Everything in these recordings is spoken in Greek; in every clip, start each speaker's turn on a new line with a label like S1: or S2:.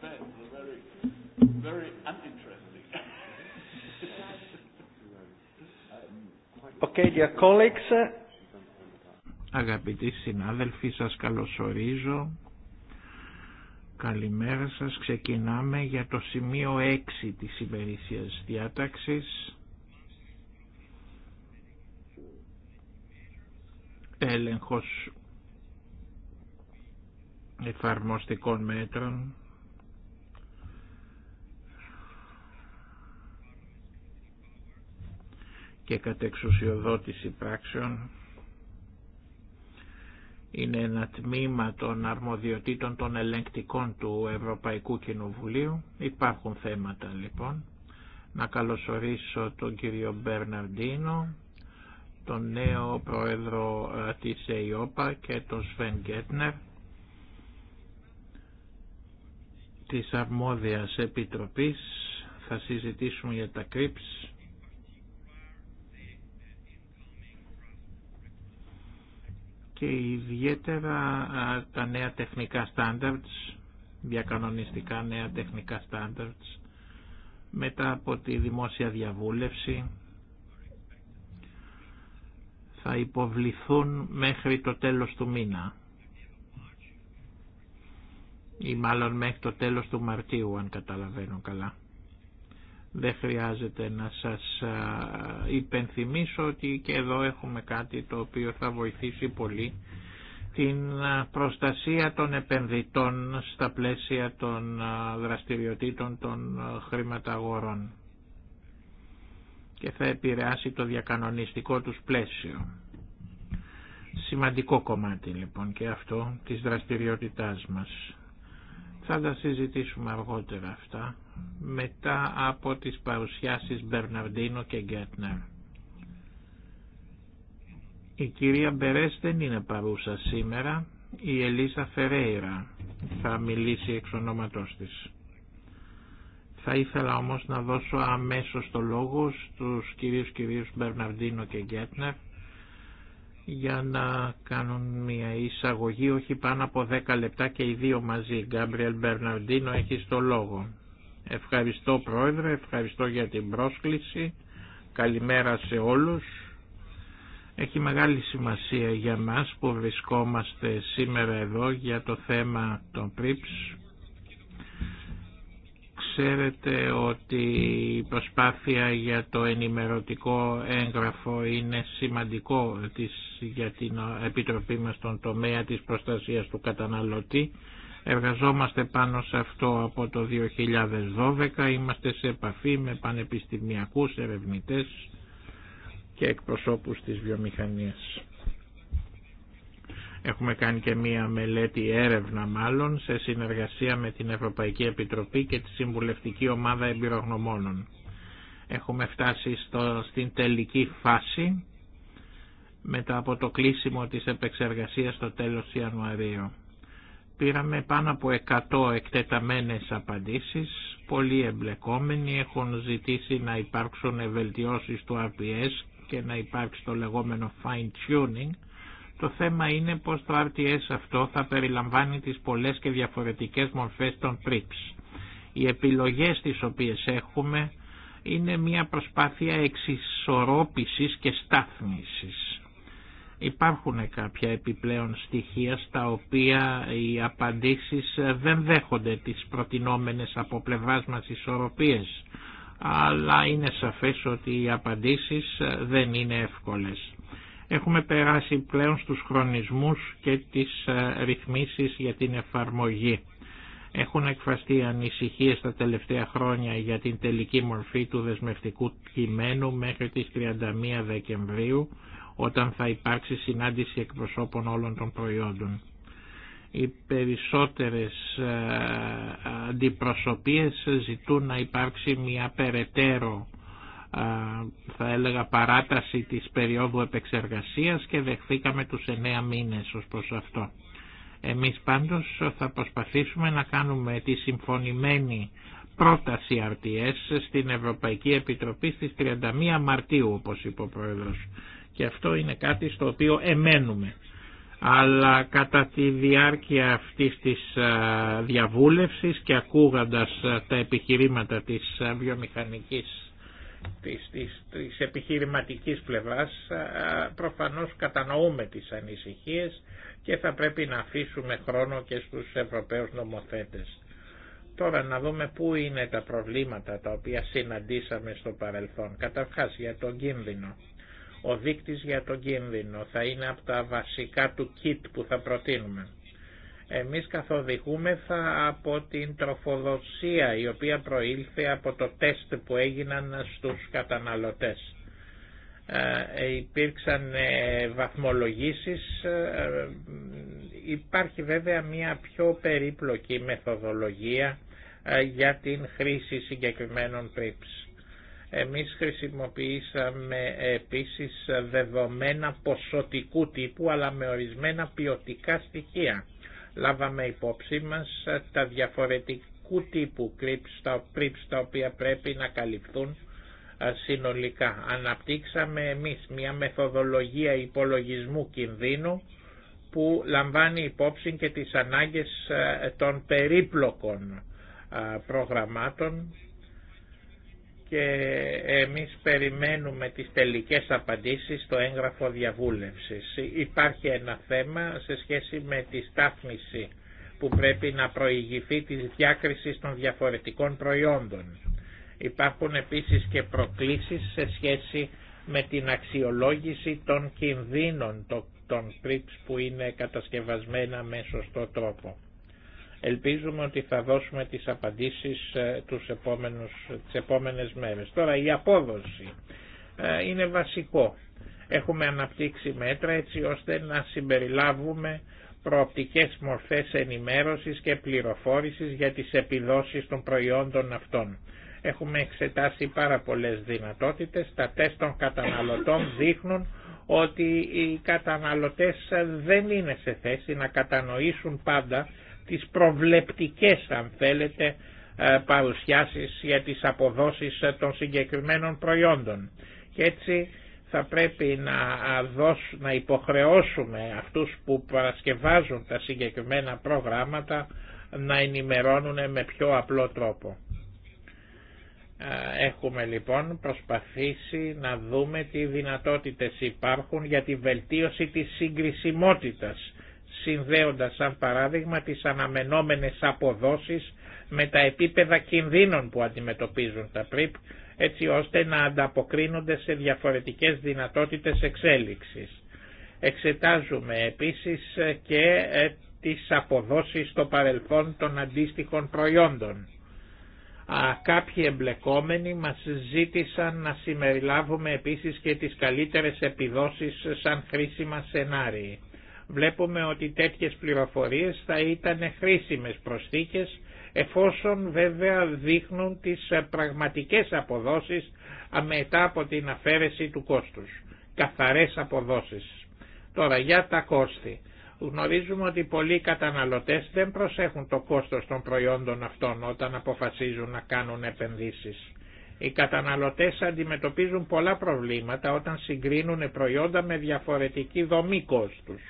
S1: prepared for very, very uninteresting. Okay, dear colleagues.
S2: Αγαπητοί συνάδελφοι, σας καλωσορίζω. Καλημέρα σας. Ξεκινάμε για το σημείο 6 της ημερήσιας διάταξης. Έλεγχος εφαρμοστικών μέτρων και εξουσιοδότηση πράξεων είναι ένα τμήμα των αρμοδιοτήτων των ελεγκτικών του Ευρωπαϊκού Κοινοβουλίου. Υπάρχουν θέματα λοιπόν. Να καλωσορίσω τον κύριο Μπερναρντίνο, τον νέο πρόεδρο ε, της ΕΙΟΠΑ και τον Σβεν Γκέτνερ της Αρμόδιας Επιτροπής. Θα συζητήσουμε για τα κρύψη και ιδιαίτερα τα νέα τεχνικά standards, διακανονιστικά νέα τεχνικά standards, μετά από τη δημόσια διαβούλευση θα υποβληθούν μέχρι το τέλος του μήνα ή μάλλον μέχρι το τέλος του Μαρτίου αν καταλαβαίνω καλά. Δεν χρειάζεται να σας υπενθυμίσω ότι και εδώ έχουμε κάτι το οποίο θα βοηθήσει πολύ την προστασία των επενδυτών στα πλαίσια των δραστηριοτήτων των χρηματαγορών και θα επηρεάσει το διακανονιστικό τους πλαίσιο. Σημαντικό κομμάτι λοιπόν και αυτό της δραστηριότητάς μας. Θα τα συζητήσουμε αργότερα αυτά μετά από τις παρουσιάσεις Μπερναρντίνο και Γκέρτνερ. Η κυρία Μπερές δεν είναι παρούσα σήμερα, η Ελίσα Φερέιρα θα μιλήσει εξ ονόματός της. Θα ήθελα όμως να δώσω αμέσως το λόγο στους κυρίους κυρίους Μπερναρντίνο και Γκέτνερ για να κάνουν μια εισαγωγή όχι πάνω από 10 λεπτά και οι δύο μαζί. Γκάμπριελ Μπερναρντίνο έχει το λόγο. Ευχαριστώ Πρόεδρε, ευχαριστώ για την πρόσκληση. Καλημέρα σε όλους. Έχει μεγάλη σημασία για μας που βρισκόμαστε σήμερα εδώ για το θέμα των PRIPS. Ξέρετε ότι η προσπάθεια για το ενημερωτικό έγγραφο είναι σημαντικό για την Επιτροπή μας στον τομέα της προστασίας του καταναλωτή Εργαζόμαστε πάνω σε αυτό από το 2012, είμαστε σε επαφή με πανεπιστημιακούς ερευνητές και εκπροσώπους της βιομηχανίας. Έχουμε κάνει και μία μελέτη έρευνα μάλλον σε συνεργασία με την Ευρωπαϊκή Επιτροπή και τη Συμβουλευτική Ομάδα Εμπειρογνωμόνων. Έχουμε φτάσει στο, στην τελική φάση μετά από το κλείσιμο της επεξεργασίας στο τέλος Ιανουαρίου. Πήραμε πάνω από 100 εκτεταμένες απαντήσεις, πολλοί εμπλεκόμενοι έχουν ζητήσει να υπάρξουν βελτιώσεις του RPS και να υπάρξει το λεγόμενο fine tuning. Το θέμα είναι πως το RTS αυτό θα περιλαμβάνει τις πολλές και διαφορετικές μορφές των PRIPS. Οι επιλογές τις οποίες έχουμε είναι μια προσπάθεια εξισορρόπησης και στάθμισης Υπάρχουν κάποια επιπλέον στοιχεία στα οποία οι απαντήσεις δεν δέχονται τις προτινόμενες από πλευράς μας ισορροπίες, αλλά είναι σαφές ότι οι απαντήσεις δεν είναι εύκολες. Έχουμε περάσει πλέον στους χρονισμούς και τις ε, ρυθμίσεις για την εφαρμογή. Έχουν εκφραστεί ανησυχίες τα τελευταία χρόνια για την τελική μορφή του δεσμευτικού κειμένου μέχρι τις 31 Δεκεμβρίου όταν θα υπάρξει συνάντηση εκπροσώπων όλων των προϊόντων. Οι περισσότερες ε, αντιπροσωπείες ζητούν να υπάρξει μια περαιτέρω ε, θα έλεγα παράταση της περίοδου επεξεργασίας και δεχθήκαμε τους εννέα μήνες ως προς αυτό. Εμείς πάντως θα προσπαθήσουμε να κάνουμε τη συμφωνημένη πρόταση RTS στην Ευρωπαϊκή Επιτροπή στις 31 Μαρτίου όπως είπε ο Πρόεδρος και αυτό είναι κάτι στο οποίο εμένουμε. Αλλά κατά τη διάρκεια αυτής της διαβούλευσης και ακούγοντας τα επιχειρήματα της βιομηχανικής, της, της, της επιχειρηματικής πλευράς, προφανώς κατανοούμε τις ανησυχίες και θα πρέπει να αφήσουμε χρόνο και στους Ευρωπαίους νομοθέτες. Τώρα να δούμε πού είναι τα προβλήματα τα οποία συναντήσαμε στο παρελθόν. Καταρχάς για τον κίνδυνο. Ο δείκτης για τον κίνδυνο θα είναι από τα βασικά του kit που θα προτείνουμε. Εμείς καθοδηγούμεθα από την τροφοδοσία η οποία προήλθε από το τεστ που έγιναν στους καταναλωτές. Ε, υπήρξαν ε, βαθμολογήσεις, ε, ε, υπάρχει βέβαια μια πιο περίπλοκη μεθοδολογία για την χρήση συγκεκριμένων PRIPS. Εμείς χρησιμοποιήσαμε επίσης δεδομένα ποσοτικού τύπου αλλά με ορισμένα ποιοτικά στοιχεία. Λάβαμε υπόψη μας τα διαφορετικού τύπου κρύψη τα οποία πρέπει να καλυφθούν συνολικά. Αναπτύξαμε εμείς μια μεθοδολογία υπολογισμού κινδύνου που λαμβάνει υπόψη και τις ανάγκες των περίπλοκων προγραμμάτων και εμείς περιμένουμε τις τελικές απαντήσεις στο έγγραφο διαβούλευσης. Υπάρχει ένα θέμα σε σχέση με τη στάθμιση που πρέπει να προηγηθεί τη διάκριση των διαφορετικών προϊόντων. Υπάρχουν επίσης και προκλήσεις σε σχέση με την αξιολόγηση των κινδύνων των πρίξ που είναι κατασκευασμένα με σωστό τρόπο. Ελπίζουμε ότι θα δώσουμε τις απαντήσεις ε, τους επόμενους, τις επόμενες μέρες. Τώρα η απόδοση ε, είναι βασικό. Έχουμε αναπτύξει μέτρα έτσι ώστε να συμπεριλάβουμε προοπτικές μορφές ενημέρωσης και πληροφόρησης για τις επιδόσεις των προϊόντων αυτών. Έχουμε εξετάσει πάρα πολλές δυνατότητες. Τα τεστ των καταναλωτών δείχνουν ότι οι καταναλωτές δεν είναι σε θέση να κατανοήσουν πάντα τις προβλεπτικές αν θέλετε ε, παρουσιάσεις για τις αποδόσεις ε, των συγκεκριμένων προϊόντων. Και έτσι θα πρέπει να, να υποχρεώσουμε αυτούς που παρασκευάζουν τα συγκεκριμένα προγράμματα να ενημερώνουν με πιο απλό τρόπο. Ε, έχουμε λοιπόν προσπαθήσει να δούμε τι δυνατότητες υπάρχουν για τη βελτίωση της συγκρισιμότητας συνδέοντας σαν παράδειγμα τις αναμενόμενες αποδόσεις με τα επίπεδα κινδύνων που αντιμετωπίζουν τα ΠΡΙΠ έτσι ώστε να ανταποκρίνονται σε διαφορετικές δυνατότητες εξέλιξης. Εξετάζουμε επίσης ε, και ε, τις αποδόσεις στο παρελθόν των αντίστοιχων προϊόντων. Κάποιοι εμπλεκόμενοι μας ζήτησαν να συμμεριλάβουμε επίσης και τις καλύτερες επιδόσεις σαν χρήσιμα σενάρια. Βλέπουμε ότι τέτοιες πληροφορίες θα ήταν χρήσιμες προσθήκες εφόσον βέβαια δείχνουν τις ε, πραγματικές αποδόσεις μετά από την αφαίρεση του κόστους. Καθαρές αποδόσεις. Τώρα για τα κόστη. Γνωρίζουμε ότι πολλοί καταναλωτές δεν προσέχουν το κόστος των προϊόντων αυτών όταν αποφασίζουν να κάνουν επενδύσεις. Οι καταναλωτές αντιμετωπίζουν πολλά προβλήματα όταν συγκρίνουν προϊόντα με διαφορετική δομή κόστους.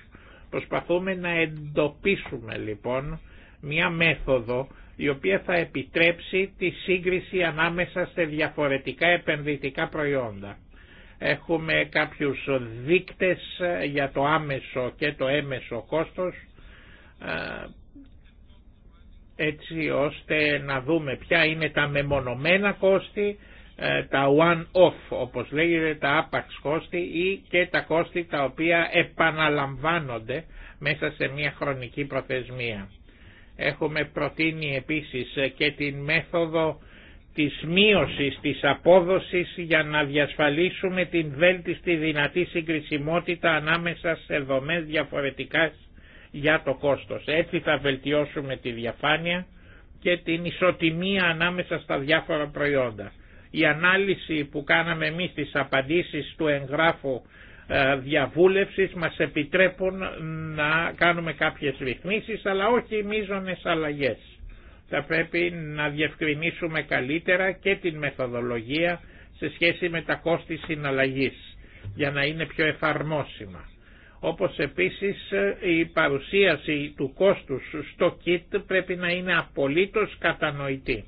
S2: Προσπαθούμε να εντοπίσουμε λοιπόν μια μέθοδο η οποία θα επιτρέψει τη σύγκριση ανάμεσα σε διαφορετικά επενδυτικά προϊόντα. Έχουμε κάποιους δείκτες για το άμεσο και το έμεσο κόστος ε, έτσι ώστε να δούμε ποια είναι τα μεμονωμένα κόστη ε, τα one-off όπως λέγεται τα άπαξ κόστη ή και τα κόστη τα οποία επαναλαμβάνονται μέσα σε μια χρονική προθεσμία. Έχουμε προτείνει επίσης ε, και την μέθοδο της μείωσης της απόδοσης για να διασφαλίσουμε την βέλτιστη δυνατή συγκρισιμότητα ανάμεσα σε δομές διαφορετικά για το κόστος. Έτσι θα βελτιώσουμε τη διαφάνεια και την ισοτιμία ανάμεσα στα διάφορα προϊόντα. Η ανάλυση που κάναμε εμείς τις απαντήσεις του εγγράφου ε, διαβούλευσης μας επιτρέπουν να κάνουμε κάποιες ρυθμίσεις αλλά όχι μείζονες αλλαγές. Θα πρέπει να διευκρινίσουμε καλύτερα και την μεθοδολογία σε σχέση με τα κόστη συναλλαγής για να είναι πιο εφαρμόσιμα. Όπως επίσης ε, η παρουσίαση του κόστους στο kit πρέπει να είναι απολύτως κατανοητή.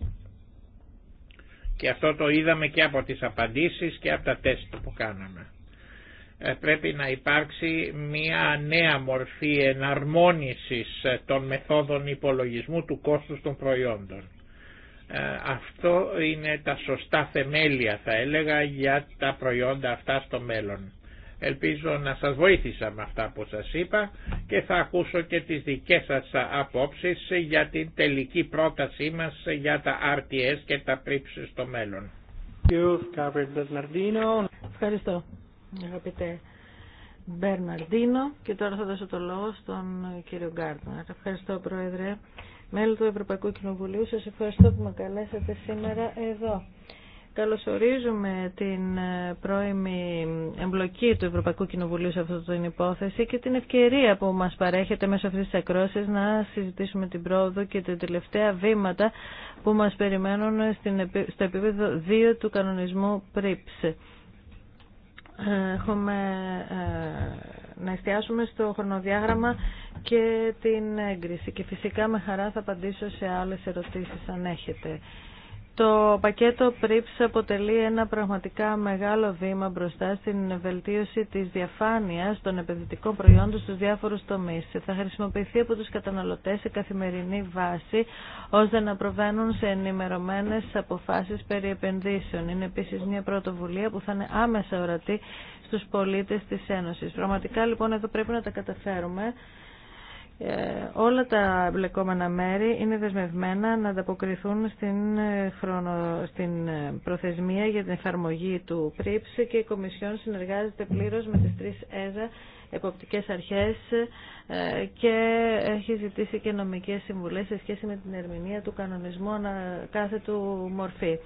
S2: Και αυτό το είδαμε και από τις απαντήσεις και από τα τεστ που κάναμε. Ε, πρέπει να υπάρξει μια νέα μορφή εναρμόνισης ε, των μεθόδων υπολογισμού του κόστους των προϊόντων. Ε, αυτό είναι τα σωστά θεμέλια θα έλεγα για τα προϊόντα αυτά στο μέλλον. Ελπίζω να σας βοήθησα με αυτά που σας είπα και θα ακούσω και τις δικές σας απόψεις για την τελική πρότασή μας για τα RTS και τα πρίψη στο μέλλον.
S3: Ευχαριστώ αγαπητέ Μπερναρντίνο και τώρα θα δώσω το λόγο στον κύριο Γκάρτνερ. Ευχαριστώ Πρόεδρε, μέλη του Ευρωπαϊκού Κοινοβουλίου. Σας ευχαριστώ που με καλέσατε σήμερα εδώ. Καλωσορίζουμε την ε, πρώιμη εμπλοκή του Ευρωπαϊκού Κοινοβουλίου σε αυτή την υπόθεση και την ευκαιρία που μας παρέχεται μέσω αυτής της ακρόσης να συζητήσουμε την πρόοδο και τα τελευταία βήματα που μας περιμένουν στο επίπεδο 2 του κανονισμού ΠΡΥΠΣ. Ε, έχουμε ε, να εστιάσουμε στο χρονοδιάγραμμα και την έγκριση και φυσικά με χαρά θα απαντήσω σε άλλες ερωτήσεις αν έχετε. Το πακέτο PRIPS αποτελεί ένα πραγματικά μεγάλο βήμα μπροστά στην βελτίωση της διαφάνειας των επενδυτικών προϊόντων στους διάφορους τομείς. Θα χρησιμοποιηθεί από τους καταναλωτές σε καθημερινή βάση, ώστε να προβαίνουν σε ενημερωμένες αποφάσεις περί επενδύσεων. Είναι επίσης μια πρωτοβουλία που θα είναι άμεσα ορατή στους πολίτες της Ένωσης. Πραγματικά λοιπόν εδώ πρέπει να τα καταφέρουμε. Ε, όλα τα εμπλεκόμενα μέρη είναι δεσμευμένα να ανταποκριθούν στην, ε, χρονο, ε, προθεσμία για την εφαρμογή του ΠΡΙΠΣ και η Κομισιόν συνεργάζεται πλήρως με τις τρεις ΕΖΑ εποπτικές αρχές και έχει ζητήσει και νομικές συμβουλές σε σχέση με την ερμηνεία του κανονισμού κάθε του μορφή.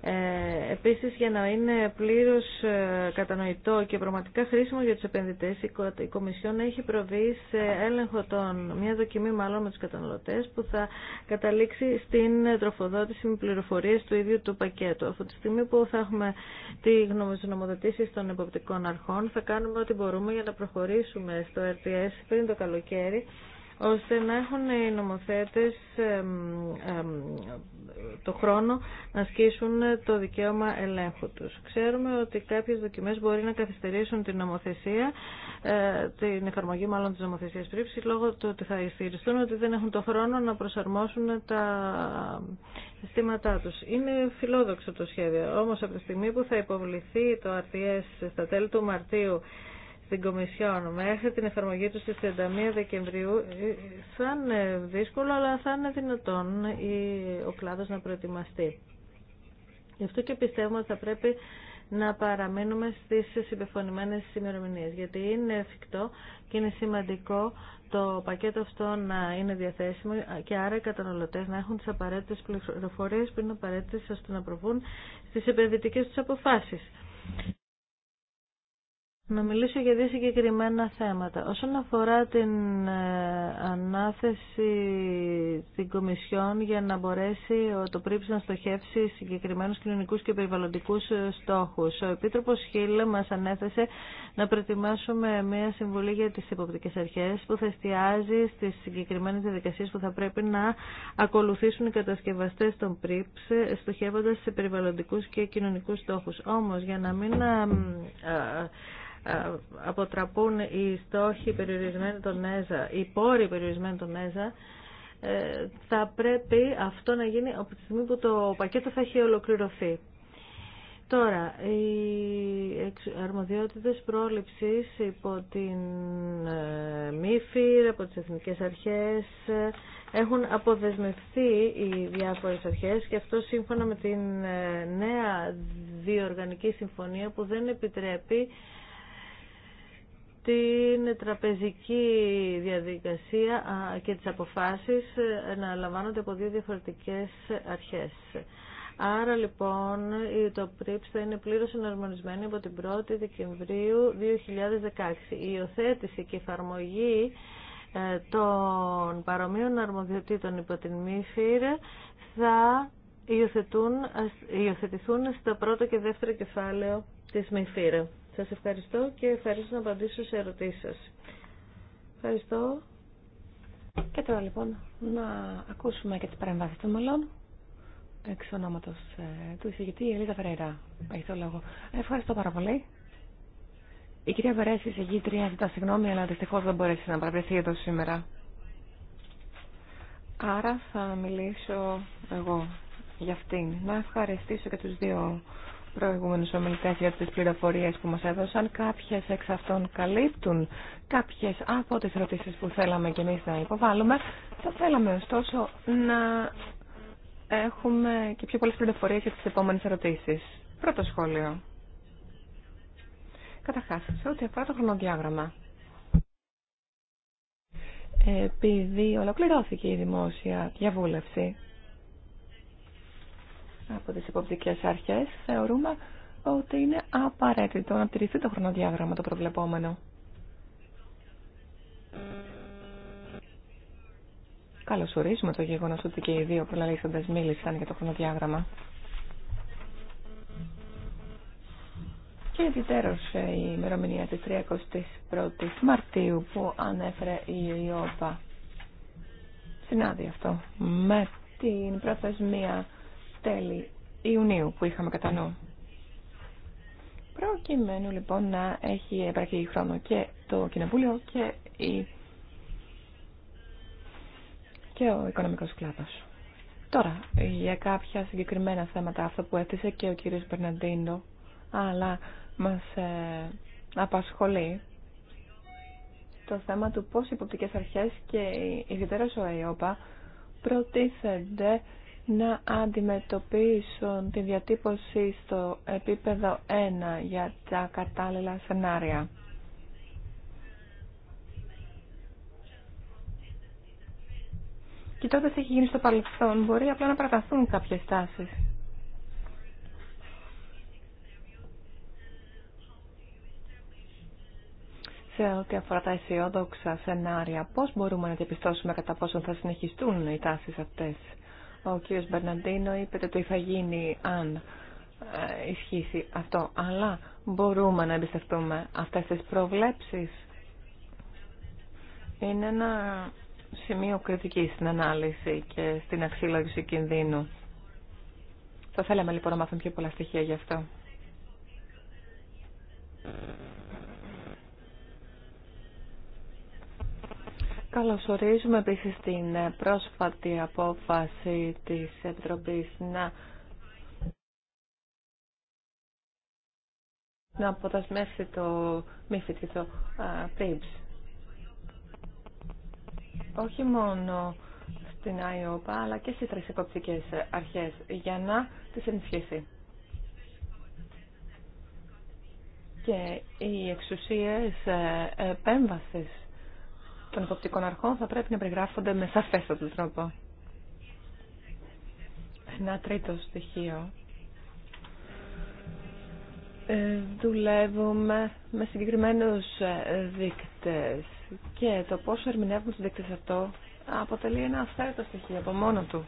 S3: Ε, επίσης, για να είναι πλήρως ε, κατανοητό και πραγματικά χρήσιμο για τους επενδυτές, η Κομισιόν έχει προβεί σε έλεγχο των, μια δοκιμή μάλλον με τους καταναλωτές, που θα καταλήξει στην τροφοδότηση με πληροφορίες του ίδιου του πακέτου. Αυτή τη στιγμή που θα έχουμε τη γνωμοδοτήση των εποπτικών αρχών, θα κάνουμε ό,τι μπορούμε για να προχωρήσουμε στο RTS πριν το καλοκαίρι, ώστε να έχουν οι νομοθέτες το χρόνο να ασκήσουν το δικαίωμα ελέγχου τους. Ξέρουμε ότι κάποιες δοκιμές μπορεί να καθυστερήσουν την νομοθεσία, ε, την εφαρμογή μάλλον της νομοθεσίας πρίψης, λόγω του ότι θα ισχυριστούν ότι δεν έχουν το χρόνο να προσαρμόσουν τα συστήματά τους. Είναι φιλόδοξο το σχέδιο, όμως από τη στιγμή που θα υποβληθεί το RTS στα τέλη του Μαρτίου στην Κομισιόν μέχρι την εφαρμογή του στις 31 Δεκεμβρίου ε, θα είναι δύσκολο αλλά θα είναι δυνατόν ο κλάδος να προετοιμαστεί. Γι' αυτό και πιστεύουμε ότι θα πρέπει να παραμείνουμε στις συμπεφωνημένες ημερομηνίες γιατί είναι εφικτό και είναι σημαντικό το πακέτο αυτό να είναι διαθέσιμο και άρα οι καταναλωτέ να έχουν τις απαραίτητες πληροφορίες που είναι απαραίτητες ώστε να προβούν στις επενδυτικές τους αποφάσεις να μιλήσω για δύο συγκεκριμένα θέματα. Όσον αφορά την ε, ανάθεση στην Κομισιόν για να μπορέσει το πρίψη να στοχεύσει συγκεκριμένους κοινωνικούς και περιβαλλοντικούς ε, στόχους. Ο Επίτροπος Χίλε μας ανέθεσε να προετοιμάσουμε μια συμβουλή για τις υποπτικές αρχές που θα εστιάζει στις συγκεκριμένες διαδικασίες που θα πρέπει να ακολουθήσουν οι κατασκευαστές των πρίψ στοχεύοντας σε περιβαλλοντικούς και κοινωνικούς στόχους. Όμως για να μην ε, ε, αποτραπούν οι στόχοι περιορισμένοι των ΕΖΑ, οι πόροι περιορισμένοι των ΕΖΑ, ε, θα πρέπει αυτό να γίνει από τη στιγμή που το πακέτο θα έχει ολοκληρωθεί. Τώρα, οι αρμοδιότητες πρόληψης υπό την ε, ΜΥΦΙΡ, από τις Εθνικές Αρχές, έχουν αποδεσμευθεί οι διάφορες αρχές και αυτό σύμφωνα με την νέα διοργανική συμφωνία που δεν επιτρέπει την τραπεζική διαδικασία και τις αποφάσεις ε, να λαμβάνονται από δύο διαφορετικές αρχές. Άρα λοιπόν το ΠΡΙΠΣ θα είναι πλήρως εναρμονισμένη από την 1η Δεκεμβρίου 2016. Η υιοθέτηση και εφαρμογή ε, των παρομοίων αρμοδιοτήτων υπό την ΜΥΦΙΡ θα υιοθετηθούν στο πρώτο και δεύτερο κεφάλαιο της Μηφύρα. Σας ευχαριστώ και ευχαριστώ να απαντήσω σε ερωτήσεις σας. Ευχαριστώ. Και τώρα λοιπόν να ακούσουμε και τις παρεμβάσεις των μελών.
S4: Εξ ονόματος ε, του εισηγητή η Ελίζα Φεραίρα. Έχει το λόγο. Ευχαριστώ πάρα πολύ. Η κυρία Βερέση, η εισηγήτρια ζητά συγγνώμη, αλλά δυστυχώ δεν μπορέσει να παραπληθεί εδώ σήμερα. Άρα θα μιλήσω εγώ για αυτήν. Να ευχαριστήσω και τους δύο προηγούμενους ομιλητές για τις πληροφορίες που μας έδωσαν. Κάποιες εξ αυτών καλύπτουν κάποιες από τις ερωτήσεις που θέλαμε και εμείς να υποβάλουμε. Θα θέλαμε ωστόσο να έχουμε και πιο πολλές πληροφορίες για τις επόμενες ερωτήσεις. Πρώτο σχόλιο. Καταρχάς, σε ό,τι αφορά το χρονοδιάγραμμα. Επειδή ολοκληρώθηκε η δημόσια διαβούλευση από τις υποπτικές αρχές, θεωρούμε ότι είναι απαραίτητο να τηρηθεί το χρονοδιάγραμμα το προβλεπόμενο. Καλώς ορίζουμε το γεγονός ότι και οι δύο προλαλήσαντες μίλησαν για το χρονοδιάγραμμα. Και επιτέρως ε, η ημερομηνία της 31 η Μαρτίου που ανέφερε η ΙΟΠΑ. Συνάδει αυτό με την προθεσμία τέλη Ιουνίου που είχαμε κατά νου. Προκειμένου λοιπόν να έχει επαρκή χρόνο και το Κοινοβούλιο και, η... ο οικονομικός κλάδος. Τώρα, για κάποια συγκεκριμένα θέματα, αυτό που έθεσε και ο κύριος Μπερναντίνο, αλλά μας ε, απασχολεί το θέμα του πώς οι υποπτικές αρχές και ιδιαίτερα ο ΑΕΟΠΑ προτίθενται να αντιμετωπίσουν τη διατύπωση στο επίπεδο 1 για τα κατάλληλα σενάρια. Κοιτώντας τι έχει γίνει στο παρελθόν, μπορεί απλά να παραταθούν κάποιες τάσεις. σε ό,τι αφορά τα αισιόδοξα σενάρια, πώς μπορούμε να διαπιστώσουμε κατά πόσο θα συνεχιστούν οι τάσεις αυτές ο κ. Μπερναντίνο είπε ότι θα γίνει αν ε, ισχύσει αυτό. Αλλά μπορούμε να εμπιστευτούμε αυτές τις προβλέψεις. Είναι ένα σημείο κριτική στην ανάλυση και στην αξιολόγηση κινδύνου. Θα θέλαμε λοιπόν να μάθουμε πιο πολλά στοιχεία γι' αυτό. Καλωσορίζουμε επίσης την πρόσφατη απόφαση της Επιτροπής να να το μύθι και το Όχι μόνο στην ΑΙΟΠΑ, αλλά και στις εποπτικές αρχές, για να τις ενισχύσει. Και οι εξουσίες ε, επέμβασης των υποπτικών αρχών θα πρέπει να περιγράφονται με σαφέστατο τρόπο. Ένα τρίτο στοιχείο. Ε, δουλεύουμε με συγκεκριμένους ε, δείκτες και το πόσο ερμηνεύουμε τους δείκτες αυτό αποτελεί ένα αυθαίρετο στοιχείο από μόνο του.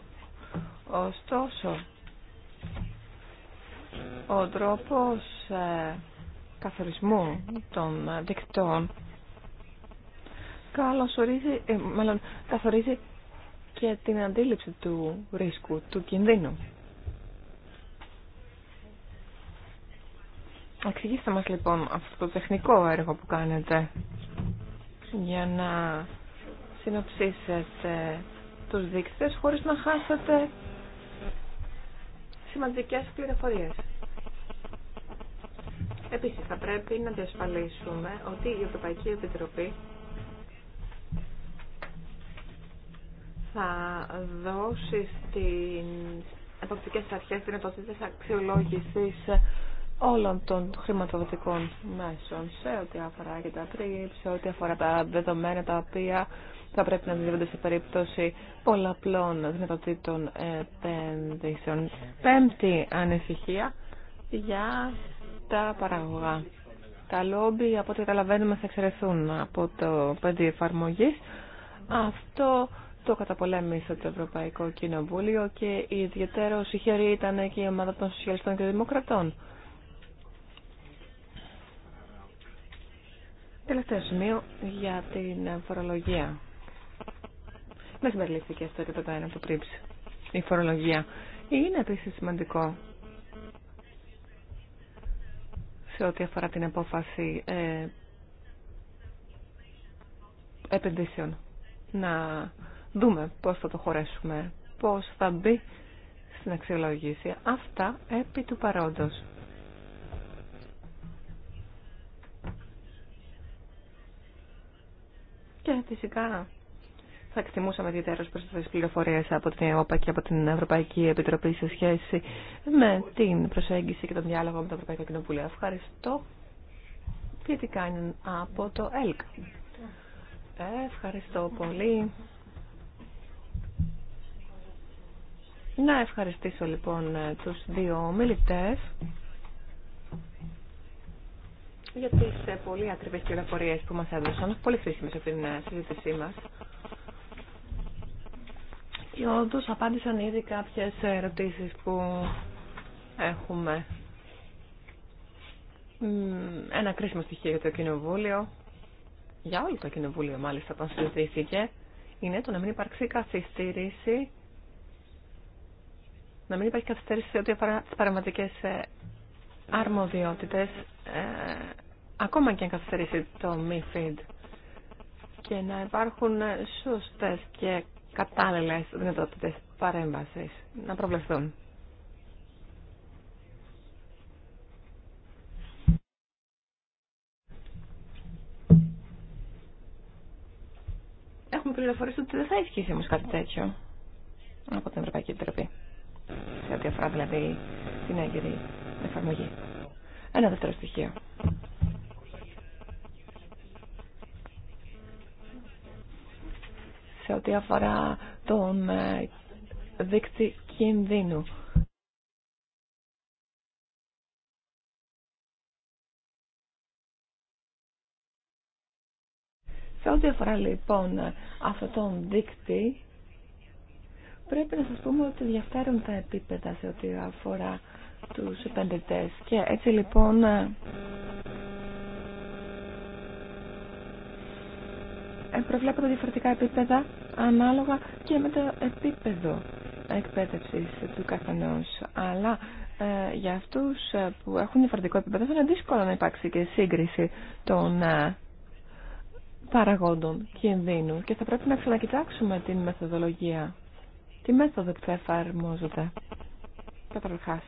S4: Ωστόσο, ο τρόπος ε, καθορισμού των δικτών καλωσορίζει, ε, μάλλον καθορίζει και την αντίληψη του ρίσκου, του κινδύνου. Εξηγήστε μας λοιπόν αυτό το τεχνικό έργο που κάνετε για να συνοψίσετε τους δείκτες χωρίς να χάσετε σημαντικές πληροφορίες. Επίσης θα πρέπει να διασφαλίσουμε ότι η Ευρωπαϊκή Επιτροπή θα δώσει στις εποπτικές αρχές δυνατότητες αξιολόγηση όλων των χρηματοδοτικών μέσων σε ό,τι αφορά και τα τρίπ, σε ό,τι αφορά τα δεδομένα τα οποία θα πρέπει να δίδονται σε περίπτωση πολλαπλών δυνατοτήτων επενδύσεων. Πέμπτη ανησυχία για τα παραγωγά. Τα λόμπι, από ό,τι καταλαβαίνουμε, θα εξαιρεθούν από το πέντε εφαρμογή. Αυτό το καταπολέμησε το Ευρωπαϊκό Κοινοβούλιο και ιδιαίτερο συγχαίρη ήταν και η ομάδα των Σοσιαλιστών και Δημοκρατών. Τελευταίο σημείο για την φορολογία. Δεν συμπεριληφθήκε το το 1 το πρίψ. η φορολογία. Είναι επίση σημαντικό σε ό,τι αφορά την απόφαση ε, επενδύσεων. Να δούμε πώς θα το χωρέσουμε, πώς θα μπει στην αξιολόγηση. Αυτά επί του παρόντος. Και φυσικά θα εκτιμούσαμε ιδιαίτερες προσθέτε πληροφορίες από την ΕΟΠΑ και από την Ευρωπαϊκή Επιτροπή σε σχέση με την προσέγγιση και τον διάλογο με το Ευρωπαϊκό Κοινοβούλιο. Ευχαριστώ. τι κάνουν από το ΕΛΚ. Ευχαριστώ πολύ. Να ευχαριστήσω λοιπόν τους δύο ομιλητές για τις ε, πολύ ακριβές πληροφορίες που μας έδωσαν, πολύ χρήσιμες από την ε, συζήτησή μας. Και όντως απάντησαν ήδη κάποιες ερωτήσεις που έχουμε. Ένα κρίσιμο στοιχείο για το Κοινοβούλιο, για όλο το Κοινοβούλιο μάλιστα, όταν συζητήθηκε, είναι το να μην υπάρξει καθυστήρηση να μην υπάρχει καθυστέρηση ό,τι αφορά τι πραγματικέ ε, αρμοδιότητε, ε, ακόμα και αν καθυστερήσει το MIFID, και να υπάρχουν ε, σωστέ και κατάλληλε δυνατότητε παρέμβαση να προβλεφθούν. Έχουμε πληροφορίε ότι δεν θα ισχύσει όμω κάτι τέτοιο από την Ευρωπαϊκή Επιτροπή σε ό,τι αφορά δηλαδή την έγκυρη εφαρμογή. Ένα δεύτερο στοιχείο. Σε ό,τι αφορά τον ε, δείκτη κινδύνου. Σε ό,τι αφορά λοιπόν αυτόν τον δείκτη, Πρέπει να σας πούμε ότι διαφέρουν τα επίπεδα σε ό,τι αφορά τους επενδυτές. Και έτσι λοιπόν ε, ε, τα διαφορετικά επίπεδα ανάλογα και με το επίπεδο εκπαίδευσης του καθενός. Αλλά ε, για αυτούς που έχουν διαφορετικό επίπεδο θα είναι δύσκολο να υπάρξει και σύγκριση των παραγόντων κινδύνου και θα πρέπει να ξανακοιτάξουμε την μεθοδολογία τι μέθοδο που θα εφαρμόζονται. Καταρχά.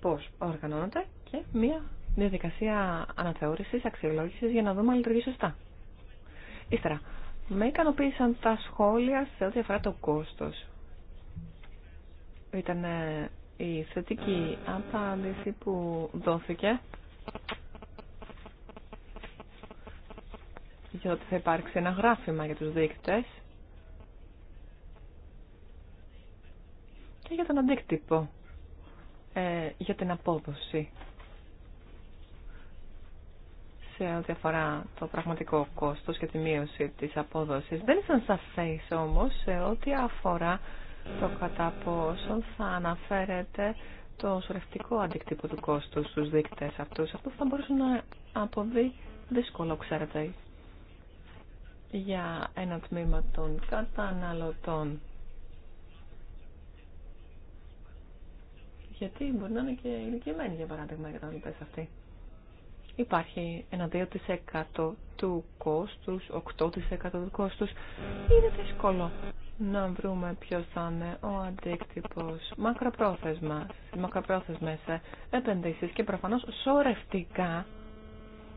S4: Πώς οργανώνονται και μία διαδικασία αναθεώρησης, αξιολόγησης για να δούμε αν λειτουργεί σωστά. Ύστερα, με ικανοποίησαν τα σχόλια σε ό,τι αφορά το κόστος. Ήταν ε, η θετική απάντηση που δόθηκε για ότι θα υπάρξει ένα γράφημα για τους δείκτες και για τον αντίκτυπο, ε, για την απόδοση σε ό,τι αφορά το πραγματικό κόστος και τη μείωση της απόδοσης. Δεν ήταν σαφές όμως σε ό,τι αφορά το κατά πόσο θα αναφέρεται το σωρευτικό αντίκτυπο του κόστου στους δείκτες αυτούς. Αυτό θα μπορούσε να αποβεί δύσκολο, ξέρετε, για ένα τμήμα των καταναλωτών. Γιατί μπορεί να είναι και ηλικιωμένοι, για παράδειγμα, οι καταναλωτές αυτοί. Υπάρχει ένα 2% του κόστους, 8% του κόστους. Είναι δύσκολο να βρούμε ποιος θα είναι ο αντίκτυπος μακροπρόθεσμα, μακροπρόθεσμες επενδύσεις και προφανώς σωρευτικά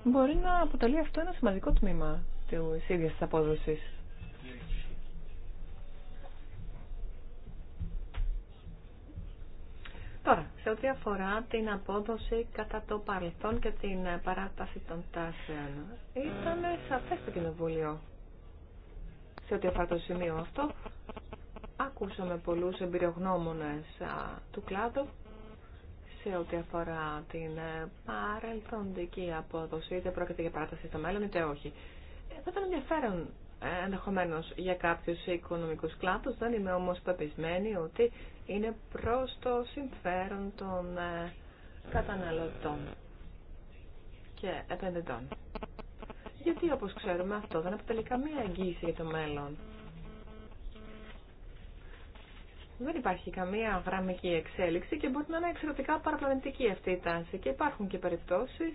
S4: μπορεί να αποτελεί αυτό ένα σημαντικό τμήμα του ίδια της απόδοσης. Τώρα, σε ό,τι αφορά την απόδοση κατά το παρελθόν και την παράταση των τάσεων, ήταν σαφές το κοινοβούλιο. Σε ό,τι αφορά το σημείο αυτό, ακούσαμε πολλούς εμπειρογνώμονες του κλάδου σε ό,τι αφορά την παρελθοντική απόδοση, είτε πρόκειται για παράταση στο μέλλον, είτε όχι θα ήταν ενδιαφέρον ε, ενδεχομένω για κάποιου οικονομικού κλάδου. Δεν είμαι όμω πεπισμένη ότι είναι προ το συμφέρον των ε, καταναλωτών και επενδυτών. Γιατί όπω ξέρουμε αυτό δεν αποτελεί καμία εγγύηση για το μέλλον. Δεν υπάρχει καμία γραμμική εξέλιξη και μπορεί να είναι εξαιρετικά παραπλανητική αυτή η τάση και υπάρχουν και περιπτώσεις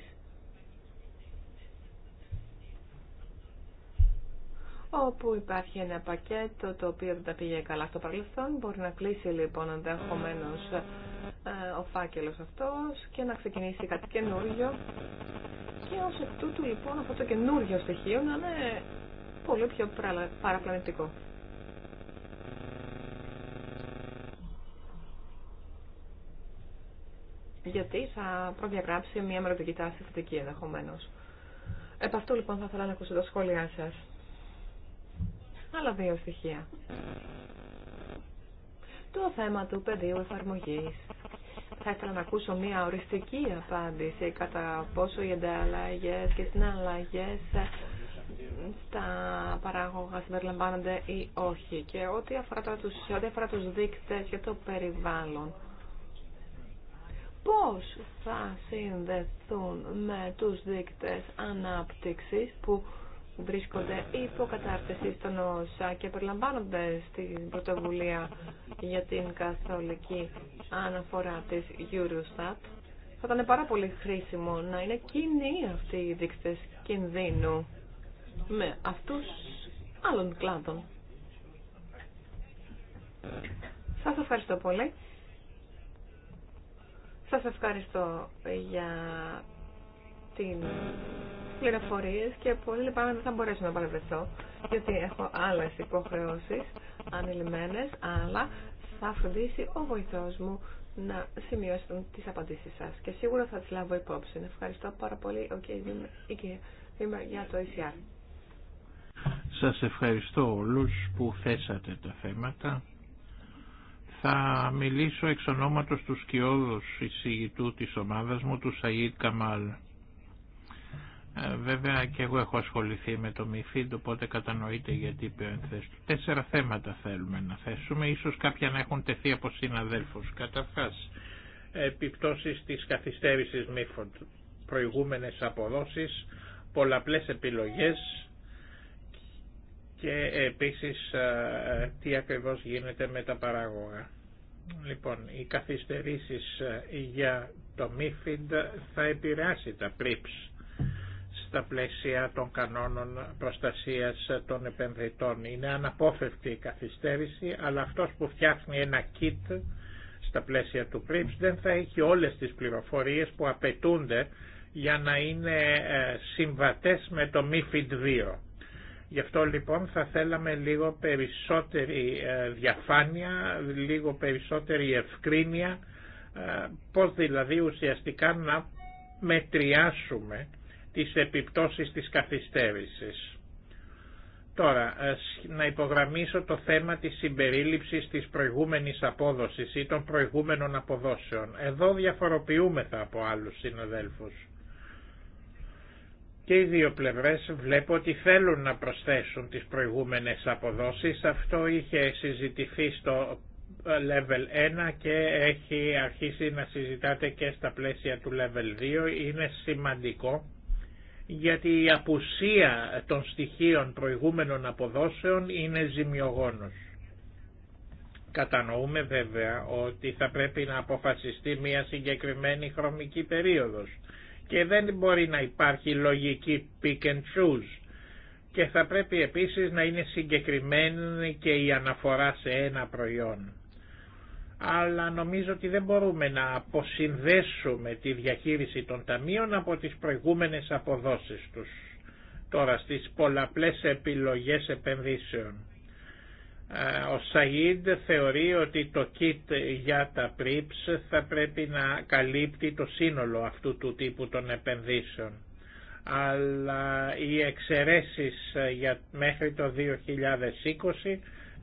S4: όπου υπάρχει ένα πακέτο το οποίο δεν τα πήγε καλά στο παρελθόν. Μπορεί να κλείσει λοιπόν ενδεχομένω ε, ο φάκελο αυτό και να ξεκινήσει κάτι καινούριο. Και ω εκ τούτου λοιπόν αυτό το καινούριο στοιχείο να είναι πολύ πιο παραπλανητικό. Γιατί θα προδιαγράψει μια μελλοντική τάση θετική ενδεχομένω. Επ' αυτού λοιπόν θα ήθελα να ακούσω τα σχόλιά σας. Άλλα δύο στοιχεία. Το θέμα του πεδίου εφαρμογή. Θα ήθελα να ακούσω μια οριστική απάντηση κατά πόσο οι ανταλλαγέ και συναλλαγέ στα παράγωγα συμπεριλαμβάνονται ή όχι. Και ό,τι αφορά, τους, ό,τι δείκτες για το περιβάλλον. Πώς θα συνδεθούν με τους δείκτες ανάπτυξης που βρίσκονται υπό κατάρτιση στον ΩΣΑ και περιλαμβάνονται στην πρωτοβουλία για την καθολική αναφορά της Eurostat. Θα ήταν πάρα πολύ χρήσιμο να είναι κοινοί αυτοί οι δείκτες κινδύνου με αυτούς άλλων κλάδων. Σας ευχαριστώ πολύ. Σας ευχαριστώ για την πληροφορίε και πολύ λυπάμαι δεν θα μπορέσω να παρευρεθώ γιατί έχω άλλε υποχρεώσει ανηλυμένε, αλλά θα φροντίσει ο βοηθό μου να σημειώσουν τι απαντήσει σα και σίγουρα θα τι λάβω υπόψη. Ευχαριστώ πάρα πολύ, ο Βήμα, για το ECR.
S2: Σα ευχαριστώ όλου που θέσατε τα θέματα. Θα μιλήσω εξ ονόματος του σκιώδους εισηγητού της ομάδας μου, του Σαΐτ Καμάλ. Ε, βέβαια και εγώ έχω ασχοληθεί με το ΜΥΦΙΔ, οπότε κατανοείτε γιατί θέση. Τέσσερα θέματα θέλουμε να θέσουμε, ίσως κάποια να έχουν τεθεί από συναδέλφους. Καταρχάς, επιπτώσεις της καθυστέρησης μύφων, προηγούμενες αποδόσεις, πολλαπλές επιλογές και επίσης ε, τι ακριβώς γίνεται με τα παράγωγα. Λοιπόν, οι καθυστερήσεις ε, για το MIFID θα επηρεάσει τα PRIPS στα πλαίσια των κανόνων προστασίας των επενδυτών. Είναι αναπόφευκτη η καθυστέρηση, αλλά αυτός που φτιάχνει ένα kit στα πλαίσια του PRIPS δεν θα έχει όλες τις πληροφορίες που απαιτούνται για να είναι ε, συμβατές με το MIFID 2. Γι' αυτό λοιπόν θα θέλαμε λίγο περισσότερη ε, διαφάνεια, λίγο περισσότερη ευκρίνεια, ε, πώς δηλαδή ουσιαστικά να μετριάσουμε τις επιπτώσεις της καθυστέρησης. Τώρα, ε, να υπογραμμίσω το θέμα της συμπερίληψης της προηγούμενης απόδοσης ή των προηγούμενων αποδόσεων. Εδώ διαφοροποιούμεθα από άλλους συναδέλφους. Και οι δύο πλευρές βλέπω ότι θέλουν να προσθέσουν τις προηγούμενες αποδόσεις. Αυτό είχε συζητηθεί στο ε, level 1 και έχει αρχίσει να συζητάτε και στα πλαίσια του level 2. Είναι σημαντικό γιατί η απουσία των στοιχείων προηγούμενων αποδόσεων είναι ζημιογόνος. Κατανοούμε βέβαια ότι θα πρέπει να αποφασιστεί μια συγκεκριμένη χρονική περίοδος και δεν μπορεί να υπάρχει λογική pick and choose και θα πρέπει επίσης να είναι συγκεκριμένη και η αναφορά σε ένα προϊόν αλλά νομίζω ότι δεν μπορούμε να αποσυνδέσουμε τη διαχείριση των ταμείων από τις προηγούμενες αποδόσεις τους τώρα στις πολλαπλές επιλογές επενδύσεων. Ε, ο Σαΐντ θεωρεί ότι το kit για τα πρίψ θα πρέπει να καλύπτει το σύνολο αυτού του τύπου των επενδύσεων. Αλλά οι εξαιρέσεις για μέχρι το 2020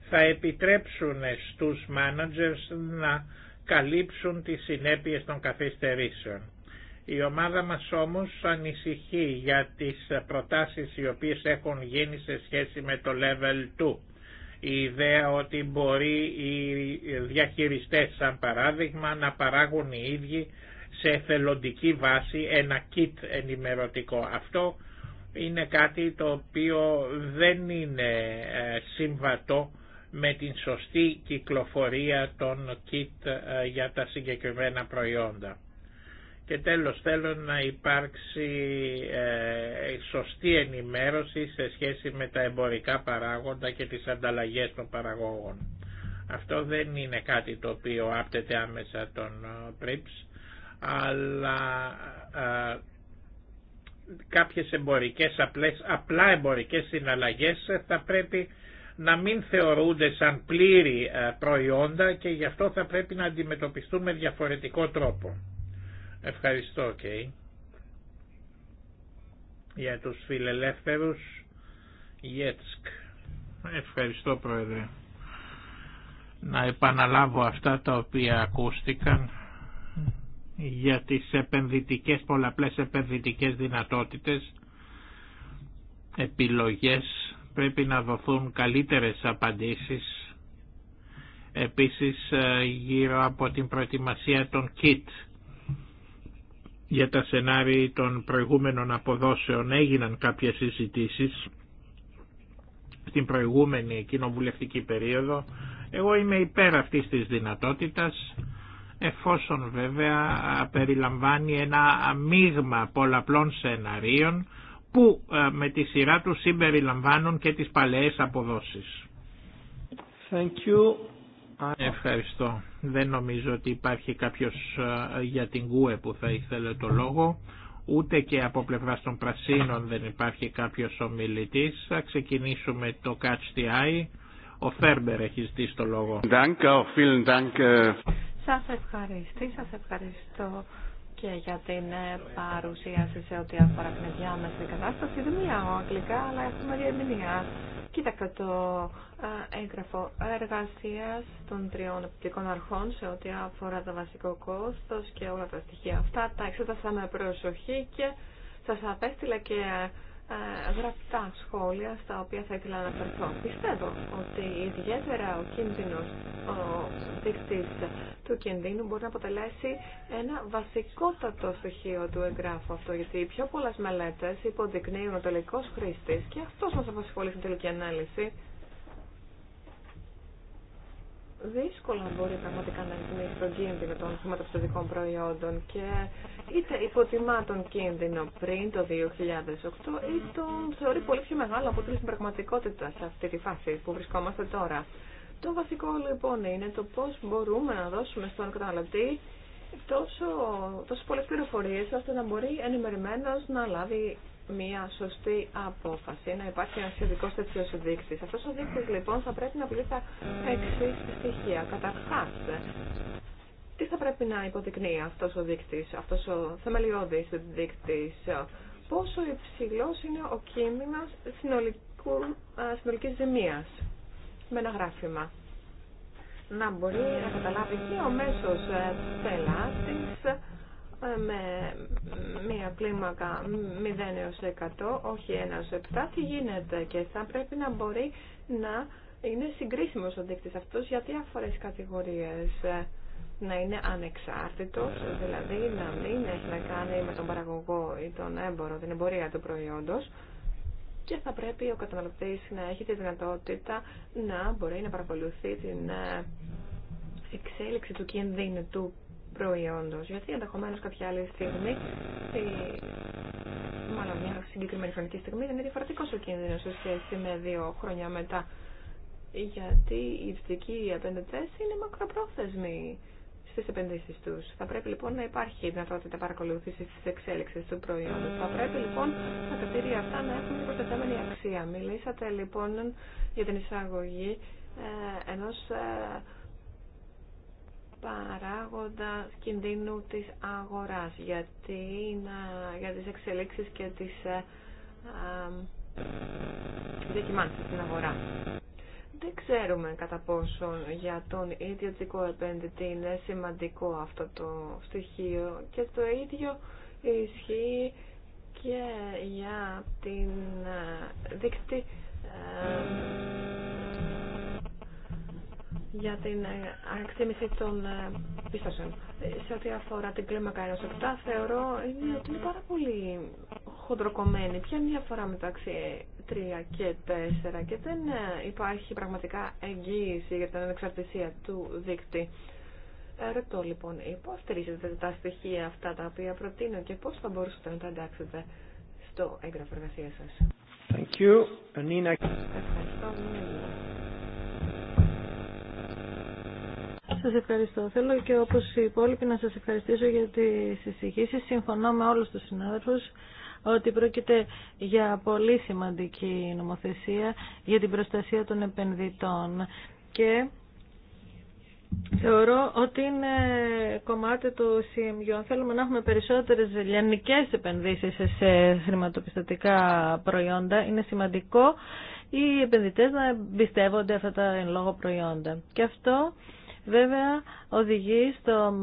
S2: θα επιτρέψουν στους managers να καλύψουν τις συνέπειες των καθυστερήσεων. Η ομάδα μας όμως ανησυχεί για τις προτάσεις οι οποίες έχουν γίνει σε σχέση με το level 2. Η ιδέα ότι μπορεί οι διαχειριστές σαν παράδειγμα να παράγουν οι ίδιοι σε εθελοντική βάση ένα kit ενημερωτικό. Αυτό είναι κάτι το οποίο δεν είναι ε, συμβατό με την σωστή κυκλοφορία των kit ε, για τα συγκεκριμένα προϊόντα. Και τέλος θέλω να υπάρξει ε, σωστή ενημέρωση σε σχέση με τα εμπορικά παράγοντα και τις ανταλλαγές των παραγόγων. Αυτό δεν είναι κάτι το οποίο άπτεται άμεσα των PRIPS, ε, αλλά κάποιες εμπορικές, απλές, απλά εμπορικές συναλλαγές θα πρέπει να μην θεωρούνται σαν πλήρη ε, προϊόντα και γι' αυτό θα πρέπει να αντιμετωπιστούν με διαφορετικό τρόπο. Ευχαριστώ, Κέι. Για τους φιλελεύθερους, Γιέτσκ. Ευχαριστώ, Πρόεδρε. Να επαναλάβω αυτά τα οποία ακούστηκαν για τις επενδυτικές, πολλαπλές επενδυτικές δυνατότητες, επιλογές πρέπει να δοθούν καλύτερες απαντήσεις επίσης ε, γύρω από την προετοιμασία των ΚΙΤ. για τα σενάρια των προηγούμενων αποδόσεων έγιναν κάποιες συζητήσεις στην προηγούμενη κοινοβουλευτική περίοδο. Εγώ είμαι υπέρ αυτής της δυνατότητας εφόσον βέβαια περιλαμβάνει ένα μείγμα πολλαπλών σεναρίων που ε, με τη σειρά τους συμπεριλαμβάνουν και τις παλαιές αποδόσεις. Thank you. Ευχαριστώ. Δεν νομίζω ότι υπάρχει κάποιος ε, για την ΚΟΕ που θα ήθελε το λόγο. Ούτε και από πλευρά των Πρασίνων δεν υπάρχει κάποιος ομιλητής. Θα ξεκινήσουμε το Catch the Eye. Ο Φέρμπερ έχει ζητήσει το λόγο. Ε.
S4: Σα ευχαριστώ. Σας ευχαριστώ και για την ε, παρουσίαση σε ό,τι αφορά την διάμεση κατάσταση. Δεν μιλάω αγγλικά, αλλά έχουμε διαμηνία. Κοίταξα το ε, έγγραφο εργασία των τριών επιπτικών αρχών σε ό,τι αφορά το βασικό κόστο και όλα τα στοιχεία αυτά. Τα εξέτασα με προσοχή και σα απέστειλα και ε, ε, γραπτά σχόλια στα οποία θα ήθελα να αναφερθώ. Πιστεύω ότι ιδιαίτερα ο κίνδυνος, ο δείκτη του κινδύνου μπορεί να αποτελέσει ένα βασικότατο στοιχείο του εγγράφου αυτό, γιατί οι πιο πολλές μελέτες υποδεικνύουν ο τελικός χρήστης και αυτός μας απασχολεί στην τελική ανάλυση δύσκολα μπορεί πραγματικά να ρυθμίσει τον κίνδυνο των χρηματοπιστωτικών προϊόντων και είτε υποτιμά τον κίνδυνο πριν το 2008 ή τον θεωρεί πολύ πιο μεγάλο από την πραγματικότητα σε αυτή τη φάση που βρισκόμαστε τώρα. Το βασικό λοιπόν είναι το πώς μπορούμε να δώσουμε στον καταναλωτή τόσο, τόσο πολλές πληροφορίες ώστε να μπορεί ενημερωμένο να λάβει μια σωστή απόφαση, να υπάρχει ένα ειδικό τέτοιο δείκτη. Αυτό ο δείκτη λοιπόν θα πρέπει να τα έξι στοιχεία. Καταρχά, τι θα πρέπει να υποδεικνύει αυτό ο δείκτη, αυτό ο θεμελιώδη δείκτη, πόσο υψηλό είναι ο κίνδυνο συνολική ζημία με ένα γράφημα. Να μπορεί να καταλάβει και ο μέσο ε, πελάτη με μία κλίμακα 0 100, όχι 1 7, τι γίνεται και θα πρέπει να μπορεί να είναι συγκρίσιμος ο δείκτης αυτός για διάφορες κατηγορίες. Να είναι ανεξάρτητος, δηλαδή να μην έχει να κάνει με τον παραγωγό ή τον έμπορο, την εμπορία του προϊόντος και θα πρέπει ο καταναλωτής να έχει τη δυνατότητα να μπορεί να παρακολουθεί την ε, εξέλιξη του κινδύνου του προϊόντο. γιατί ενδεχομένω κάποια άλλη στιγμή, μάλλον μια συγκεκριμένη χρονική στιγμή, είναι διαφορετικό ο κίνδυνο σε σχέση με δύο χρόνια μετά. Γιατί οι ειδικοί επενδυτέ είναι μακροπρόθεσμοι στι επενδύσει του. Θα πρέπει λοιπόν να υπάρχει δυνατότητα παρακολούθηση τη εξέλιξη του προϊόντο. Θα πρέπει λοιπόν τα κριτήρια αυτά να έχουν την προστατεύμένη αξία. Μιλήσατε λοιπόν για την εισαγωγή ε, ενός ε, παράγοντα κινδύνου της αγοράς γιατί να για τις εξελίξεις και τις ε,
S1: διακυμάνσεις στην αγορά.
S4: Δεν ξέρουμε κατά πόσον για τον ιδιωτικό επένδυτη είναι σημαντικό αυτό το στοιχείο και το ίδιο ισχύει και για την ε, δίκτυα. Ε, για την ε, εκτίμηση των ε, πίστασεων. Σε ό,τι αφορά την κλίμακα 1-7, θεωρώ ότι είναι πάρα πολύ χοντροκομμένη. Ποια είναι η διαφορά μεταξύ 3 και 4 και δεν ε, υπάρχει πραγματικά εγγύηση για την ανεξαρτησία του δίκτυ. Ρωτώ λοιπόν, υπόστηρίζετε τα στοιχεία αυτά τα οποία προτείνω και πώ θα μπορούσατε να τα εντάξετε στο έγγραφο εργασία σα.
S2: Thank you. Ευχαριστώ.
S3: Σα ευχαριστώ. Θέλω και όπως οι υπόλοιποι να σας ευχαριστήσω για τι εισηγήσεις. Συμφωνώ με όλου του συνάδελφου ότι πρόκειται για πολύ σημαντική νομοθεσία για την προστασία των επενδυτών. Και Θεωρώ ότι είναι κομμάτι του CMU. Θέλουμε να έχουμε περισσότερες λιανικές επενδύσεις σε χρηματοπιστωτικά προϊόντα. Είναι σημαντικό οι επενδυτές να εμπιστεύονται αυτά τα εν λόγω προϊόντα. Και αυτό βέβαια οδηγεί στο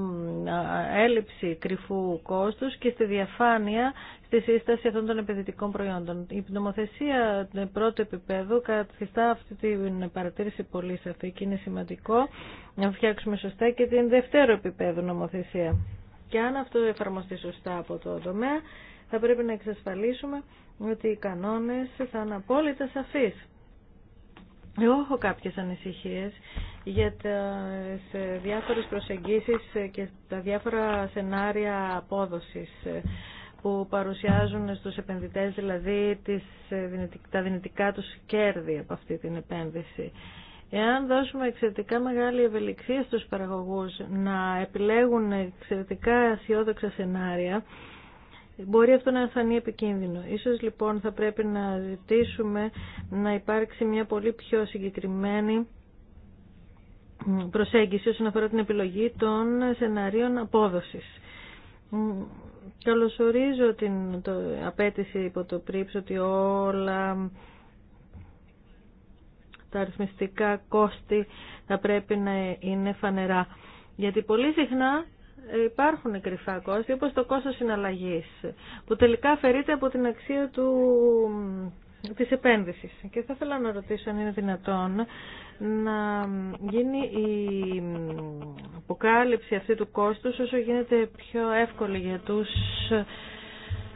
S3: έλλειψη κρυφού κόστους και στη διαφάνεια στη σύσταση αυτών των επενδυτικών προϊόντων. Η νομοθεσία ε, πρώτου επίπεδου καθιστά αυτή την παρατήρηση πολύ σαφή και είναι σημαντικό να φτιάξουμε σωστά και την δεύτερο επίπεδου νομοθεσία. Και αν αυτό εφαρμοστεί σωστά από το τομέα, θα πρέπει να εξασφαλίσουμε ότι οι κανόνες θα είναι απόλυτα σαφείς. Εγώ έχω κάποιες ανησυχίες για σε διάφορες προσεγγίσεις ε, και τα διάφορα σενάρια απόδοσης ε, που παρουσιάζουν στους επενδυτές, δηλαδή τις, ε, τα δυνητικά τους κέρδη από αυτή την επένδυση. Εάν δώσουμε εξαιρετικά μεγάλη ευελιξία στους παραγωγούς να επιλέγουν εξαιρετικά αισιόδοξα σενάρια, Μπορεί αυτό να φανεί επικίνδυνο. Ίσως λοιπόν θα πρέπει να ζητήσουμε να υπάρξει μια πολύ πιο συγκεκριμένη προσέγγιση όσον αφορά την επιλογή των σενάριων απόδοσης. Καλωσορίζω την το, απέτηση υπό το πρίψο ότι όλα τα αριθμιστικά κόστη θα πρέπει να είναι φανερά. Γιατί πολύ συχνά υπάρχουν κρυφά κόστη, όπως το κόστος συναλλαγής, που τελικά αφαιρείται από την αξία του, της επένδυσης. Και θα ήθελα να ρωτήσω αν είναι δυνατόν να γίνει η αποκάλυψη αυτή του κόστους όσο γίνεται πιο εύκολη για τους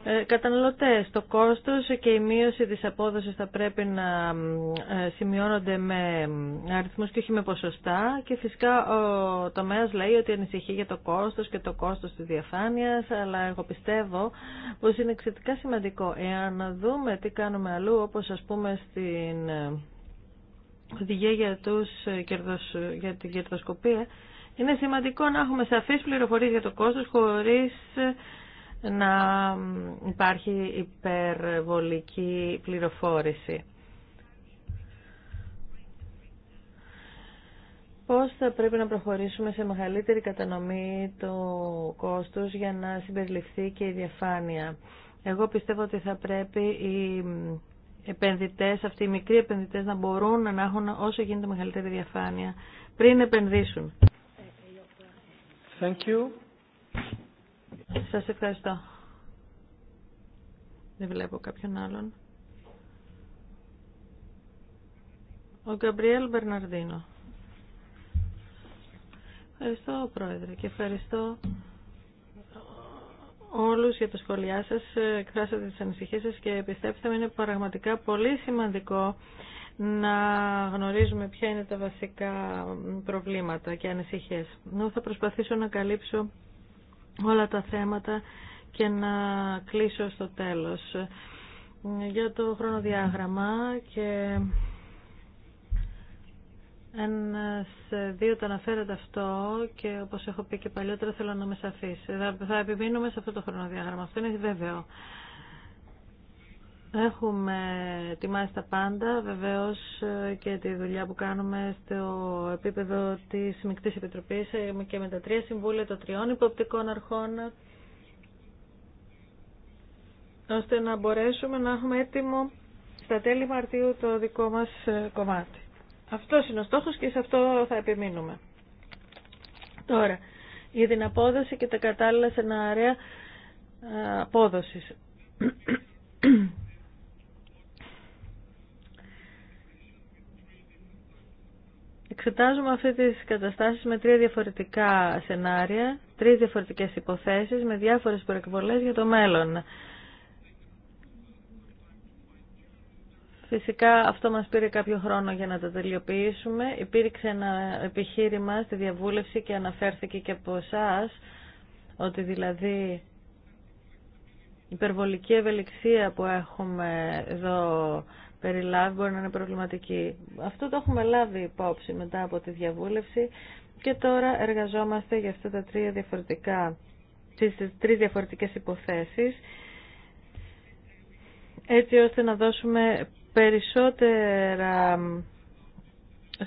S3: ε, καταναλωτές. Το κόστος και η μείωση της απόδοση θα πρέπει να ε, σημειώνονται με αριθμούς και όχι με ποσοστά και φυσικά ο τομέα λέει ότι ανησυχεί για το κόστος και το κόστος τη διαφάνεια, αλλά εγώ πιστεύω πω είναι εξαιρετικά σημαντικό εάν δούμε τι κάνουμε αλλού όπω α πούμε στην οδηγία ε, για, τους, για την κερδοσκοπία είναι σημαντικό να έχουμε σαφείς πληροφορίες για το κόστος χωρίς να υπάρχει υπερβολική πληροφόρηση. Πώς θα πρέπει να προχωρήσουμε σε μεγαλύτερη κατανομή του κόστους για να συμπεριληφθεί και η διαφάνεια. Εγώ πιστεύω ότι θα πρέπει οι επενδυτές, αυτοί οι μικροί επενδυτές να μπορούν να έχουν όσο γίνεται μεγαλύτερη διαφάνεια πριν επενδύσουν. Thank σας ευχαριστώ. Δεν βλέπω κάποιον άλλον. Ο Γκαμπριέλ Μπερναρδίνο. Ευχαριστώ, Πρόεδρε, και ευχαριστώ όλους για τα σχόλιά σας. Εκφράσατε τις ανησυχίες σας και πιστέψτε με είναι πραγματικά πολύ σημαντικό να γνωρίζουμε ποια είναι τα βασικά προβλήματα και ανησυχίες. θα προσπαθήσω να καλύψω όλα τα θέματα και να κλείσω στο τέλος. Για το χρονοδιάγραμμα και ένα δύο το αναφέρεται αυτό και όπως έχω πει και παλιότερα θέλω να με σαφής. Θα, θα επιμείνουμε σε αυτό το χρονοδιάγραμμα. Αυτό είναι βέβαιο. Έχουμε ετοιμάσει τα πάντα, βεβαίως και τη δουλειά που κάνουμε στο επίπεδο της Μικτής Επιτροπής ε, και με τα τρία συμβούλια των τριών υποπτικών αρχών, ώστε να μπορέσουμε να έχουμε έτοιμο στα τέλη Μαρτίου το δικό μας ε, κομμάτι. Αυτό είναι ο στόχος και σε αυτό θα επιμείνουμε. Τώρα, η την απόδοση και τα κατάλληλα σενάρια ε, απόδοσης. Εξετάζουμε αυτές τις καταστάσεις με τρία διαφορετικά σενάρια, τρει διαφορετικές υποθέσεις με διάφορες προεκβολές για το μέλλον. Φυσικά αυτό μας πήρε κάποιο χρόνο για να τα τελειοποιήσουμε. Υπήρξε ένα επιχείρημα στη διαβούλευση και αναφέρθηκε και από εσά ότι δηλαδή η υπερβολική ευελιξία που έχουμε εδώ περιλάβει μπορεί να είναι προβληματική. Αυτό το έχουμε λάβει υπόψη μετά από τη διαβούλευση και τώρα εργαζόμαστε για αυτά τα τρία διαφορετικά, τις τρεις διαφορετικές υποθέσεις έτσι ώστε να δώσουμε περισσότερα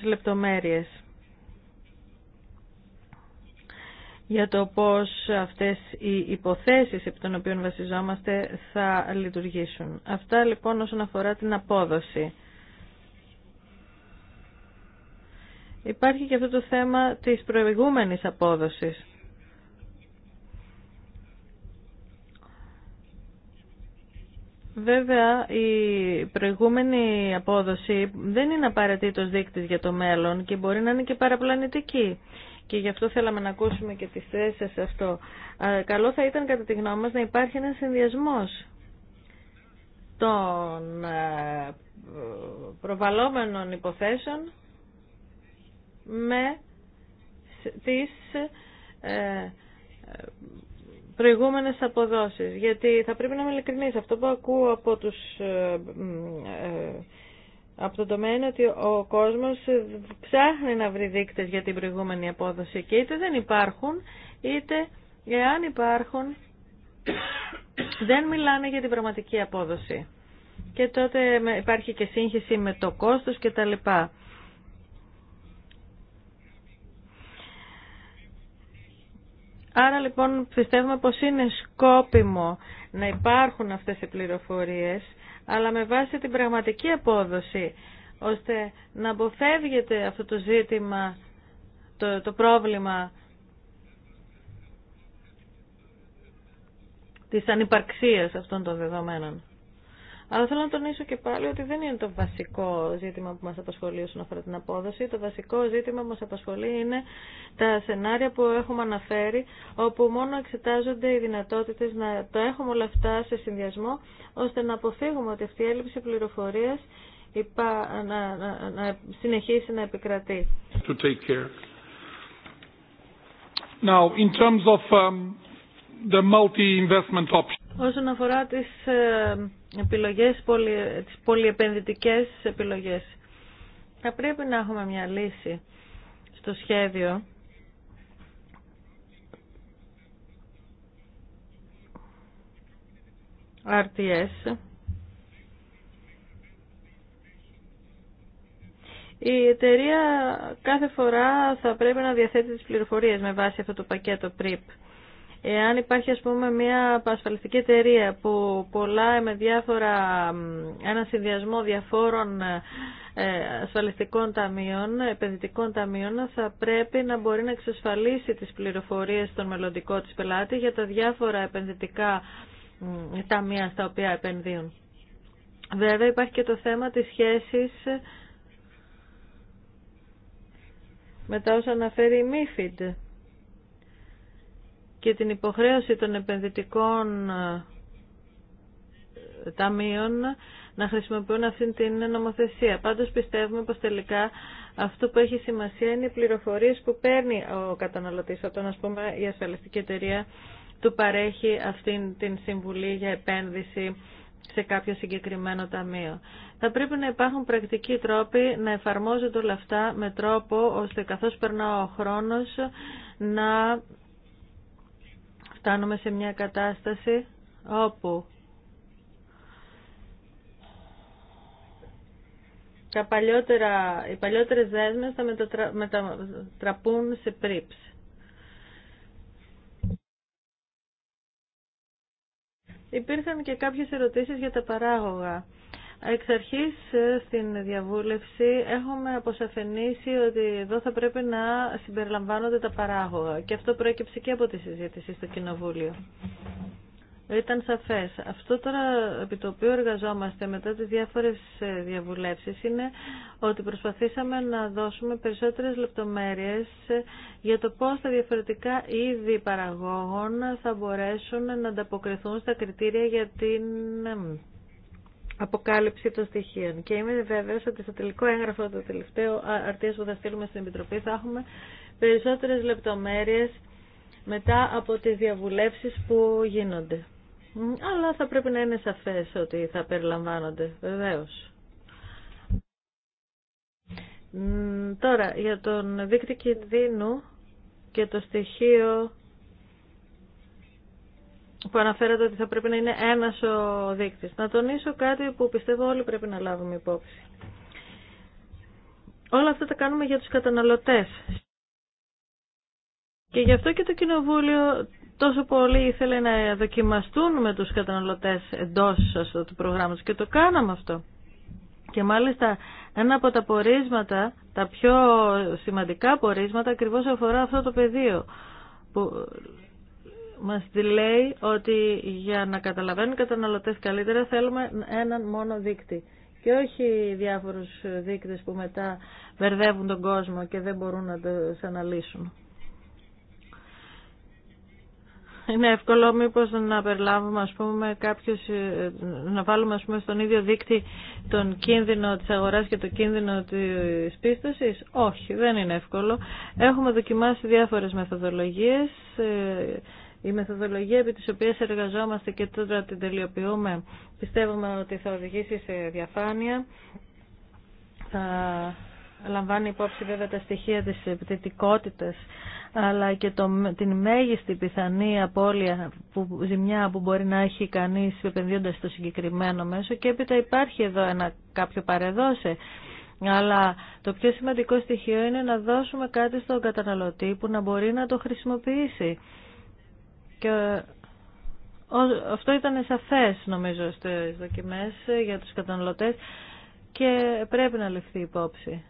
S3: λεπτομέρειες. για το πώς αυτές οι υποθέσεις επί των οποίων βασιζόμαστε θα λειτουργήσουν. Αυτά λοιπόν όσον αφορά την απόδοση. Υπάρχει και αυτό το θέμα της προηγούμενης απόδοσης. Βέβαια, η προηγούμενη απόδοση δεν είναι απαραίτητο δείκτης για το μέλλον και μπορεί να είναι και παραπλανητική και γι' αυτό θέλαμε να ακούσουμε και τις θέσεις σε αυτό. Ε, καλό θα ήταν κατά τη γνώμη μας να υπάρχει ένας συνδυασμός των ε, προβαλόμενων υποθέσεων με τις ε, προηγούμενες αποδόσεις. Γιατί θα πρέπει να είμαι ειλικρινής. Αυτό που ακούω από τους από τον τομέα είναι ότι ο κόσμος ψάχνει να βρει δείκτες για την προηγούμενη απόδοση και είτε δεν υπάρχουν, είτε εάν υπάρχουν δεν μιλάνε για την πραγματική απόδοση. Και τότε υπάρχει και σύγχυση με το κόστος και τα λοιπά. Άρα λοιπόν πιστεύουμε πως είναι σκόπιμο να υπάρχουν αυτές οι πληροφορίες αλλά με βάση την πραγματική απόδοση, ώστε να αποφεύγεται αυτό το ζήτημα, το, πρόβλημα της ανυπαρξίας αυτών των δεδομένων. Αλλά θέλω να τονίσω και πάλι ότι δεν είναι το βασικό ζήτημα που μας απασχολεί όσον αφορά την απόδοση. Το βασικό ζήτημα που μας απασχολεί είναι τα σενάρια που έχουμε αναφέρει, όπου μόνο εξετάζονται οι δυνατότητες να το έχουμε όλα αυτά σε συνδυασμό, ώστε να αποφύγουμε ότι αυτή η έλλειψη πληροφορίας υπά, να, να, να, συνεχίσει να επικρατεί.
S2: Now, in terms of um, the multi-investment
S3: Όσον αφορά τις ε, επιλογές, πολυ, τις πολυεπενδυτικές επιλογές. Θα πρέπει να έχουμε μια λύση στο σχέδιο RTS. Η εταιρεία κάθε φορά θα πρέπει να διαθέτει τις πληροφορίες με βάση αυτό το πακέτο PRIP. Εάν υπάρχει ας πούμε μια ασφαλιστική εταιρεία που πολλά με διάφορα, ένα συνδυασμό διαφόρων ε, ασφαλιστικών ταμείων, επενδυτικών ταμείων, θα πρέπει να μπορεί να εξασφαλίσει τις πληροφορίες στον μελλοντικό της πελάτη για τα διάφορα επενδυτικά ταμεία στα οποία επενδύουν. Βέβαια υπάρχει και το θέμα της σχέσης με τα όσα αναφέρει η και την υποχρέωση των επενδυτικών ε, ταμείων να χρησιμοποιούν αυτήν την νομοθεσία. Πάντως πιστεύουμε πως τελικά αυτό που έχει σημασία είναι οι πληροφορίες που παίρνει ο καταναλωτής όταν ας πούμε η ασφαλιστική εταιρεία του παρέχει αυτήν την συμβουλή για επένδυση σε κάποιο συγκεκριμένο ταμείο. Θα πρέπει να υπάρχουν πρακτικοί τρόποι να εφαρμόζονται όλα αυτά με τρόπο ώστε καθώς περνά ο χρόνος να φτάνουμε σε μια κατάσταση όπου τα παλιότερα, οι παλιότερες δέσμες θα μετατρα, μετατραπούν σε πρίψ. Υπήρχαν και κάποιες ερωτήσεις για τα παράγωγα. Εξ αρχής ε, στην διαβούλευση έχουμε αποσαφενήσει ότι εδώ θα πρέπει να συμπεριλαμβάνονται τα παράγωγα και αυτό προέκυψε και από τη συζήτηση στο Κοινοβούλιο. Ήταν σαφές. Αυτό τώρα επί το οποίο εργαζόμαστε μετά τις διάφορες ε, διαβουλεύσεις είναι ότι προσπαθήσαμε να δώσουμε περισσότερες λεπτομέρειες ε, για το πώς τα διαφορετικά είδη παραγόγων θα μπορέσουν να ανταποκριθούν στα κριτήρια για την αποκάλυψη των στοιχείων. Και είμαι βέβαιος ότι στο τελικό έγγραφο το τελευταίο αρτίας που θα στείλουμε στην Επιτροπή θα έχουμε περισσότερες λεπτομέρειες μετά από τις διαβουλεύσεις που γίνονται. Αλλά θα πρέπει να είναι σαφές ότι θα περιλαμβάνονται, βεβαίως. Τώρα, για τον δείκτη κινδύνου και το στοιχείο που αναφέρατε ότι θα πρέπει να είναι ένας ο δείκτης. Να τονίσω κάτι που πιστεύω όλοι πρέπει να λάβουμε υπόψη. Όλα αυτά τα κάνουμε για τους καταναλωτές. Και γι' αυτό και το Κοινοβούλιο τόσο πολύ ήθελε να δοκιμαστούν με τους καταναλωτές εντός αυτού του προγράμματος και το κάναμε αυτό. Και μάλιστα ένα από τα πορίσματα, τα πιο σημαντικά πορίσματα ακριβώς αφορά αυτό το πεδίο Μα τη λέει ότι για να καταλαβαίνουν οι καταναλωτές καλύτερα θέλουμε έναν μόνο δείκτη και όχι διάφορους δείκτες που μετά μπερδεύουν τον κόσμο και δεν μπορούν να το αναλύσουν. Είναι εύκολο μήπως να περιλάβουμε ας πούμε κάποιους, ε, να βάλουμε ας πούμε στον ίδιο δείκτη τον κίνδυνο της αγοράς και το κίνδυνο της πίστοση. Όχι, δεν είναι εύκολο. Έχουμε δοκιμάσει διάφορες μεθοδολογίε. Ε, η μεθοδολογία επί της οποίας εργαζόμαστε και τώρα την τελειοποιούμε πιστεύουμε ότι θα οδηγήσει σε διαφάνεια. Θα λαμβάνει υπόψη βέβαια τα στοιχεία της επιθετικότητας αλλά και το, την μέγιστη πιθανή απώλεια, που, ζημιά που μπορεί να έχει κανείς επενδύοντας στο συγκεκριμένο μέσο και έπειτα υπάρχει εδώ ένα κάποιο παρεδόσε. Αλλά το πιο σημαντικό στοιχείο είναι να δώσουμε κάτι στον καταναλωτή που να μπορεί να το χρησιμοποιήσει. Και αυτό ήταν σαφές νομίζω στις δοκιμές για τους καταναλωτέ και πρέπει να ληφθεί υπόψη.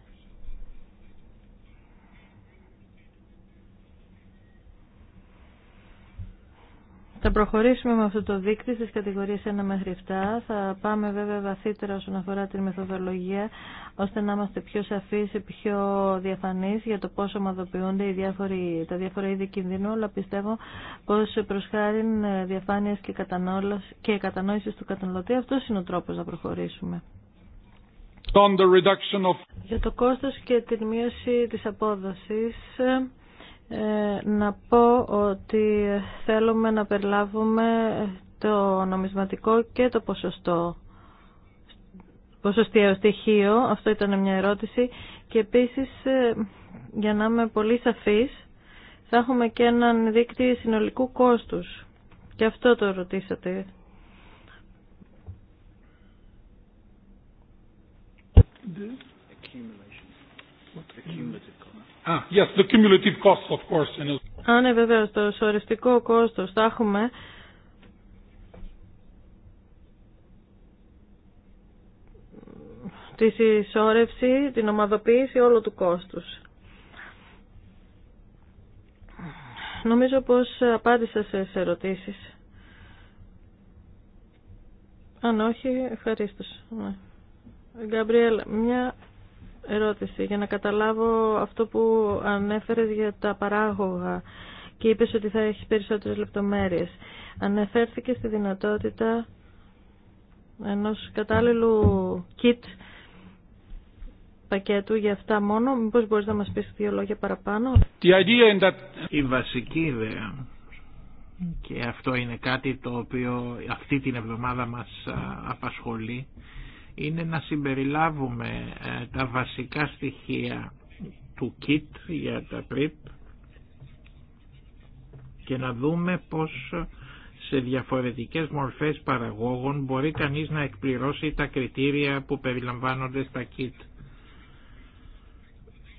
S3: Θα προχωρήσουμε με αυτό το δίκτυο στις κατηγορίες 1 μέχρι 7. Θα πάμε βέβαια βαθύτερα όσον αφορά τη μεθοδολογία, ώστε να είμαστε πιο σαφείς και πιο διαφανείς για το πόσο ομαδοποιούνται οι διάφοροι, τα διάφορα είδη κινδύνου, αλλά πιστεύω πως προς χάρη διαφάνειας και, και κατανόησης του καταναλωτή, αυτός είναι ο τρόπος να προχωρήσουμε. Για το κόστος και τη μείωση της απόδοσης, ε, να πω ότι θέλουμε να περιλάβουμε το νομισματικό και το ποσοστό ποσοστιαίο στοιχείο, αυτό ήταν μια ερώτηση και επίσης ε, για να είμαι πολύ σαφής θα έχουμε και έναν δείκτη συνολικού κόστους και αυτό το ρωτήσατε
S1: accumulation. Ah, yes,
S3: Α, ναι, το σωρευτικό κόστος θα έχουμε. τη συσσόρευση, την ομαδοποίηση όλου του κόστου. Νομίζω πως απάντησα σε ερωτήσεις. Αν όχι, ευχαρίστως. Ναι. Γκαμπριέλ, μια ερώτηση για να καταλάβω αυτό που ανέφερες για τα παράγωγα και είπες ότι θα έχει περισσότερες λεπτομέρειες. Ανεφέρθηκε στη δυνατότητα ενός κατάλληλου kit πακέτου για αυτά μόνο. Μήπως μπορείς να μας πεις δύο λόγια παραπάνω.
S2: Η βασική ιδέα και αυτό είναι κάτι το οποίο αυτή την εβδομάδα μας απασχολεί είναι να συμπεριλάβουμε ε, τα βασικά στοιχεία του ΚΙΤ για τα ΠΡΙΠ και να δούμε πώς σε διαφορετικές μορφές παραγόγων μπορεί κανείς να εκπληρώσει τα κριτήρια που περιλαμβάνονται στα ΚΙΤ.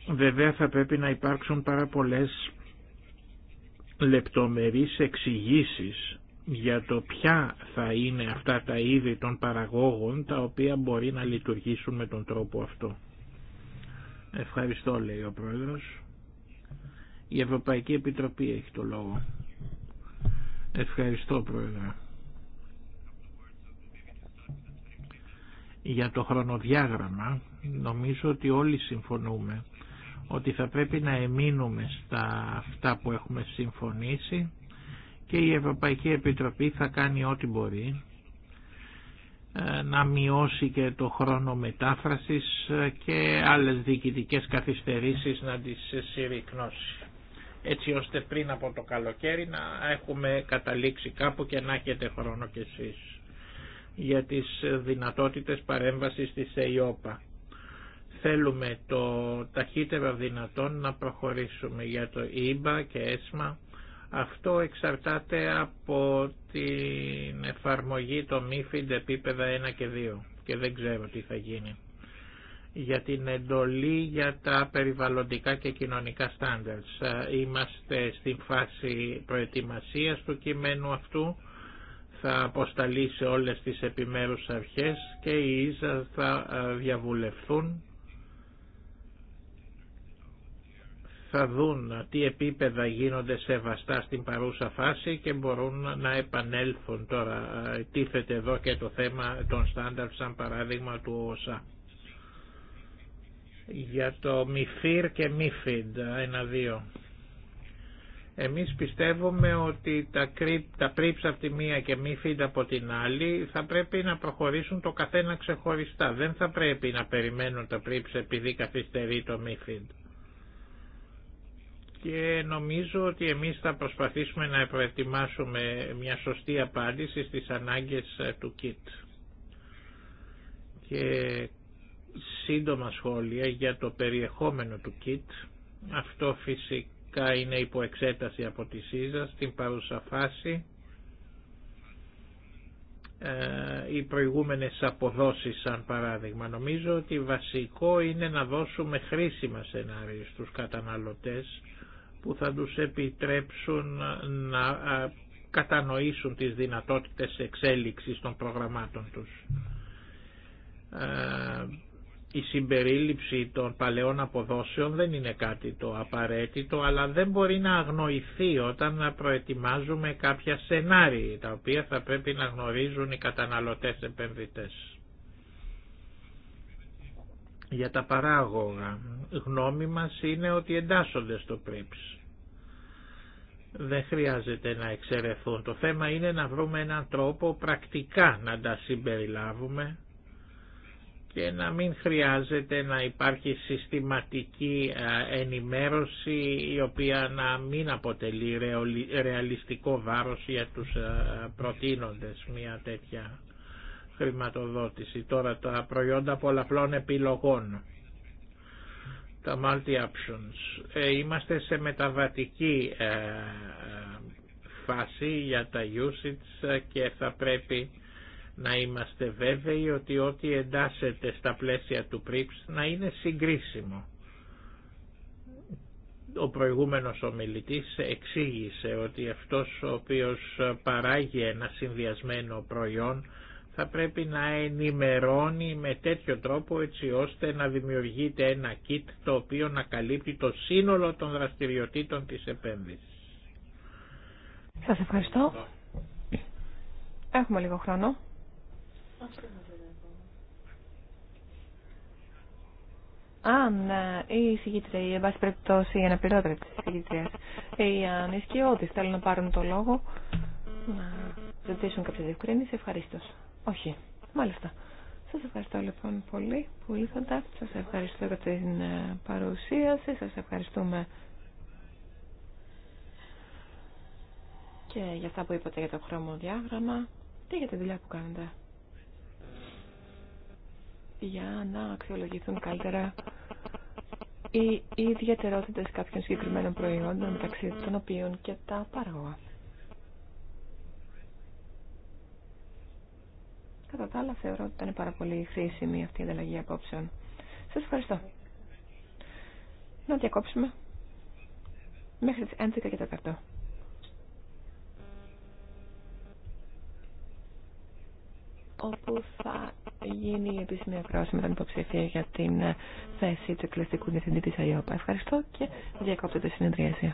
S2: Βέβαια θα πρέπει να υπάρξουν πάρα πολλές λεπτομερείς εξηγήσεις για το ποια θα είναι αυτά τα είδη των παραγόγων τα οποία μπορεί να λειτουργήσουν με τον τρόπο αυτό. Ευχαριστώ λέει ο Πρόεδρος. Η Ευρωπαϊκή Επιτροπή έχει το λόγο. Ευχαριστώ Πρόεδρε. Για το χρονοδιάγραμμα νομίζω ότι όλοι συμφωνούμε ότι θα πρέπει να εμείνουμε στα αυτά που έχουμε συμφωνήσει και η Ευρωπαϊκή Επιτροπή θα κάνει ό,τι μπορεί ε, να μειώσει και το χρόνο μετάφρασης ε, και άλλες διοικητικές καθυστερήσεις να τις συρρυκνώσει. Έτσι ώστε πριν από το καλοκαίρι να έχουμε καταλήξει κάπου και να έχετε χρόνο κι εσείς για τις δυνατότητες παρέμβασης της ΕΙΟΠΑ. Θέλουμε το ταχύτερα δυνατόν να προχωρήσουμε για το ΙΜΠΑ και ΕΣΜΑ αυτό εξαρτάται από την εφαρμογή το MIFID επίπεδα 1 και 2 και δεν ξέρω τι θα γίνει για την εντολή για τα περιβαλλοντικά και κοινωνικά standards. Είμαστε στην φάση προετοιμασίας του κειμένου αυτού, θα αποσταλεί σε όλες τις επιμέρους αρχές και οι ίσα θα ε, διαβουλευθούν θα δουν τι επίπεδα γίνονται σεβαστά στην παρούσα φάση και μπορούν να επανέλθουν τώρα. Ε, τίθεται εδώ και το θέμα των στάνταρ σαν παράδειγμα του ΩΣΑ. Για το ΜΙΦΙΡ και ΜΙΦΙΔ, ένα-δύο. Εμείς πιστεύουμε ότι τα, κρύπ, τα πρίψα από τη μία και μιφιντ από την άλλη θα πρέπει να προχωρήσουν το καθένα ξεχωριστά. Δεν θα πρέπει να περιμένουν τα πρίψα επειδή καθυστερεί το μιφιντ και νομίζω ότι εμείς θα προσπαθήσουμε να προετοιμάσουμε μια σωστή απάντηση στις ανάγκες ε, του ΚΙΤ. Και σύντομα σχόλια για το περιεχόμενο του ΚΙΤ. Αυτό φυσικά είναι υπό εξέταση από τη ΣΥΖΑ στην παρούσα φάση. Ε, οι προηγούμενες αποδόσεις σαν παράδειγμα. Νομίζω ότι βασικό είναι να δώσουμε χρήσιμα σενάρια στους καταναλωτές που θα τους επιτρέψουν να κατανοήσουν τις δυνατότητες εξέλιξης των προγραμμάτων τους. Η συμπερίληψη των παλαιών αποδόσεων δεν είναι κάτι το απαραίτητο, αλλά δεν μπορεί να αγνοηθεί όταν να προετοιμάζουμε κάποια σενάρια, τα οποία θα πρέπει να γνωρίζουν οι καταναλωτές επενδυτές για τα παράγωγα. Γνώμη μας είναι ότι εντάσσονται στο πρίψ. Δεν χρειάζεται να εξαιρεθούν. Το θέμα είναι να βρούμε έναν τρόπο πρακτικά να τα συμπεριλάβουμε και να μην χρειάζεται να υπάρχει συστηματική ενημέρωση η οποία να μην αποτελεί ρεαλιστικό βάρος για τους προτείνοντες μια τέτοια Τώρα τα προϊόντα πολλαπλών επιλογών, τα multi-options. Ε, είμαστε σε μεταβατική ε, φάση για τα usage και θα πρέπει να είμαστε βέβαιοι ότι ό,τι εντάσσεται στα πλαίσια του PRIPS να είναι συγκρίσιμο. Ο προηγούμενος ομιλητής εξήγησε ότι αυτός ο οποίος παράγει ένα συνδυασμένο προϊόν θα πρέπει να ενημερώνει με τέτοιο τρόπο έτσι ώστε να δημιουργείται ένα kit το οποίο να καλύπτει το σύνολο των δραστηριοτήτων της επένδυσης.
S1: Σας ευχαριστώ.
S4: Έχουμε λίγο χρόνο. Αν ε, η συγκήτρια ή εν πάση περιπτώσει η αναπληρώτρια της συγκήτριας ή οι θέλουν να πάρουν το λόγο, να ζητήσουν κάποια διευκρίνηση, Ευχαριστώ. Όχι. Μάλιστα. Σας ευχαριστώ λοιπόν πολύ που ήλθατε. Σας ευχαριστώ για την ε, παρουσίαση. Σας ευχαριστούμε και για αυτά που είπατε για το χρωμοδιάγραμμα και για τη δουλειά που κάνετε. Για να αξιολογηθούν καλύτερα οι ιδιαιτερότητες κάποιων συγκεκριμένων προϊόντων μεταξύ των οποίων και τα παραγωγά. Κατά τα άλλα θεωρώ ότι ήταν πάρα πολύ χρήσιμη αυτή η ανταλλαγή απόψεων. Σα ευχαριστώ. Να διακόψουμε μέχρι τι 11 και 4. όπου θα γίνει η επίσημη ακρόαση με την υποψηφία για την θέση του εκλεκτικού διευθυντή της ΑΙΟΠΑ. Ευχαριστώ και διακόπτω τη συνεδρίαση.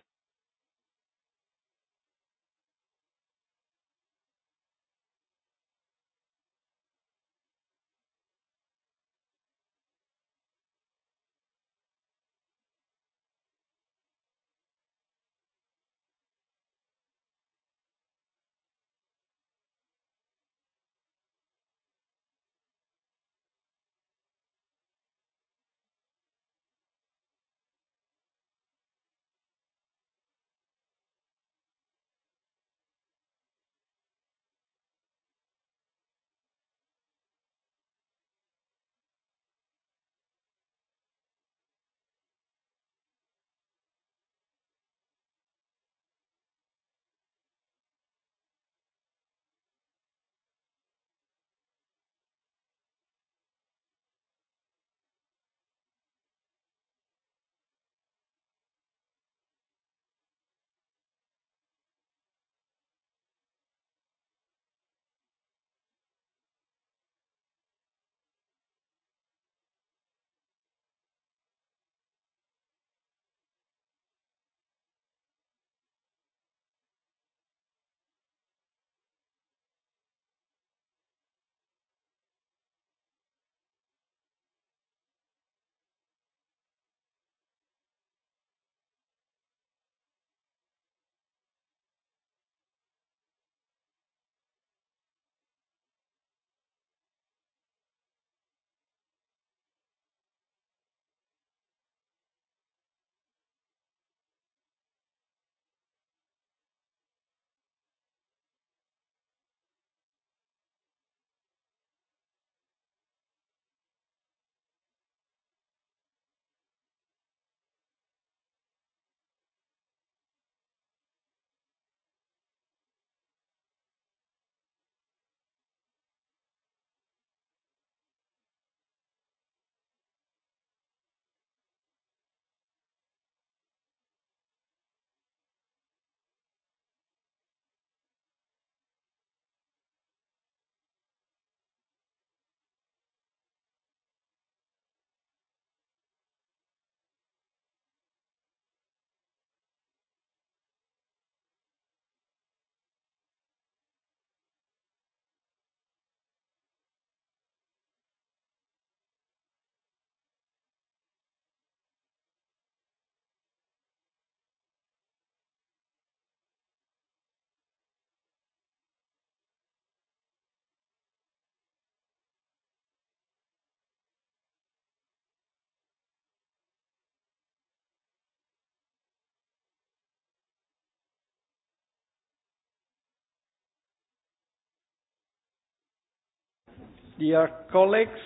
S2: Dear colleagues,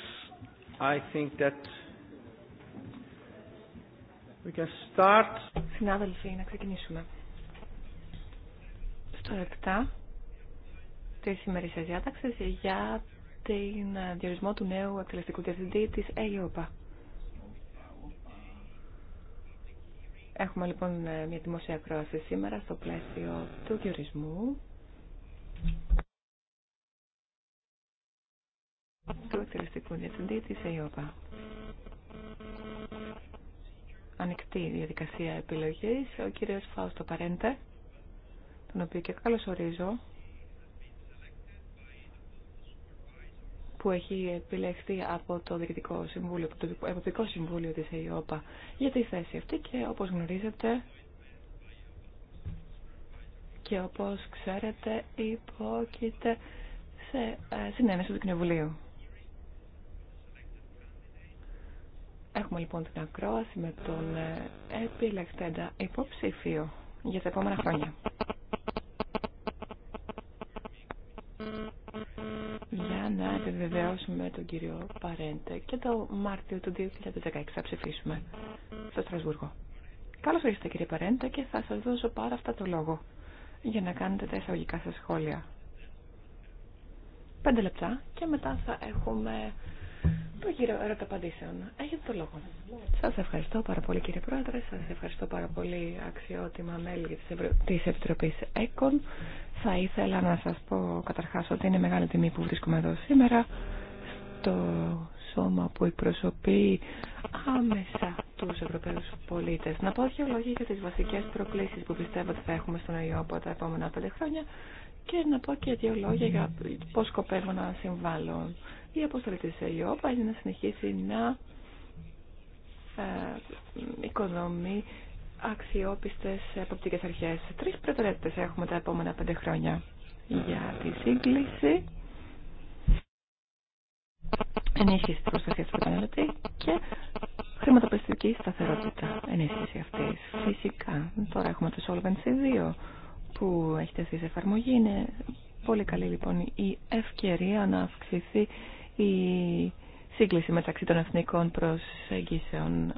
S2: I think that we can
S4: start. Συνάδελφοι, να ξεκινήσουμε. Στο 7 τη ημερήσια διάταξη για την ε, διορισμό του νέου εκτελεστικού διευθυντή τη ΕΙΟΠΑ. Έχουμε λοιπόν ε, μια δημοσία ακρόαση σήμερα στο πλαίσιο του διορισμού του εκτελεστικού διευθυντή της ΕΙΟΠΑ. Ανοιχτή διαδικασία επιλογής, ο κύριος Φάουστο Παρέντε, τον οποίο και ορίζω που έχει επιλεχθεί από το Διοικητικό Συμβούλιο, από το Εποπτικό Συμβούλιο της ΕΙΟΠΑ για τη θέση αυτή και όπως γνωρίζετε και όπως ξέρετε υπόκειται σε ε, συνένεση του Κοινοβουλίου. Έχουμε λοιπόν την ακρόαση με τον ε, επιλεκτέντα υποψήφιο για τα επόμενα χρόνια.
S1: Για να
S4: επιβεβαιώσουμε τον κύριο Παρέντε και το Μάρτιο του 2016 θα ψηφίσουμε στο Στρασβούργο. Καλώς ήρθατε κύριε Παρέντε και θα σας δώσω πάρα αυτά το λόγο για να κάνετε τα εισαγωγικά σας σχόλια. Πέντε λεπτά και μετά θα έχουμε το γύρο ερωταπαντήσεων. Έχετε το λόγο. Σα ευχαριστώ πάρα πολύ κύριε Πρόεδρε, σα ευχαριστώ πάρα πολύ αξιότιμα μέλη τη Ευρω... ΕΚΟΝ. Θα ήθελα να σα πω καταρχάς ότι είναι μεγάλη τιμή που βρίσκομαι εδώ σήμερα στο σώμα που εκπροσωπεί άμεσα του Ευρωπαίου πολίτε. Να πω δύο λόγια για τι βασικέ προκλήσει που πιστεύω ότι θα έχουμε στον από τα επόμενα πέντε χρόνια και να πω και δύο λόγια για πώ σκοπεύω να συμβάλλω η αποστολή της ΕΙΟΠΑ είναι να συνεχίσει να ε, οικοδομεί αξιόπιστες εποπτικές αρχές. Τρεις προτεραιότητες έχουμε τα επόμενα πέντε χρόνια για τη σύγκληση, ενίσχυση της προστασίας του καταναλωτή και χρηματοπιστική σταθερότητα. Ενίσχυση αυτής. Φυσικά, τώρα έχουμε το Solvency 2 που έχει τεθεί σε εφαρμογή. Είναι πολύ καλή λοιπόν η ευκαιρία να αυξηθεί η σύγκληση μεταξύ των εθνικών προσεγγίσεων.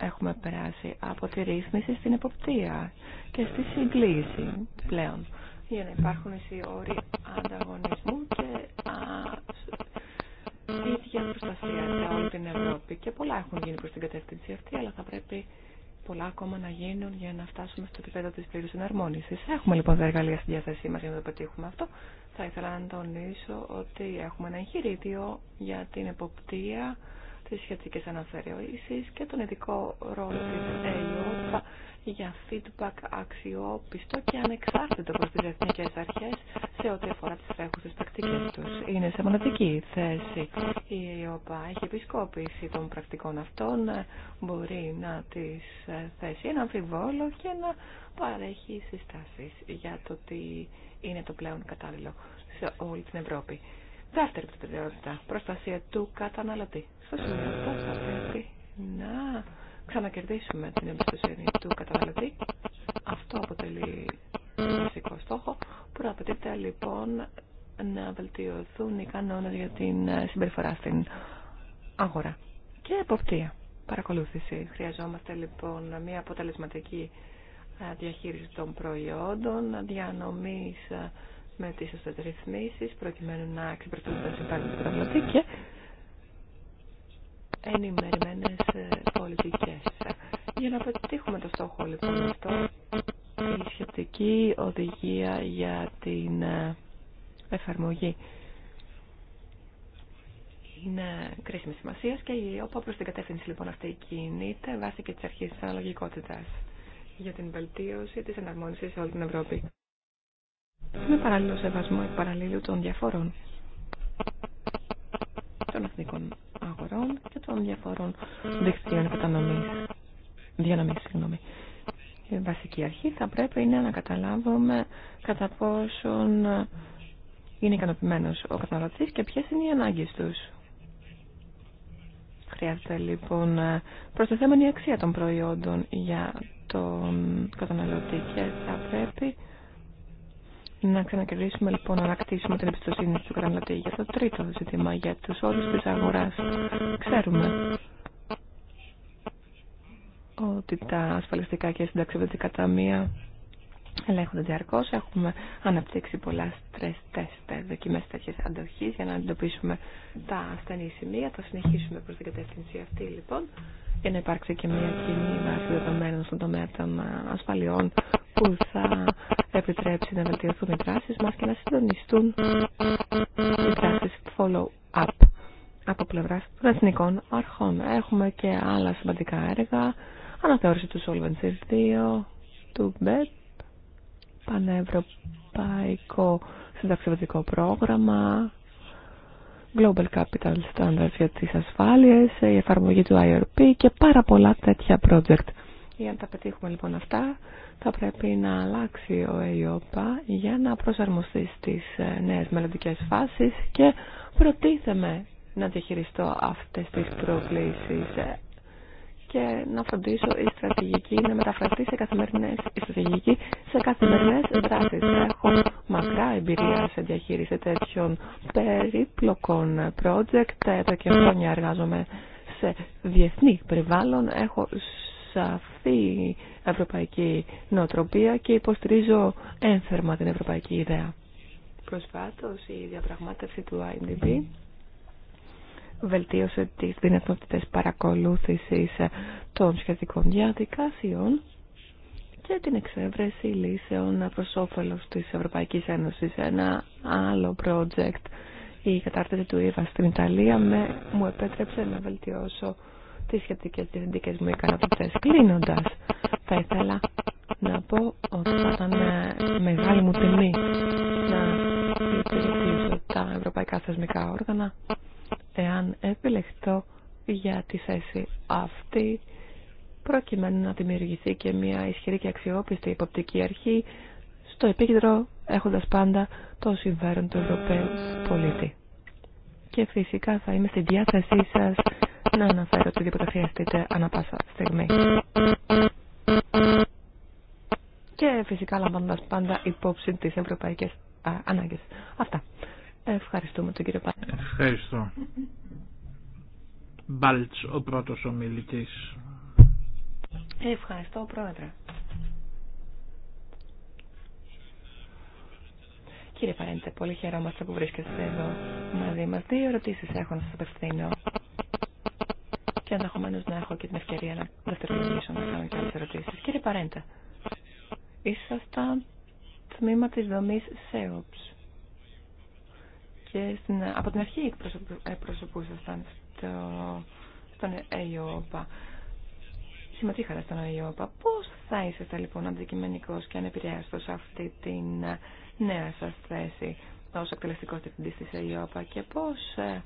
S4: Έχουμε περάσει από τη ρύθμιση στην εποπτεία και στη συγκλήση πλέον για να υπάρχουν οι όροι ανταγωνισμού και ίδια προστασία για όλη την Ευρώπη. Και πολλά έχουν γίνει προς την κατεύθυνση αυτή, αλλά θα πρέπει πολλά ακόμα να γίνουν για να φτάσουμε στο επίπεδο της πλήρους εναρμόνιση. Έχουμε λοιπόν τα εργαλεία στη διάθεσή μα για να το πετύχουμε αυτό. Θα ήθελα να τονίσω ότι έχουμε ένα εγχειρίδιο για την εποπτεία, της σχετικές αναθεωρήσεις και τον ειδικό ρόλο τη ΕΙΟΠΑ για feedback αξιόπιστο και ανεξάρτητο προ τι εθνικές αρχές σε ό,τι αφορά τι τρέχουσες τους. Είναι σε μοναδική θέση η ΕΟΠΑ Έχει επισκόπηση των πρακτικών αυτών, μπορεί να τις θέσει ένα αμφιβόλο και να παρέχει συστάσεις για το τι είναι το πλέον κατάλληλο σε όλη την Ευρώπη. Δεύτερη
S1: προτεραιότητα,
S4: προστασία του καταναλωτή. Στο σημείο αυτό θα πρέπει να ξανακερδίσουμε την εμπιστοσύνη του καταναλωτή. Αυτό αποτελεί βασικό στόχο. Προαπαιτείται λοιπόν να βελτιωθούν οι κανόνες για την ε, συμπεριφορά στην αγορά. Και εποπτεία, παρακολούθηση. Χρειαζόμαστε λοιπόν μια αποτελεσματική ε, διαχείριση των προϊόντων, διανομής ε, με τις σωστές ρυθμίσεις, προκειμένου να εξυπηρετούν τα συμφέροντα του καταναλωτή ενημερωμένες ε, πολιτικές. Για να πετύχουμε το στόχο λοιπόν αυτό, η σχετική οδηγία για την ε, εφαρμογή είναι κρίσιμη σημασία και η προ την κατεύθυνση λοιπόν αυτή κινείται βάσει και τη αρχή τη αναλογικότητα για την βελτίωση τη εναρμόνιση σε όλη την Ευρώπη. Με παράλληλο σεβασμό εκ παραλλήλου των διαφόρων των εθνικών αγορών και των διαφορών δικτύων κατανομής, διανομής. Συγγνώμη. Η βασική αρχή θα πρέπει είναι να καταλάβουμε κατά πόσον είναι ικανοποιημένο ο καταναλωτή και ποιε είναι οι ανάγκε του. Χρειάζεται λοιπόν προστιθέμενη αξία των προϊόντων για τον καταναλωτή και θα πρέπει να ξανακερδίσουμε λοιπόν, να ανακτήσουμε την εμπιστοσύνη του καταναλωτή για το τρίτο ζήτημα, για τους όρους της αγοράς. Ξέρουμε ότι τα ασφαλιστικά και συνταξιδετικά ταμεία ελέγχονται διαρκώ. Έχουμε αναπτύξει πολλά stress test, ε, δοκιμέ τέτοια αντοχή για να αντιμετωπίσουμε τα ασθενή σημεία. Θα συνεχίσουμε προ την κατεύθυνση αυτή λοιπόν για να υπάρξει και μια κοινή βάση δεδομένων στον τομέα των ε, ασφαλιών που θα επιτρέψει να βελτιωθούν οι δράσει μα και να συντονιστούν οι δράσει follow-up από πλευρά των εθνικών αρχών. Έχουμε και άλλα σημαντικά έργα. Αναθεώρηση του Solvency 2, του BED πανευρωπαϊκό συνταξιδοτικό πρόγραμμα, Global Capital Standards για τις ασφάλειες, η εφαρμογή του IRP και πάρα πολλά τέτοια project. Για να τα πετύχουμε λοιπόν αυτά, θα πρέπει να αλλάξει ο ΕΙΟΠΑ για να προσαρμοστεί στις ε, νέες μελλοντικέ φάσεις και προτίθεμαι να διαχειριστώ αυτές τις προκλήσεις και να φροντίσω η στρατηγική να μεταφραστεί σε καθημερινές, η σε καθημερινές δράσεις. Έχω μακρά εμπειρία σε διαχείριση τέτοιων περίπλοκων project. Εδώ και χρόνια εργάζομαι σε διεθνή περιβάλλον. Έχω σαφή ευρωπαϊκή νοοτροπία και υποστηρίζω ένθερμα την ευρωπαϊκή ιδέα. Προσφάτως η διαπραγμάτευση του IMDB βελτίωσε τις δυνατότητες παρακολούθησης των σχετικών διαδικασιών και την εξέβρεση λύσεων προς όφελος της Ευρωπαϊκής Ένωσης. Ένα άλλο project, η κατάρτιση του ΙΒΑ στην Ιταλία, με, μου επέτρεψε να βελτιώσω τις σχετικές διευθυντικές μου ικανότητες. Κλείνοντας, θα ήθελα να πω ότι θα ήταν μεγάλη μου τιμή να υπηρετήσω τα ευρωπαϊκά θεσμικά όργανα εάν επιλεχθώ για τη θέση αυτή προκειμένου να δημιουργηθεί και μια ισχυρή και αξιόπιστη υποπτική αρχή στο επίκεντρο έχοντας πάντα το συμφέρον του Ευρωπαίου πολίτη. Και φυσικά θα είμαι στη διάθεσή σας να αναφέρω οτιδήποτε χρειαστείτε ανά πάσα στιγμή. Και φυσικά λαμβάνοντας πάντα υπόψη τις ευρωπαϊκές α, Αυτά. Ευχαριστούμε τον κύριο Πάνη.
S2: Ευχαριστώ. Μπάλτς, ο πρώτος ομιλητής.
S4: Ευχαριστώ, Πρόεδρε. Κύριε Παρέντε, πολύ χαιρόμαστε που βρίσκεστε εδώ μαζί μας. Δύο ερωτήσεις έχω να σας απευθύνω. Και ενδεχομένω να έχω και την ευκαιρία να δευτερολογήσω να κάνω και ερωτήσεις. Κύριε Παρέντε, ήσασταν τμήμα της δομής ΣΕΟΠΣ και στην, από την αρχή εκπροσωπούσασταν στο, στον ΕΙΟΠΑ. Συμμετείχατε στον ΕΙΟΠΑ. Πώς θα είσαστε λοιπόν αντικειμενικός και ανεπηρέαστος σε αυτή την ε, νέα σας θέση ως εκτελεστικός διευθυντής της ΕΙΟΠΑ και πώς ε,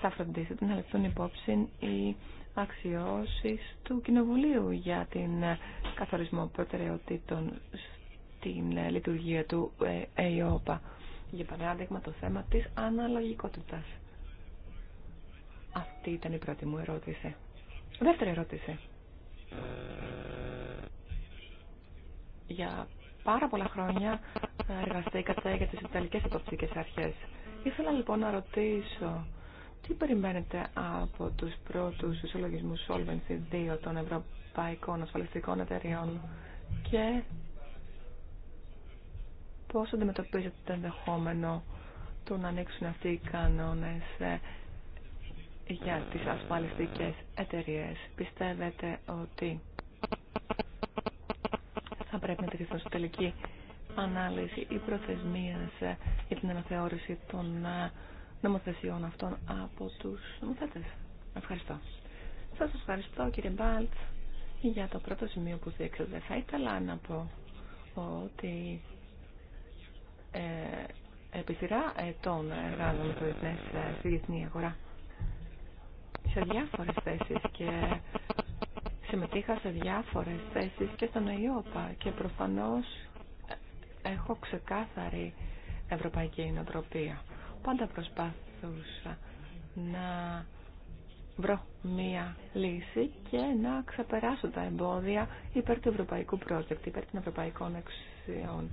S4: θα φροντίσετε να λεφτούν υπόψη οι αξιώσεις του Κοινοβουλίου για την ε, καθορισμό προτεραιοτήτων στην λειτουργία του ΕΙΟΠΑ για παράδειγμα το θέμα της αναλογικότητας. Αυτή ήταν η πρώτη μου ερώτηση. Δεύτερη ερώτηση. Για πάρα πολλά χρόνια εργαστήκατε για τις Ιταλικές Υποπτικές Αρχές. Ήθελα λοιπόν να ρωτήσω τι περιμένετε από τους πρώτους ισολογισμούς Solvency 2 των Ευρωπαϊκών Ασφαλιστικών Εταιριών και Πώς αντιμετωπίζετε το ενδεχόμενο του να ανοίξουν αυτοί οι κανόνες ε, για τις ασφαλιστικές εταιρείες. Πιστεύετε ότι θα πρέπει να τηρηθούν στην τελική ανάλυση ή προθεσμίες ε, για την αναθεώρηση των ε, νομοθεσιών αυτών από τους νομοθέτες. Ευχαριστώ. Σας ευχαριστώ κύριε Μπάλτ για το πρώτο σημείο που δείξατε. Θα ήθελα να πω ότι ε, επί σειρά ετών εργάζομαι στο διεθνές, ε, στη διεθνή αγορά σε διάφορες θέσεις και συμμετείχα σε διάφορες θέσεις και στον ΕΙΟΠΑ και προφανώς έχω ξεκάθαρη ευρωπαϊκή νοοτροπία. Πάντα προσπάθουσα να βρω μία λύση και να ξεπεράσω τα εμπόδια υπέρ του ευρωπαϊκού project, υπέρ των ευρωπαϊκών εξουσίων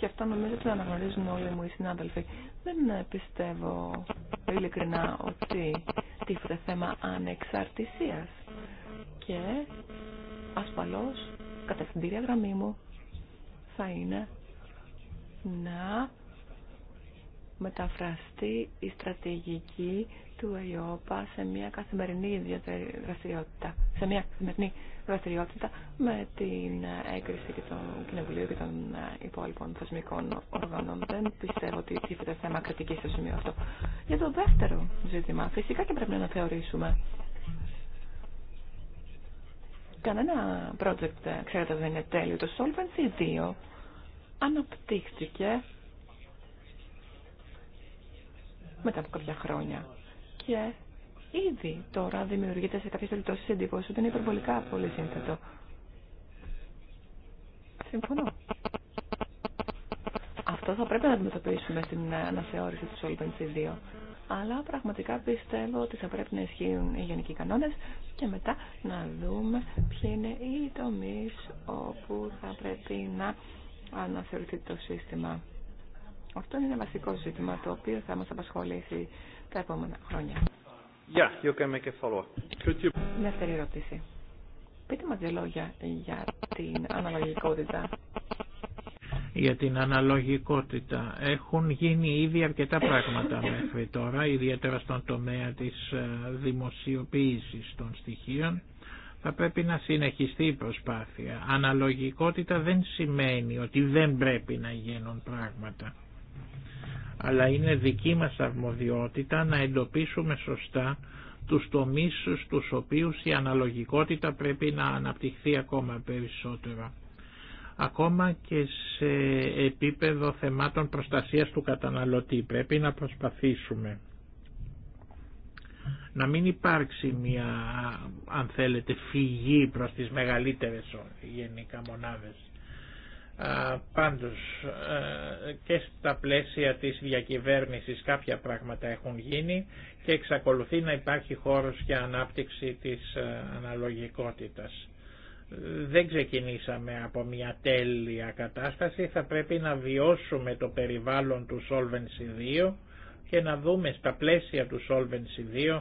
S4: και αυτό νομίζω ότι το αναγνωρίζουν όλοι μου οι συνάδελφοι. Δεν πιστεύω ειλικρινά ότι τίθεται θέμα ανεξαρτησίας και ασφαλώς κατευθυντήρια γραμμή μου θα είναι να μεταφραστεί η στρατηγική του ΕΙΟΠΑ σε μια καθημερινή δραστηριότητα, σε μια καθημερινή δραστηριότητα με την έγκριση και των κοινοβουλίων και των ε, υπόλοιπων θεσμικών οργάνων. Δεν πιστεύω ότι τίθεται θέμα κριτική στο σημείο αυτό. Για το δεύτερο ζήτημα, φυσικά και πρέπει να θεωρήσουμε. Κανένα project, ε, ξέρετε, δεν είναι τέλειο. Το Solvency 2 αναπτύχθηκε μετά από κάποια χρόνια. Και ήδη τώρα δημιουργείται σε κάποιε περιπτώσει εντύπωση ότι είναι υπερβολικά πολύ σύνθετο. Συμφωνώ. Αυτό θα πρέπει να αντιμετωπίσουμε στην αναθεώρηση του Solvency 2. Αλλά πραγματικά πιστεύω ότι θα πρέπει να ισχύουν οι γενικοί κανόνε και μετά να δούμε ποιοι είναι οι τομεί όπου θα πρέπει να αναθεωρηθεί το σύστημα. Αυτό είναι ένα βασικό ζήτημα το οποίο θα μας απασχολήσει τα επόμενα χρόνια.
S2: Yeah, you make a follow-up. You... Μια
S4: δεύτερη ερώτηση. Πείτε μας δύο λόγια για την αναλογικότητα.
S2: Για την αναλογικότητα έχουν γίνει ήδη αρκετά πράγματα μέχρι τώρα, ιδιαίτερα στον τομέα της ε, δημοσιοποίησης των στοιχείων. Θα πρέπει να συνεχιστεί η προσπάθεια. Αναλογικότητα δεν σημαίνει ότι δεν πρέπει να γίνουν πράγματα αλλά είναι δική μας αρμοδιότητα να εντοπίσουμε σωστά τους τομείς στους οποίους η αναλογικότητα πρέπει να αναπτυχθεί ακόμα περισσότερο. Ακόμα και σε επίπεδο θεμάτων προστασίας του καταναλωτή πρέπει να προσπαθήσουμε να μην υπάρξει μια αν θέλετε φυγή προς τις μεγαλύτερες γενικά μονάδες Πάντως ε, και στα πλαίσια της διακυβέρνησης κάποια πράγματα έχουν γίνει και εξακολουθεί να υπάρχει χώρος για ανάπτυξη της ε, αναλογικότητας. Δεν ξεκινήσαμε από μια τέλεια κατάσταση, θα πρέπει να βιώσουμε το περιβάλλον του Solvency 2 και να δούμε στα πλαίσια του Solvency 2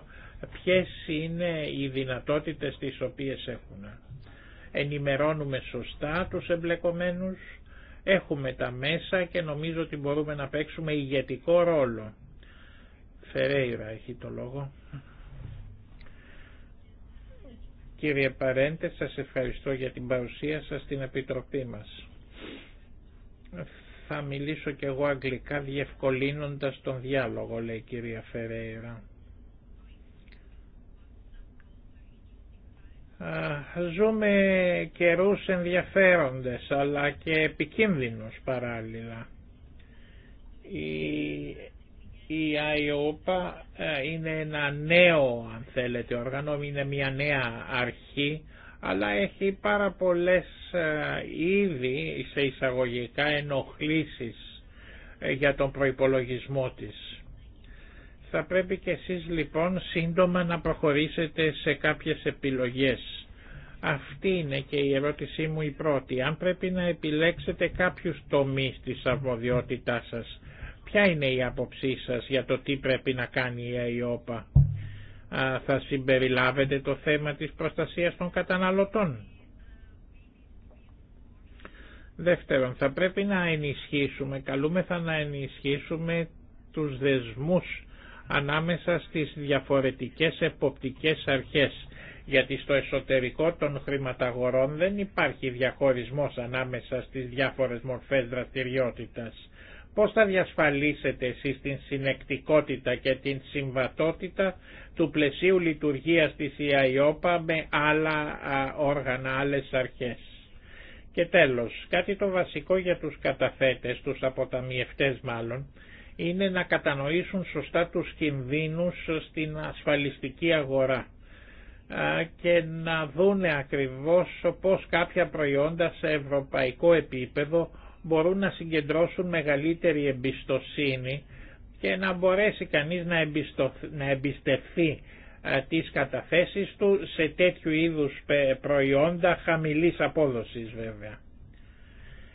S2: ποιες είναι οι δυνατότητες τις οποίες έχουν ενημερώνουμε σωστά τους εμπλεκομένους, έχουμε τα μέσα και νομίζω ότι μπορούμε να παίξουμε ηγετικό ρόλο. Φερέιρα έχει το λόγο. Κύριε Παρέντε, σας ευχαριστώ για την παρουσία σας στην Επιτροπή μας. Θα μιλήσω κι εγώ αγγλικά διευκολύνοντας τον διάλογο, λέει η κυρία Φερέιρα. Ζούμε καιρούς ενδιαφέροντες αλλά και επικίνδυνους παράλληλα. Η ΑΙΟΠΑ είναι ένα νέο αν θέλετε όργανο, είναι μια νέα αρχή αλλά έχει πάρα πολλές ήδη σε εισαγωγικά ενοχλήσεις ε, για τον προϋπολογισμό της. Θα πρέπει και εσείς λοιπόν σύντομα να προχωρήσετε σε κάποιες επιλογές. Αυτή είναι και η ερώτησή μου η πρώτη. Αν πρέπει να επιλέξετε κάποιους τομείς της αρμοδιότητάς σας, ποια είναι η άποψή σας για το τι πρέπει να κάνει η ΑΙΟΠΑ. Θα συμπεριλάβετε το θέμα της προστασίας των καταναλωτών. Δεύτερον, θα πρέπει να ενισχύσουμε, καλούμεθα να ενισχύσουμε τους δεσμούς ανάμεσα στις διαφορετικές εποπτικές αρχές, γιατί στο εσωτερικό των χρηματαγορών δεν υπάρχει διαχωρισμός ανάμεσα στις διάφορες μορφές δραστηριότητας. Πώς θα διασφαλίσετε εσείς την συνεκτικότητα και την συμβατότητα του πλαισίου λειτουργίας της ΙΑΙΟΠΑ με άλλα όργανα, άλλες αρχές. Και τέλος, κάτι το βασικό για τους καταθέτες, τους αποταμιευτές μάλλον, είναι να κατανοήσουν σωστά τους κινδύνους στην ασφαλιστική αγορά και να δούνε ακριβώς πώς κάποια προϊόντα σε ευρωπαϊκό επίπεδο μπορούν να συγκεντρώσουν μεγαλύτερη εμπιστοσύνη και να μπορέσει κανείς να, εμπιστευθεί τις καταθέσεις του σε τέτοιου είδους προϊόντα χαμηλής απόδοσης βέβαια.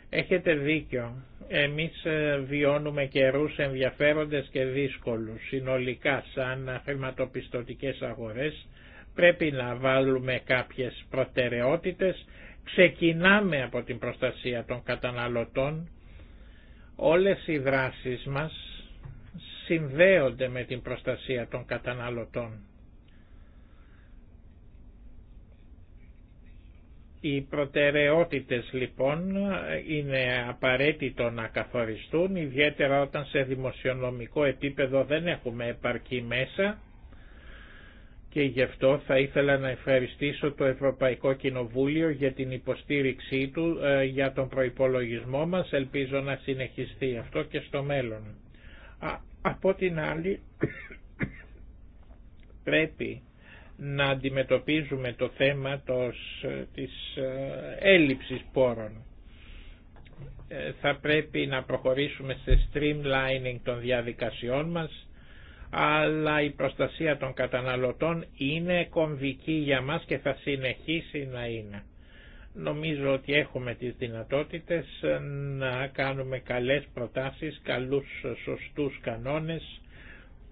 S2: Έχετε δίκιο εμείς ε, βιώνουμε καιρούς ενδιαφέροντες και δύσκολους. Συνολικά σαν χρηματοπιστωτικές αγορές πρέπει να βάλουμε κάποιες προτεραιότητες. Ξεκινάμε από την προστασία των καταναλωτών. Όλες οι δράσεις μας συνδέονται με την προστασία των καταναλωτών. Οι προτεραιότητες λοιπόν είναι απαραίτητο να καθοριστούν, ιδιαίτερα όταν σε δημοσιονομικό επίπεδο δεν έχουμε επαρκή μέσα και γι' αυτό θα ήθελα να ευχαριστήσω το Ευρωπαϊκό Κοινοβούλιο για την υποστήριξή του ε, για τον προϋπολογισμό μας. Ελπίζω να συνεχιστεί αυτό και στο μέλλον. από την άλλη πρέπει να αντιμετωπίζουμε το θέμα ε, της ε, έλλειψης πόρων. Ε, θα πρέπει να προχωρήσουμε σε streamlining των διαδικασιών μας, αλλά η προστασία των καταναλωτών είναι κομβική για μας και θα συνεχίσει να είναι. Νομίζω ότι έχουμε τις δυνατότητες να κάνουμε καλές προτάσεις, καλούς σωστούς κανόνες,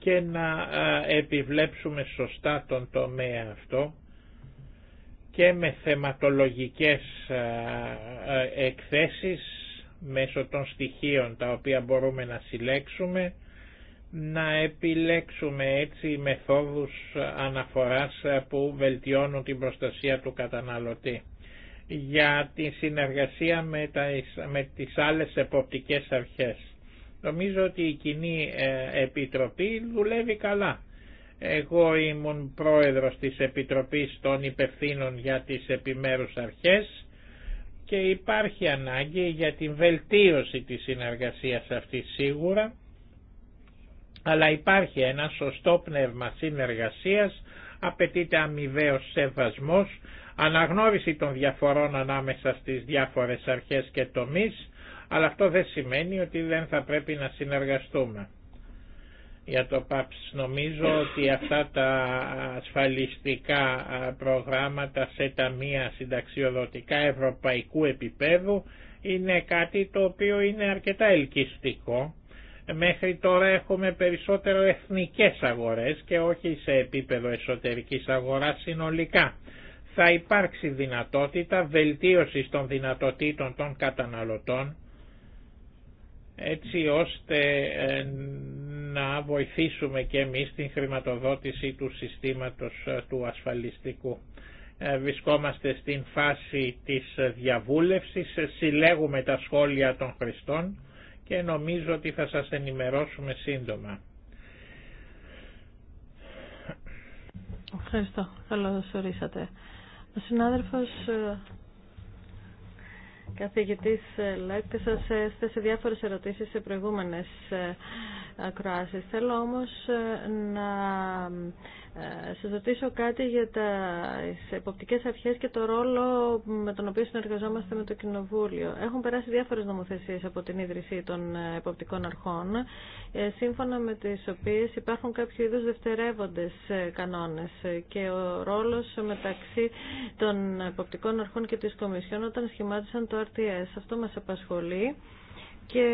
S2: και να ε, επιβλέψουμε σωστά τον τομέα αυτό και με θεματολογικές ε, ε, εκθέσεις μέσω των στοιχείων τα οποία μπορούμε να συλλέξουμε να επιλέξουμε έτσι μεθόδους αναφοράς που βελτιώνουν την προστασία του καταναλωτή. Για τη συνεργασία με τις άλλες εποπτικές αρχές Νομίζω ότι η κοινή ε, επιτροπή δουλεύει καλά. Εγώ ήμουν πρόεδρος της Επιτροπής των Υπευθύνων για τις Επιμέρους Αρχές και υπάρχει ανάγκη για την βελτίωση της συνεργασίας αυτή σίγουρα, αλλά υπάρχει ένα σωστό πνεύμα συνεργασίας, απαιτείται αμοιβαίος σεβασμός, αναγνώριση των διαφορών ανάμεσα στις διάφορες αρχές και τομείς, αλλά αυτό δεν σημαίνει ότι δεν θα πρέπει να συνεργαστούμε. Για το ΠΑΠΣ νομίζω ότι αυτά τα ασφαλιστικά προγράμματα σε ταμεία συνταξιοδοτικά ευρωπαϊκού επίπεδου είναι κάτι το οποίο είναι αρκετά ελκυστικό. Μέχρι τώρα έχουμε περισσότερο εθνικές αγορές και όχι σε επίπεδο εσωτερικής αγοράς συνολικά. Θα υπάρξει δυνατότητα βελτίωσης των δυνατοτήτων των καταναλωτών έτσι ώστε ε, να βοηθήσουμε και εμείς την χρηματοδότηση του συστήματος ε, του ασφαλιστικού. Ε, βρισκόμαστε στην φάση της διαβούλευσης, συλλέγουμε τα σχόλια των χρηστών και νομίζω ότι θα σας ενημερώσουμε σύντομα.
S3: Ευχαριστώ. Καλώς ορίσατε. Ο συνάδελφος Καθηγητής σα ε, σας σε διάφορες ερωτήσεις σε προηγούμενες ε, ακροάσεις. Θέλω όμως ε, να ε, σας ρωτήσω κάτι για τα εποπτικές αρχές και το ρόλο με τον οποίο συνεργαζόμαστε με το Κοινοβούλιο. Έχουν περάσει διάφορες νομοθεσίες από την ίδρυση των ε, εποπτικών αρχών, σύμφωνα με τις οποίες υπάρχουν κάποιο είδους δευτερεύοντες κανόνες και ο ρόλος μεταξύ των εποπτικών αρχών και της Κομισιόν όταν σχημάτισαν το RTS. Αυτό μας απασχολεί και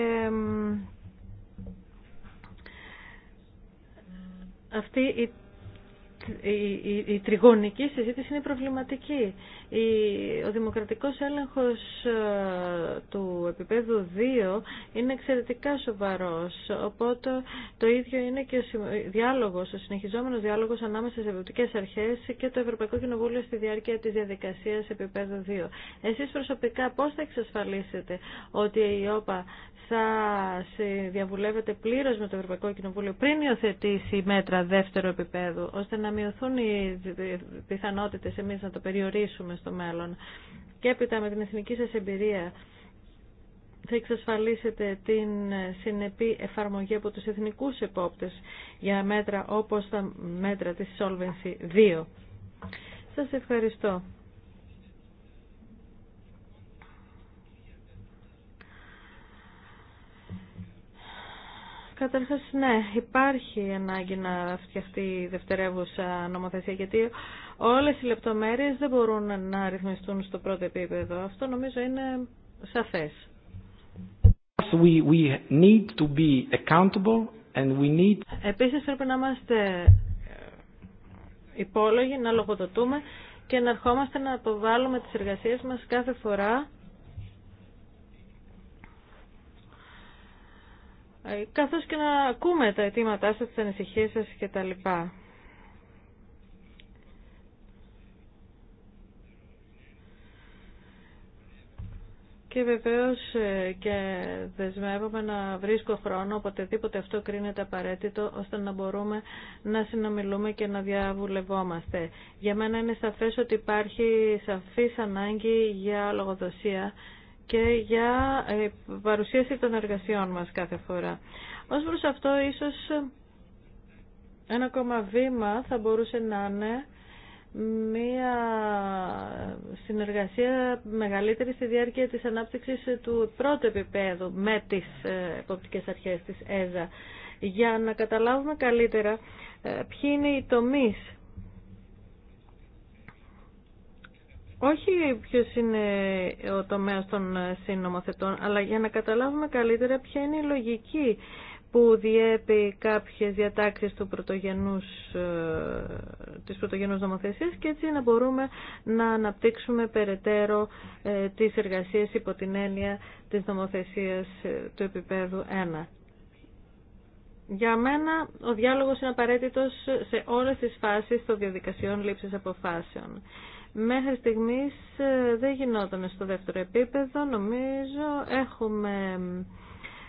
S3: αυτή η η, η, η τριγωνική συζήτηση είναι προβληματική. Η, ο δημοκρατικός έλεγχος ε, του επίπεδου 2 είναι εξαιρετικά σοβαρός. Οπότε το ίδιο είναι και ο διάλογος, ο συνεχιζόμενος διάλογος ανάμεσα σε ευρωπαϊκές αρχές και το Ευρωπαϊκό Κοινοβούλιο στη διάρκεια της διαδικασίας επίπεδου 2. Εσείς προσωπικά πώς θα εξασφαλίσετε ότι η ΟΠΑ θα διαβουλεύεται πλήρως με το Ευρωπαϊκό Κοινοβούλιο πριν υιοθετήσει μέτρα δεύτερου επίπεδου, ώστε να μειωθούν οι πιθανότητες εμείς να το περιορίσουμε στο μέλλον. Και έπειτα με την εθνική σας εμπειρία θα εξασφαλίσετε την συνεπή εφαρμογή από τους εθνικούς επόπτες για μέτρα όπως τα μέτρα της Solvency 2. Σας ευχαριστώ. Κατάρχά. ναι, υπάρχει ανάγκη να φτιαχτεί η δευτερεύουσα νομοθεσία, γιατί όλες οι λεπτομέρειες δεν μπορούν να ρυθμιστούν στο πρώτο επίπεδο. Αυτό νομίζω είναι σαφές. Επίσης πρέπει να είμαστε ε, υπόλογοι, να λογοδοτούμε και να ερχόμαστε να αποβάλουμε τις εργασίες μας κάθε φορά Ε, καθώς και να ακούμε τα αιτήματά σας, τις ανησυχίες σας και τα λοιπά. Και βεβαίως ε, και δεσμεύομαι να βρίσκω χρόνο οποτεδήποτε αυτό κρίνεται απαραίτητο ώστε να μπορούμε να συνομιλούμε και να διαβουλευόμαστε. Για μένα είναι σαφές ότι υπάρχει σαφής ανάγκη για λογοδοσία και για ε, παρουσίαση των εργασιών μας κάθε φορά. Ως προς αυτό ίσως ένα ακόμα βήμα θα μπορούσε να είναι μία συνεργασία μεγαλύτερη στη διάρκεια της ανάπτυξης του πρώτου επίπεδου με τις ε, εποπτικές αρχές της ΕΖΑ για να καταλάβουμε καλύτερα ε, ποιοι είναι οι τομείς όχι ποιο είναι ο τομέας των συνομοθετών, αλλά για να καταλάβουμε καλύτερα ποια είναι η λογική που διέπει κάποιες διατάξεις του πρωτογενούς, ε, της πρωτογενούς νομοθεσίας και έτσι να μπορούμε να αναπτύξουμε περαιτέρω ε, τις εργασίες υπό την έννοια της νομοθεσίας ε, του επίπεδου 1. Για μένα ο διάλογος είναι απαραίτητος σε όλες τις φάσεις των διαδικασιών λήψης αποφάσεων. Μέχρι στιγμής ε, δεν γινόταν στο δεύτερο επίπεδο. Νομίζω έχουμε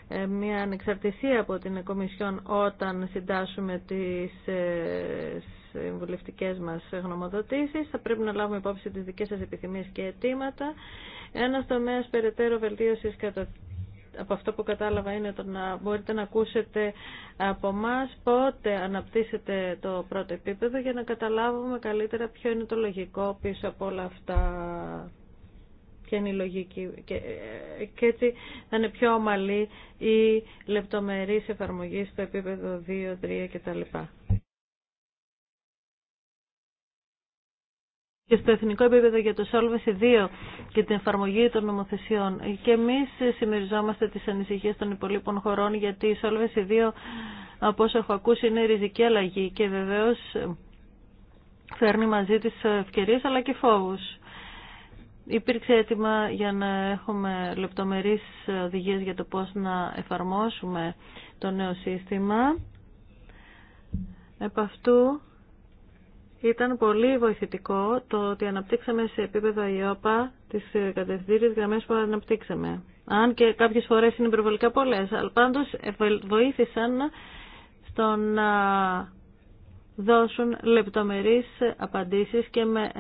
S3: ε, μια ανεξαρτησία από την Κομισιόν όταν συντάσσουμε τις ε, συμβουλευτικές μας γνωμοδοτήσεις. Θα πρέπει να λάβουμε υπόψη τις δικές σας επιθυμίες και αιτήματα. Ένα τομέας περαιτέρω βελτίωσης κατά από αυτό που κατάλαβα είναι το να μπορείτε να ακούσετε από εμά πότε αναπτύσσετε το πρώτο επίπεδο για να καταλάβουμε καλύτερα ποιο είναι το λογικό πίσω από όλα αυτά. Ποια είναι η λογική. Και, ε, και έτσι θα είναι πιο ομαλή η λεπτομερής εφαρμογή στο επίπεδο 2, 3 κτλ. και στο εθνικό επίπεδο για το Solvency 2 και την εφαρμογή των νομοθεσιών. Και εμεί συμμεριζόμαστε τι ανησυχίε των υπολείπων χωρών γιατί η Solvency 2 από όσο έχω ακούσει είναι ριζική αλλαγή και βεβαίω φέρνει μαζί της ευκαιρίε αλλά και φόβου. Υπήρξε έτοιμα για να έχουμε λεπτομερείς οδηγίες για το πώς να εφαρμόσουμε το νέο σύστημα. Επ' αυτού ήταν πολύ βοηθητικό το ότι αναπτύξαμε σε επίπεδο ΙΟΠΑ τις ε, κατευθύνσεις γραμμές που αναπτύξαμε. Αν και κάποιες φορές είναι υπερβολικά πολλές, αλλά πάντως βοήθησαν στο να δώσουν λεπτομερείς απαντήσεις και με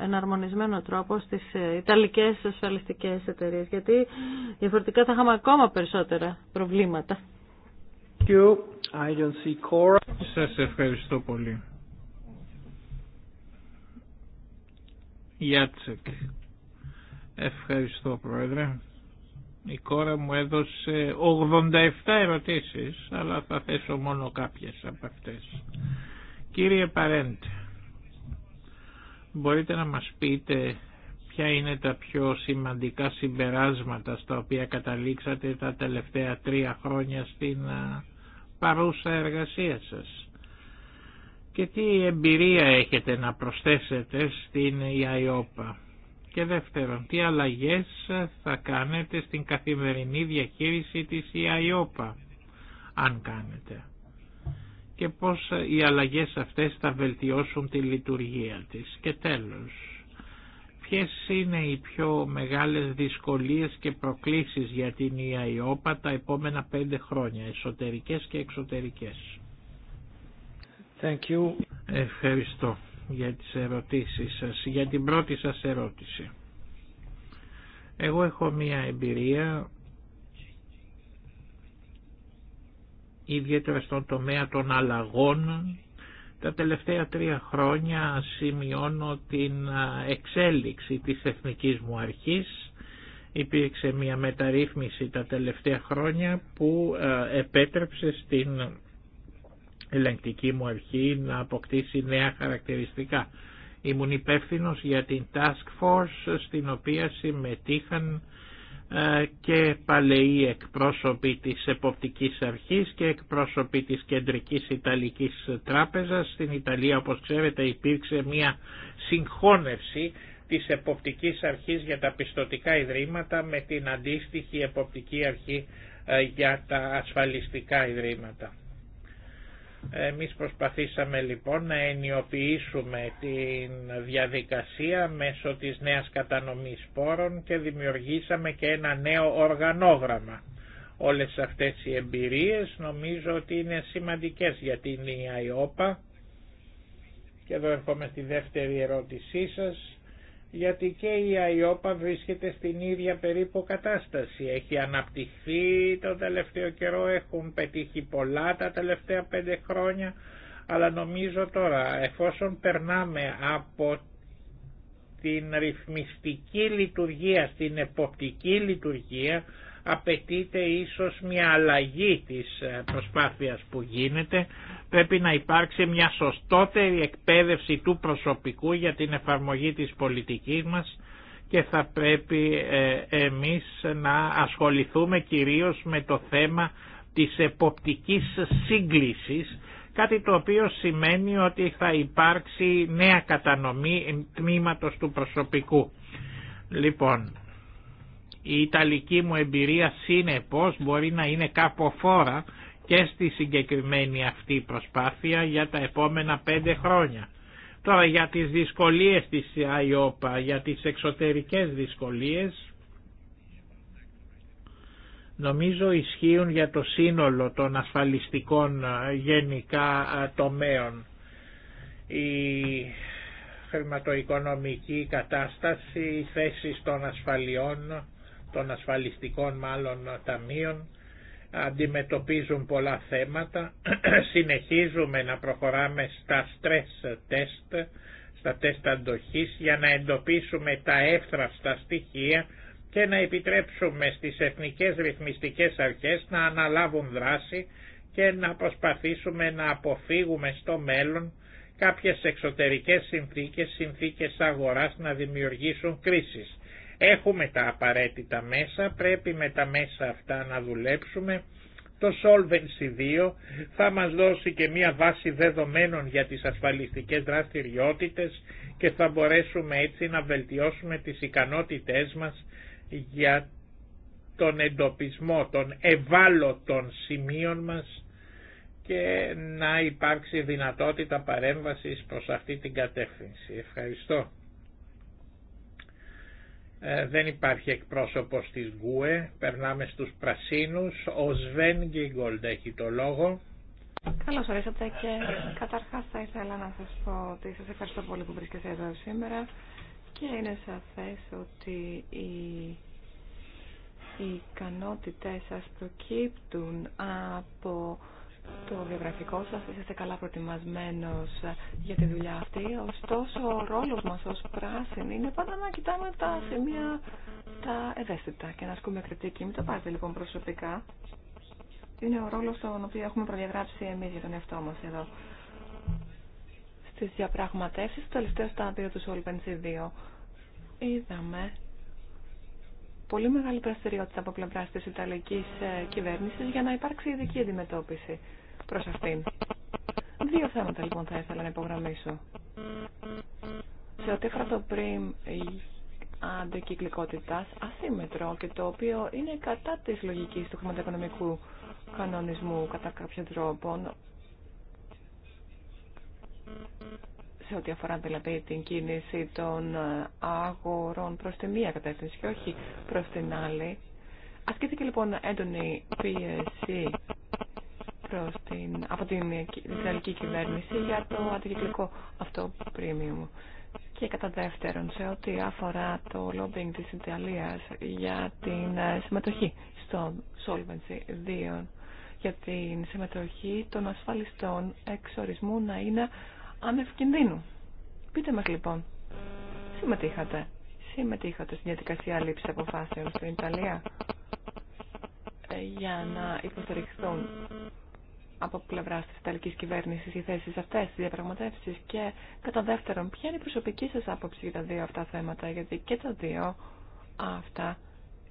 S3: εναρμονισμένο τρόπο στις ε, Ιταλικές ασφαλιστικές εταιρείες, γιατί διαφορετικά θα είχαμε ακόμα περισσότερα
S2: προβλήματα. Σας ευχαριστώ πολύ. Γιάτσεκ. Ευχαριστώ Πρόεδρε. Η κόρα μου έδωσε 87 ερωτήσεις, αλλά θα θέσω μόνο κάποιες από αυτές. Κύριε Παρέντε, μπορείτε να μας πείτε ποια είναι τα πιο σημαντικά συμπεράσματα στα οποία καταλήξατε τα τελευταία τρία χρόνια στην παρούσα εργασία σας και τι εμπειρία έχετε να προσθέσετε στην ΙΑΙΟΠΑ. Και δεύτερον, τι αλλαγές θα κάνετε στην καθημερινή διαχείριση της ΙΑΙΟΠΑ, αν κάνετε. Και πώς οι αλλαγές αυτές θα βελτιώσουν τη λειτουργία της. Και τέλος, ποιες είναι οι πιο μεγάλες δυσκολίες και προκλήσεις για την ΙΑΙΟΠΑ τα επόμενα πέντε χρόνια, εσωτερικές και εξωτερικές. Thank you. Ευχαριστώ για τις ερωτήσεις σας, για την πρώτη σας ερώτηση. Εγώ έχω μία εμπειρία ιδιαίτερα στον τομέα των αλλαγών. Τα τελευταία τρία χρόνια σημειώνω την εξέλιξη της εθνικής μου αρχής. Υπήρξε μια μεταρρύθμιση τα τελευταία χρόνια που επέτρεψε στην ελεγκτική μου αρχή να αποκτήσει νέα χαρακτηριστικά. Ήμουν υπεύθυνο για την Task Force στην οποία συμμετείχαν ε, και παλαιοί εκπρόσωποι της Εποπτικής Αρχής και εκπρόσωποι της Κεντρικής Ιταλικής Τράπεζας. Στην Ιταλία, όπως ξέρετε, υπήρξε μια συγχώνευση της Εποπτικής Αρχής για τα πιστοτικά ιδρύματα με την αντίστοιχη Εποπτική Αρχή ε, για τα ασφαλιστικά ιδρύματα. Εμείς προσπαθήσαμε λοιπόν να ενιοποιήσουμε την διαδικασία μέσω της νέας κατανομής πόρων και δημιουργήσαμε και ένα νέο οργανόγραμμα. Όλες αυτές οι εμπειρίες νομίζω ότι είναι σημαντικές για την ΙΑΙΟΠΑ. Και εδώ έρχομαι στη δεύτερη ερώτησή σας γιατί και η ΑΙΟΠΑ βρίσκεται στην ίδια περίπου κατάσταση. Έχει αναπτυχθεί τον τελευταίο καιρό, έχουν πετύχει πολλά τα τελευταία πέντε χρόνια, αλλά νομίζω τώρα εφόσον περνάμε από την ρυθμιστική λειτουργία στην εποπτική λειτουργία, απαιτείται ίσως μια αλλαγή της ε, προσπάθειας που γίνεται. Πρέπει να υπάρξει μια σωστότερη εκπαίδευση του προσωπικού για την εφαρμογή της πολιτικής μας και θα πρέπει ε, εμείς να ασχοληθούμε κυρίως με το θέμα της εποπτικής σύγκλησης, κάτι το οποίο σημαίνει ότι θα υπάρξει νέα κατανομή τμήματος του προσωπικού. Λοιπόν, η Ιταλική μου εμπειρία σύνεπως μπορεί να είναι καποφόρα και στη συγκεκριμένη αυτή προσπάθεια για τα επόμενα πέντε χρόνια. Τώρα για τις δυσκολίες της ΑΙΟΠΑ, για τις εξωτερικές δυσκολίες, νομίζω ισχύουν για το σύνολο των ασφαλιστικών ε, γενικά ε, τομέων. Η χρηματοοικονομική κατάσταση, οι θέσεις των ασφαλιών, των ασφαλιστικών μάλλον ταμείων αντιμετωπίζουν πολλά θέματα. Συνεχίζουμε να προχωράμε στα stress test, στα τεστ αντοχής για να εντοπίσουμε τα εύθραυστα στοιχεία και να επιτρέψουμε στις εθνικές ρυθμιστικές αρχές να αναλάβουν δράση και να προσπαθήσουμε να αποφύγουμε στο μέλλον κάποιες εξωτερικές συνθήκες, συνθήκες αγοράς να δημιουργήσουν κρίσεις. Έχουμε τα απαραίτητα μέσα, πρέπει με τα μέσα αυτά να δουλέψουμε. Το Solvency 2 θα μας δώσει και μία βάση δεδομένων για τις ασφαλιστικές δραστηριότητες και θα μπορέσουμε έτσι να βελτιώσουμε τις ικανότητές μας για τον εντοπισμό των ευάλωτων σημείων μας και να υπάρξει δυνατότητα παρέμβασης προς αυτή την κατεύθυνση. Ευχαριστώ. Ε, δεν υπάρχει εκπρόσωπος της ΓΟΥΕ, Περνάμε στους πρασίνους. Ο Σβέν Γκίγκολντ έχει το λόγο.
S4: Καλώς ορίσατε και καταρχάς θα ήθελα να σας πω ότι σας ευχαριστώ πολύ που βρίσκεστε εδώ σήμερα και είναι σαφές ότι οι, οι ικανότητες σας προκύπτουν από το βιογραφικό σας, είστε καλά προετοιμασμένος ε, για τη δουλειά αυτή. Ωστόσο, ο ρόλος μας ως πράσινη είναι πάντα να κοιτάμε τα σημεία τα ευαίσθητα και να ασκούμε κριτική. Μην το πάρετε λοιπόν προσωπικά. Είναι ο ρόλος τον οποίο έχουμε προδιαγράψει εμείς για τον εαυτό μας εδώ. Στις διαπραγματεύσεις, το τελευταίο στάδιο του Solvency 2, είδαμε πολύ μεγάλη δραστηριότητα από πλευρά τη Ιταλική ε, κυβέρνηση για να υπάρξει ειδική αντιμετώπιση προ αυτήν. Δύο θέματα λοιπόν θα ήθελα να υπογραμμίσω. Σε ό,τι αφορά το πριν αντικυκλικότητα, ασύμετρο και το οποίο είναι κατά τη λογική του χρηματοοικονομικού κανονισμού κατά κάποιο τρόπο σε ό,τι αφορά δηλαδή την κίνηση των ε, αγορών προς τη μία κατεύθυνση και όχι προς την άλλη. Ασκήθηκε λοιπόν έντονη πίεση προς από την Ιταλική κυβέρνηση για το αντικυκλικό αυτό premium. Και κατά δεύτερον, σε ό,τι αφορά το lobbying της Ιταλίας για την ε, συμμετοχή στο Solvency 2, για την συμμετοχή των ασφαλιστών εξορισμού να είναι άνευ κινδύνου. Πείτε μας λοιπόν, συμμετείχατε. Συμμετείχατε στην διαδικασία λήψη αποφάσεων στην Ιταλία ε, για
S1: να υποστηριχθούν
S4: από πλευρά τη Ιταλική κυβέρνηση οι θέσει αυτέ, τι διαπραγματεύσει και κατά δεύτερον, ποια είναι η προσωπική σα άποψη για τα δύο αυτά θέματα, γιατί και τα δύο αυτά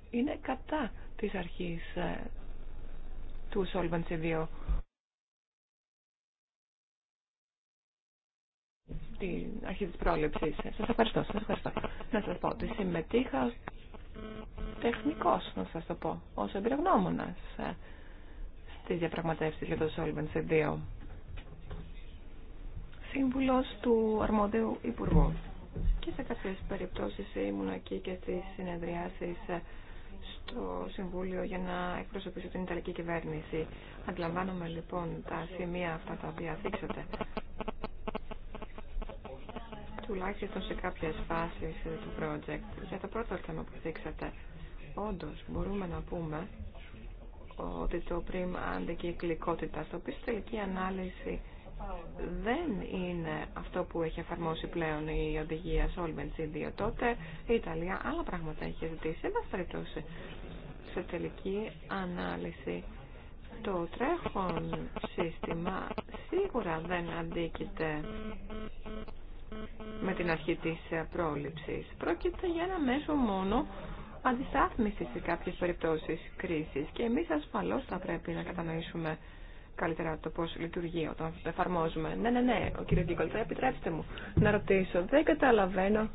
S4: είναι κατά τη αρχή ε, του Solvency 2. την αρχή της πρόληψης. Σας ευχαριστώ, σας ευχαριστώ. Να σας πω ότι συμμετείχα ως τεχνικός, να σας το πω, ως εμπειρογνώμονας ε, στις διαπραγματεύσεις για το Solvency 2. Σύμβουλος του αρμόδιου Υπουργού. Και σε κάποιε περιπτώσεις ήμουν εκεί και στις συνεδριάσεις ε, στο Συμβούλιο για να εκπροσωπήσω την Ιταλική κυβέρνηση. Αντιλαμβάνομαι λοιπόν τα σημεία αυτά τα οποία δείξατε τουλάχιστον σε κάποιες φάσεις ε, του project. Για το πρώτο θέμα που δείξατε, όντως μπορούμε να πούμε ότι το πριμ αντικυκλικότητα στο οποίο τελική ανάλυση δεν είναι αυτό που έχει εφαρμόσει πλέον η οδηγία Solvency 2 τότε η Ιταλία άλλα πράγματα έχει ζητήσει εν περιπτώσει σε τελική ανάλυση το τρέχον σύστημα σίγουρα δεν αντίκειται με την αρχή της ε, πρόληψης. Πρόκειται για ένα μέσο μόνο αντιστάθμισης σε κάποιες περιπτώσεις κρίσης και εμείς ασφαλώς θα πρέπει να κατανοήσουμε καλύτερα το πώς λειτουργεί όταν το εφαρμόζουμε. Ναι, ναι, ναι, ο κύριος Γκίκολ, επιτρέψτε μου να ρωτήσω. Δεν καταλαβαίνω.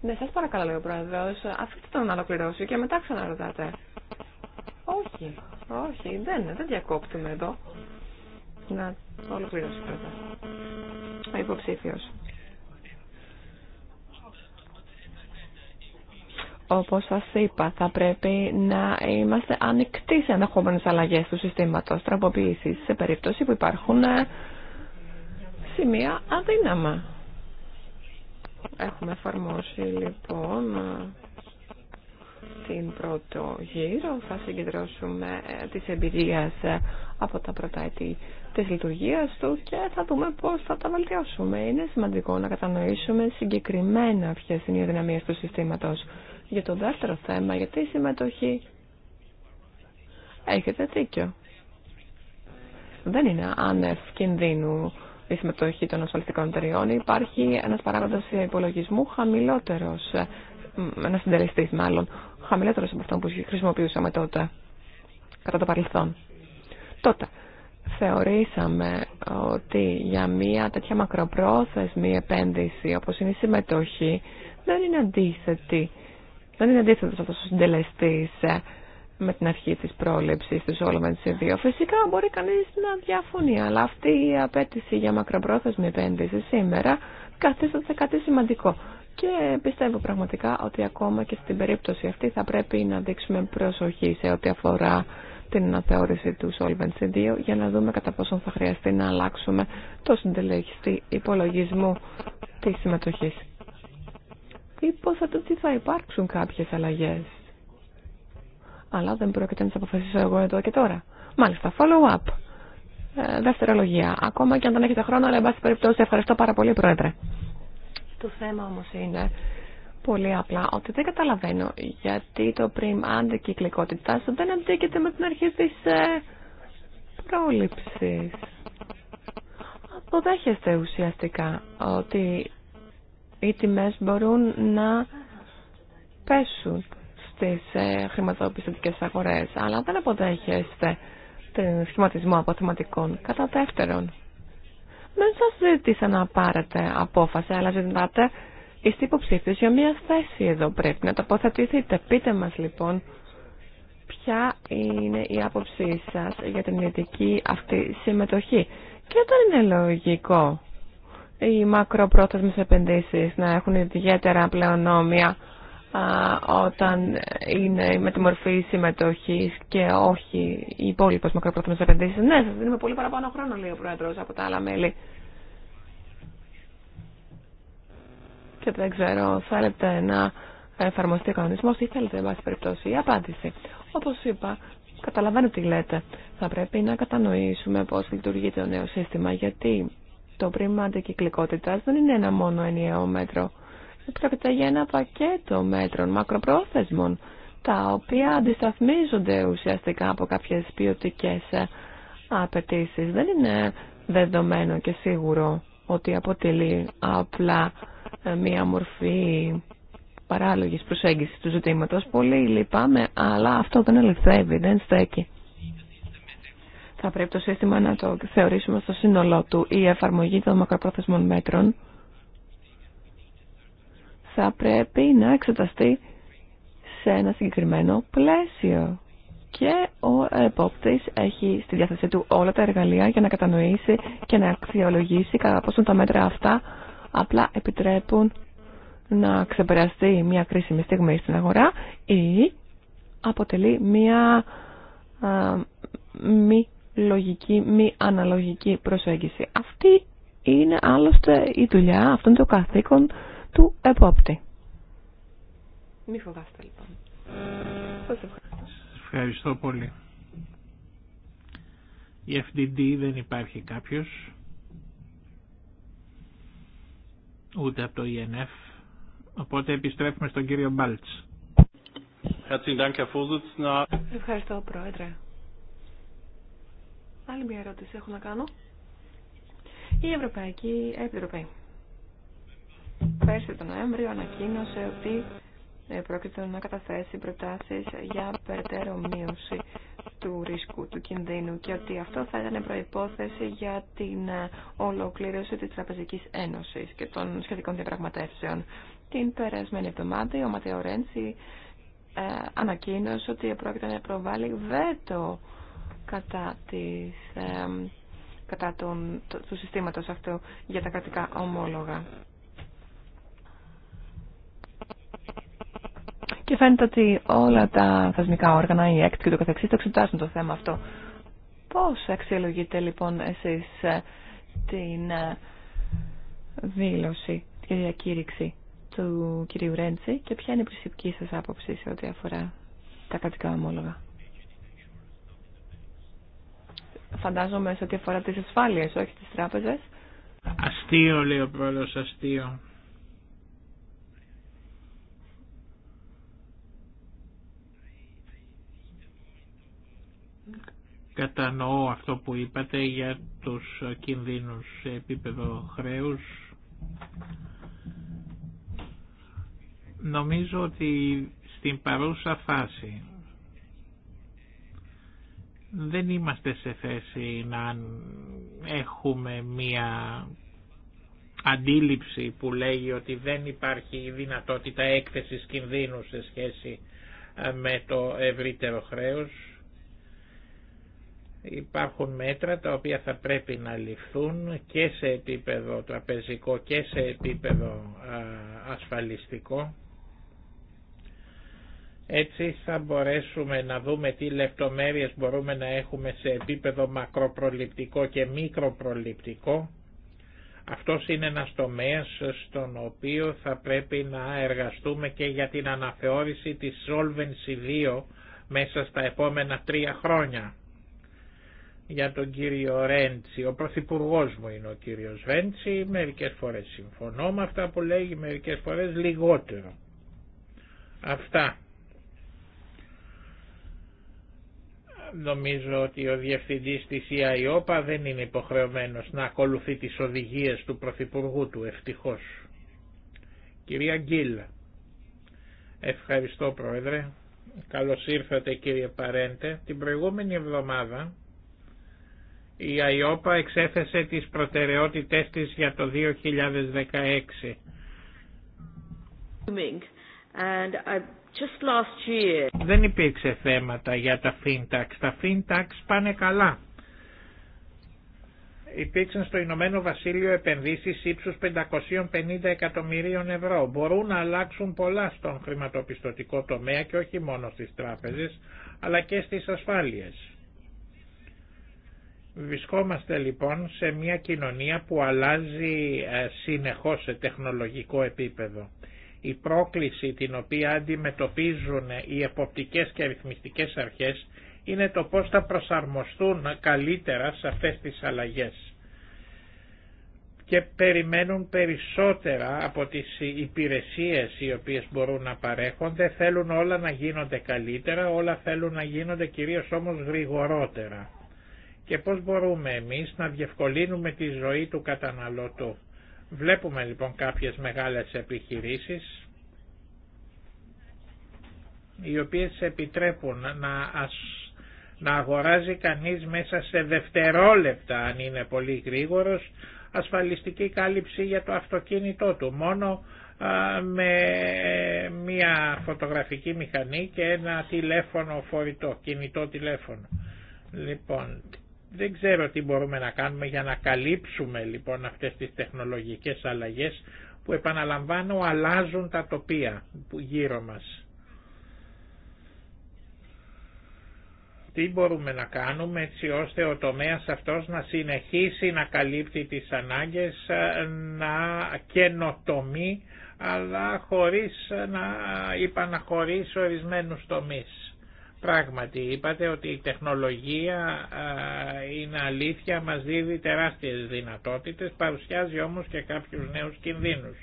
S4: Ναι, σας παρακαλώ, λέει ο Πρόεδρος, αφήστε τον να ολοκληρώσει και μετά ξαναρωτάτε. Όχι, όχι, δεν, δεν διακόπτουμε εδώ. Να ολοκληρώσει πρώτα. Ο υποψήφιος. Όπως σας είπα, θα πρέπει να είμαστε ανοιχτοί σε ενδεχόμενε αλλαγές του συστήματος τραποποίησης σε περίπτωση που υπάρχουν ε, σημεία αδύναμα. Έχουμε εφαρμόσει λοιπόν ε, την πρώτο γύρο. Θα συγκεντρώσουμε ε, τις εμπειρίες από τα πρώτα έτη της λειτουργίας του και θα δούμε πώς θα τα βελτιώσουμε. Είναι σημαντικό να κατανοήσουμε συγκεκριμένα ποιες είναι οι δυναμίες του συστήματος για το δεύτερο θέμα, γιατί η συμμετοχή. Έχετε δίκιο. Δεν είναι άνευ κινδύνου η συμμετοχή των ασφαλιστικών εταιριών. Υπάρχει ένας παράγοντας υπολογισμού χαμηλότερος, ένας συντελεστής μάλλον, χαμηλότερος από αυτό που χρησιμοποιούσαμε τότε, κατά το παρελθόν. Τότε, θεωρήσαμε ότι για μια τέτοια μακροπρόθεσμη επένδυση όπως είναι η συμμετοχή δεν είναι αντίθετη δεν είναι αντίθετο αυτό ο συντελεστή ε, με την αρχή τη πρόληψη του Solvand-Se 2. Φυσικά, μπορεί κανεί την αδιαφωνία, αλλά αυτή η απέτηση για μακροπρόθεσμη επέντιση σήμερα καθίσαμε κάτι σημαντικό. Και πιστεύω πραγματικά ότι ακόμα και στην περίπτωση αυτή θα πρέπει να δείξουμε προσοχή σε ό,τι αφορά την αναθεότηση του Solvency 2. Φυσικά μπορεί κανει να διαφωνεί, αλλά αυτή η απέτηση για μακροπρόθεσμη επένδυση σήμερα καθίσταται κάτι σημαντικό. Και πιστεύω πραγματικά ότι ακόμα και στην περίπτωση αυτή θα πρέπει να δείξουμε προσοχή σε ό,τι αφορά την αναθεώρηση του Solvency 2 για να δούμε κατά πόσο θα χρειαστεί να αλλάξουμε το συντελεστή υπολογισμού της συμμετοχής υποθέτω ότι θα υπάρξουν κάποιες αλλαγές. Αλλά δεν πρόκειται να τις αποφασίσω εγώ εδώ και τώρα. Μάλιστα, follow-up. Ε, δευτερολογία. Ακόμα και αν δεν έχετε χρόνο, αλλά εν πάση περιπτώσει ευχαριστώ πάρα πολύ, Πρόεδρε. Το θέμα όμως είναι πολύ απλά ότι δεν καταλαβαίνω γιατί το πριμ αντικυκλικότητας δεν αντίκειται με την αρχή της ε, πρόληψης. Αποδέχεστε ουσιαστικά ότι οι τιμές μπορούν να πέσουν στις ε, χρηματοπιστωτικές αγορές, αλλά δεν αποδέχεστε τον σχηματισμό αποθεματικών. Κατά δεύτερον, δεν σας ζήτησα να πάρετε απόφαση, αλλά ζητάτε είστε υποψήφιος για μια θέση εδώ πρέπει να τοποθετηθείτε. Πείτε μας λοιπόν ποια είναι η άποψή σας για την ιδιωτική αυτή συμμετοχή. Και όταν είναι λογικό οι μακροπρόθεσμες επενδύσεις να έχουν ιδιαίτερα πλεονόμια όταν είναι με τη μορφή συμμετοχή και όχι οι υπόλοιπε μακροπρόθεσμε επενδύσεις. Ναι, σα δίνουμε πολύ παραπάνω χρόνο, λέει ο Πρόεδρος από τα άλλα μέλη. Και δεν ξέρω, θέλετε να εφαρμοστεί ο κανονισμό ή θέλετε, εν πάση περιπτώσει, η απάντηση. Όπω είπα, καταλαβαίνω τι λέτε. Θα πρέπει να κατανοήσουμε πώ λειτουργεί το νέο σύστημα, γιατί το πρίμα αντικυκλικότητας δεν είναι ένα μόνο ενιαίο μέτρο. Πρόκειται για ένα πακέτο μέτρων μακροπρόθεσμων, τα οποία αντισταθμίζονται ουσιαστικά από κάποιες ποιοτικέ απαιτήσει. Δεν είναι δεδομένο και σίγουρο ότι αποτελεί απλά μία μορφή παράλογης προσέγγισης του ζητήματος. Πολύ λυπάμαι, αλλά αυτό δεν ελευθεύει, δεν στέκει. Θα πρέπει το σύστημα να το θεωρήσουμε στο σύνολό του. Η εφαρμογή των μακροπρόθεσμων μέτρων θα πρέπει να εξεταστεί σε ένα συγκεκριμένο πλαίσιο. Και ο επόπτης έχει στη διάθεσή του όλα τα εργαλεία για να κατανοήσει και να αξιολογήσει κατά πόσο τα μέτρα αυτά απλά επιτρέπουν να ξεπεραστεί μια κρίσιμη στιγμή στην αγορά ή αποτελεί μια μη λογική, μη αναλογική προσέγγιση. Αυτή είναι άλλωστε η δουλειά, αυτό είναι το καθήκον του επόπτη. Μη φοβάστε λοιπόν. Σας ευχαριστώ.
S2: ευχαριστώ πολύ. Η FDD δεν υπάρχει κάποιος. Ούτε από το ENF. Οπότε επιστρέφουμε στον κύριο Μπάλτς.
S4: Ευχαριστώ, Πρόεδρε. Άλλη μια ερώτηση έχω να κάνω. Η Ευρωπαϊκή Επιτροπή πέρσι τον Νοέμβριο ανακοίνωσε ότι ε, πρόκειται να καταθέσει προτάσεις για περαιτέρω μείωση του ρίσκου, του κινδύνου και ότι αυτό θα ήταν προϋπόθεση για την ε, ολοκλήρωση της Τραπεζικής Ένωσης και των σχετικών διαπραγματεύσεων. Την περασμένη εβδομάδα ο Ματέο Ρέντσι ε, ανακοίνωσε ότι πρόκειται να προβάλλει βέτο κατά, κατά τον, του συστήματος αυτού για τα κρατικά ομόλογα. Και φαίνεται ότι όλα τα θεσμικά όργανα, η ΕΚΤ και το καθεξής, το εξετάζουν το θέμα αυτό. Πώς αξιολογείτε λοιπόν εσείς ε, την ε, δήλωση και διακήρυξη του κυρίου Ρέντσι και ποια είναι η προσωπική σας άποψη σε ό,τι αφορά τα κρατικά ομόλογα φαντάζομαι σε ό,τι αφορά τις ασφάλειες, όχι τις τράπεζες.
S2: Αστείο λέει ο πρόεδρος, αστείο. Κατανοώ αυτό που είπατε για τους κινδύνους σε επίπεδο χρέους. Νομίζω ότι στην παρούσα φάση δεν είμαστε σε θέση να έχουμε μία αντίληψη που λέγει ότι δεν υπάρχει δυνατότητα έκθεσης κινδύνου σε σχέση ε, με το ευρύτερο χρέος. Υπάρχουν μέτρα τα οποία θα πρέπει να ληφθούν και σε επίπεδο τραπεζικό και σε επίπεδο ε, ασφαλιστικό έτσι θα μπορέσουμε να δούμε τι λεπτομέρειες μπορούμε να έχουμε σε επίπεδο μακροπροληπτικό και μικροπροληπτικό. Αυτός είναι ένας τομέας στον οποίο θα πρέπει να εργαστούμε και για την αναθεώρηση της Solvency 2 μέσα στα επόμενα τρία χρόνια. Για τον κύριο Ρέντσι, ο Πρωθυπουργό μου είναι ο κύριος Ρέντσι, μερικές φορές συμφωνώ με αυτά που λέγει, μερικές φορές λιγότερο. Αυτά. Νομίζω ότι ο διευθυντής της ΙΑΙΟΠΑ δεν είναι υποχρεωμένος να ακολουθεί τις οδηγίες του Πρωθυπουργού του, ευτυχώς. Κυρία Γκίλ, ευχαριστώ Πρόεδρε. Καλώς ήρθατε κύριε Παρέντε. Την προηγούμενη εβδομάδα η ΑΙΟΠΑ εξέθεσε τις προτεραιότητές της για το 2016. Just last year. Δεν υπήρξε θέματα για τα FinTax. Τα FinTax πάνε καλά. Υπήρξαν στο Ηνωμένο Βασίλειο επενδύσεις ύψους 550 εκατομμυρίων ευρώ. Μπορούν να αλλάξουν πολλά στον χρηματοπιστωτικό τομέα και όχι μόνο στις τράπεζες, αλλά και στις ασφάλειες. Βρισκόμαστε λοιπόν σε μια κοινωνία που αλλάζει ε, συνεχώς σε τεχνολογικό επίπεδο η πρόκληση την οποία αντιμετωπίζουν οι εποπτικές και αριθμιστικές αρχές είναι το πώς θα προσαρμοστούν καλύτερα σε αυτές τις αλλαγές και περιμένουν περισσότερα από τις υπηρεσίες οι οποίες μπορούν να παρέχονται, θέλουν όλα να γίνονται καλύτερα, όλα θέλουν να γίνονται κυρίως όμως γρηγορότερα. Και πώς μπορούμε εμείς να διευκολύνουμε τη ζωή του καταναλωτού. Βλέπουμε λοιπόν κάποιες μεγάλες επιχειρήσεις οι οποίες επιτρέπουν να, να αγοράζει κανείς μέσα σε δευτερόλεπτα αν είναι πολύ γρήγορος ασφαλιστική κάλυψη για το αυτοκίνητό του μόνο με μια φωτογραφική μηχανή και ένα τηλέφωνο φορητό, κινητό τηλέφωνο. Λοιπόν, δεν ξέρω τι μπορούμε να κάνουμε για να καλύψουμε λοιπόν αυτές τις τεχνολογικές αλλαγές που επαναλαμβάνω αλλάζουν τα τοπία που γύρω μας. Τι μπορούμε να κάνουμε έτσι ώστε ο τομέας αυτός να συνεχίσει να καλύπτει τις ανάγκες, να καινοτομεί αλλά χωρίς να υπαναχωρήσει ορισμένους τομείς. Πράγματι, είπατε ότι η τεχνολογία είναι αλήθεια, μας δίδει τεράστιες δυνατότητες, παρουσιάζει όμως και κάποιους νέους κινδύνους.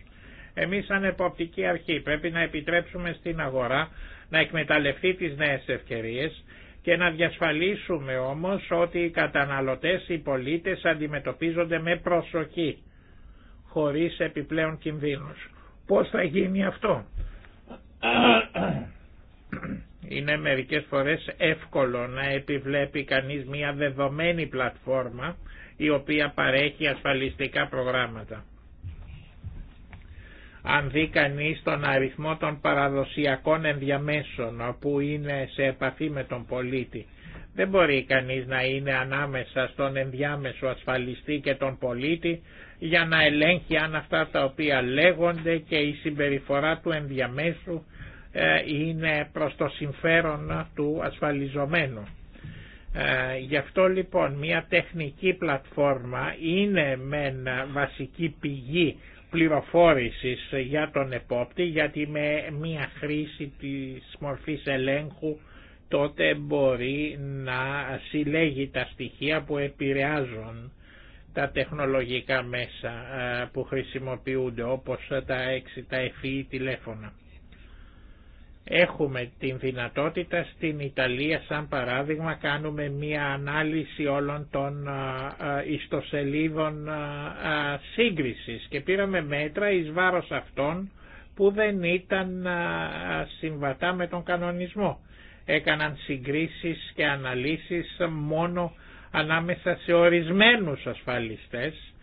S2: Εμείς σαν εποπτική αρχή πρέπει να επιτρέψουμε στην αγορά να εκμεταλλευτεί τις νέες ευκαιρίες και να διασφαλίσουμε όμως ότι οι καταναλωτές, οι πολίτες αντιμετωπίζονται με προσοχή, χωρίς επιπλέον κινδύνους. Πώς θα γίνει αυτό είναι μερικές φορές εύκολο να επιβλέπει κανείς μια δεδομένη πλατφόρμα η οποία παρέχει ασφαλιστικά προγράμματα. Αν δει κανείς τον αριθμό των παραδοσιακών ενδιαμέσων που είναι σε επαφή με τον πολίτη, δεν μπορεί κανείς να είναι ανάμεσα στον ενδιάμεσο ασφαλιστή και τον πολίτη για να ελέγχει αν αυτά τα οποία λέγονται και η συμπεριφορά του ενδιαμέσου ε, είναι προς το συμφέρον του ασφαλιζομένου. Ε, γι' αυτό λοιπόν μια τεχνική πλατφόρμα είναι με βασική πηγή πληροφόρησης για τον επόπτη γιατί με μια χρήση της μορφής ελέγχου τότε μπορεί να συλλέγει τα στοιχεία που επηρεάζουν τα τεχνολογικά μέσα ε, που χρησιμοποιούνται όπως τα έξι τα τηλέφωνα. Έχουμε την δυνατότητα στην Ιταλία σαν παράδειγμα κάνουμε μία ανάλυση όλων των ιστοσελίδων σύγκρισης και πήραμε μέτρα εις βάρος αυτών που δεν ήταν συμβατά με τον κανονισμό. Έκαναν συγκρίσεις και αναλύσεις μόνο ανάμεσα σε ορισμένους ασφαλιστές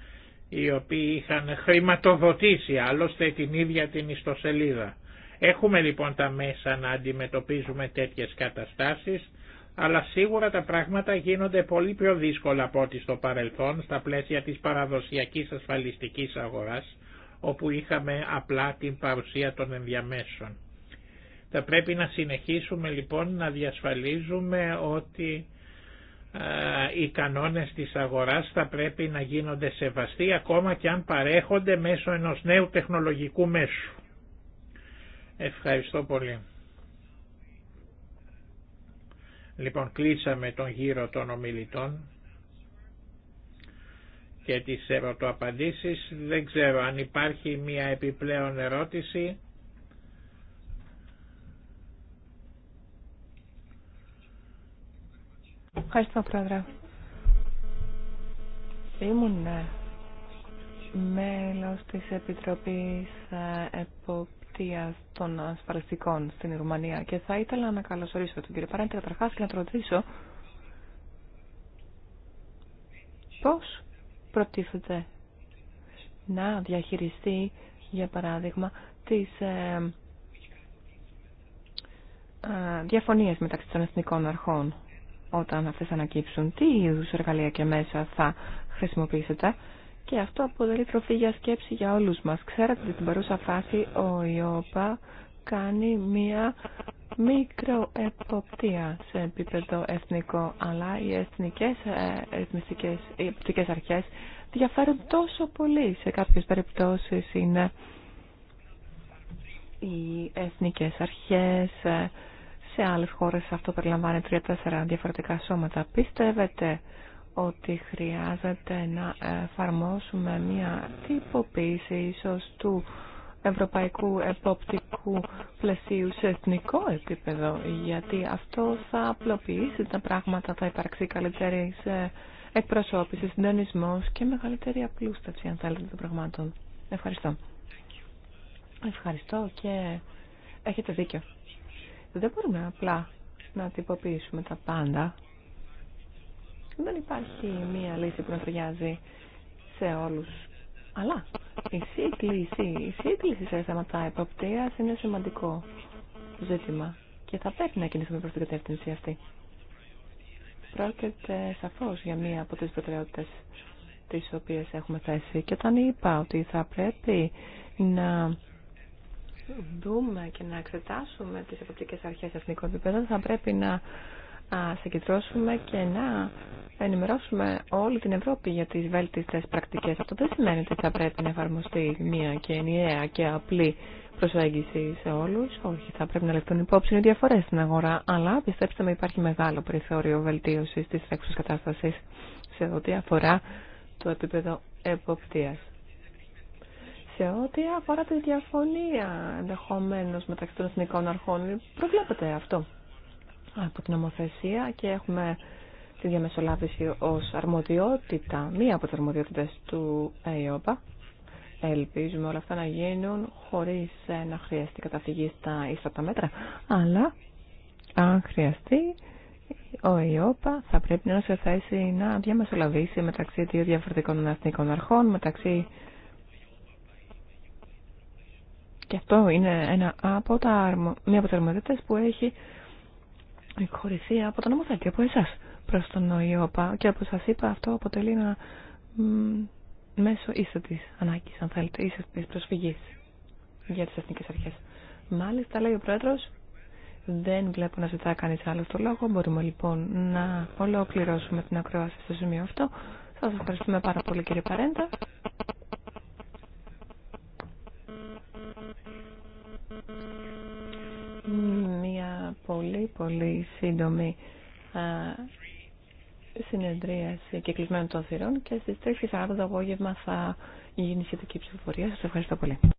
S2: οι οποίοι είχαν χρηματοδοτήσει άλλωστε την ίδια την ιστοσελίδα. Έχουμε λοιπόν τα μέσα να αντιμετωπίζουμε τέτοιες καταστάσεις, αλλά σίγουρα τα πράγματα γίνονται πολύ πιο δύσκολα από ό,τι στο παρελθόν, στα πλαίσια της παραδοσιακής ασφαλιστικής αγοράς, όπου είχαμε απλά την παρουσία των ενδιαμέσων. Θα πρέπει να συνεχίσουμε λοιπόν να διασφαλίζουμε ότι οι κανόνες της αγοράς θα πρέπει να γίνονται σεβαστοί ακόμα και αν παρέχονται μέσω ενός νέου τεχνολογικού μέσου. Ευχαριστώ πολύ. Λοιπόν, κλείσαμε τον γύρο των ομιλητών και τις ερωτοαπαντήσεις. Δεν ξέρω αν υπάρχει μία επιπλέον ερώτηση. Ευχαριστώ, Πρόεδρε.
S4: Ήμουν ε, μέλος της Επιτροπής ε, Εποπτείας των Ασφαλιστικών στην Ρουμανία και θα ήθελα να καλωσορίσω τον κύριο Παράντη καταρχάς και να ρωτήσω πώς προτίθεται να διαχειριστεί για παράδειγμα τις ε, ε, διαφωνίες μεταξύ των εθνικών αρχών όταν αυτές ανακύψουν τι είδους εργαλεία και μέσα θα χρησιμοποιήσετε και αυτό αποτελεί τροφή για σκέψη για όλους μας. Ξέρετε ότι στην παρούσα φάση ο ΙΟΠΑ κάνει μία μικροεποπτεία σε επίπεδο εθνικό, αλλά οι εθνικές ε, εθνικες οι αρχές διαφέρουν τόσο πολύ. Σε κάποιες περιπτώσεις είναι οι εθνικές αρχές, ε, σε άλλες χώρες αυτό περιλαμβάνει τρία-τέσσερα διαφορετικά σώματα. Πιστεύετε ότι χρειάζεται να εφαρμόσουμε μια τυποποίηση ίσως του ευρωπαϊκού εποπτικού πλαισίου σε εθνικό επίπεδο, γιατί αυτό θα απλοποιήσει τα πράγματα, θα υπάρξει καλύτερη σε εκπροσώπηση, συντονισμό και μεγαλύτερη απλούσταση, αν θέλετε, των πραγμάτων. Ευχαριστώ. Ευχαριστώ και έχετε δίκιο. Δεν μπορούμε απλά να τυποποιήσουμε τα πάντα. Δεν υπάρχει μία λύση που να ταιριάζει σε όλους. Αλλά η σύγκληση, η σύγκληση σε θέματα εποπτεία είναι σημαντικό ζήτημα και θα πρέπει να κινηθούμε προς την κατεύθυνση αυτή. Πρόκειται σαφώ για μία από τι προτεραιότητε τι οποίε έχουμε θέσει και όταν είπα ότι θα πρέπει να δούμε και να εξετάσουμε τις αρχέ αρχές εθνικό επίπεδο θα πρέπει να να συγκεντρώσουμε και να ενημερώσουμε όλη την Ευρώπη για τις βέλτιστες πρακτικές. Αυτό δεν σημαίνει ότι θα πρέπει να εφαρμοστεί μία και ενιαία και απλή προσέγγιση σε όλους. Όχι, θα πρέπει να λεφτούν υπόψη οι διαφορές στην αγορά, αλλά πιστέψτε με υπάρχει μεγάλο περιθώριο βελτίωσης της έξω κατάστασης σε ό,τι αφορά το επίπεδο εποπτείας. Σε ό,τι αφορά τη διαφωνία ενδεχομένω μεταξύ των εθνικών αρχών, προβλέπετε αυτό από την νομοθεσία και έχουμε τη διαμεσολάβηση ως αρμοδιότητα, μία από τις αρμοδιότητες του ΕΙΟΠΑ. Ελπίζουμε όλα αυτά να γίνουν χωρίς ε, να χρειαστεί καταφυγή στα τα μέτρα, αλλά αν χρειαστεί ο ΕΙΟΠΑ θα πρέπει να σε θέση να διαμεσολαβήσει μεταξύ δύο διαφορετικών εθνικών αρχών, μεταξύ και αυτό είναι ένα από τα μία από τις αρμοδιότητες που έχει χωρισία από τον νομοθέτη, από εσά προ τον ΙΟΠΑ και όπω σα είπα αυτό αποτελεί ένα μέσο ίσο της ανάγκη αν θέλετε, ίσο της προσφυγής για τις εθνικέ αρχές. Μάλιστα, λέει ο Πρόεδρος, δεν βλέπω να ζητά κανείς άλλο το λόγο. Μπορούμε λοιπόν να ολοκληρώσουμε την ακρόαση στο σημείο αυτό. σα ευχαριστούμε πάρα πολύ κύριε Παρέντα πολύ πολύ σύντομη α, συνεδρίαση κυκλισμένων των θυρών και στις 3.40 το απόγευμα θα γίνει σχετική ψηφοφορία. Σας ευχαριστώ πολύ.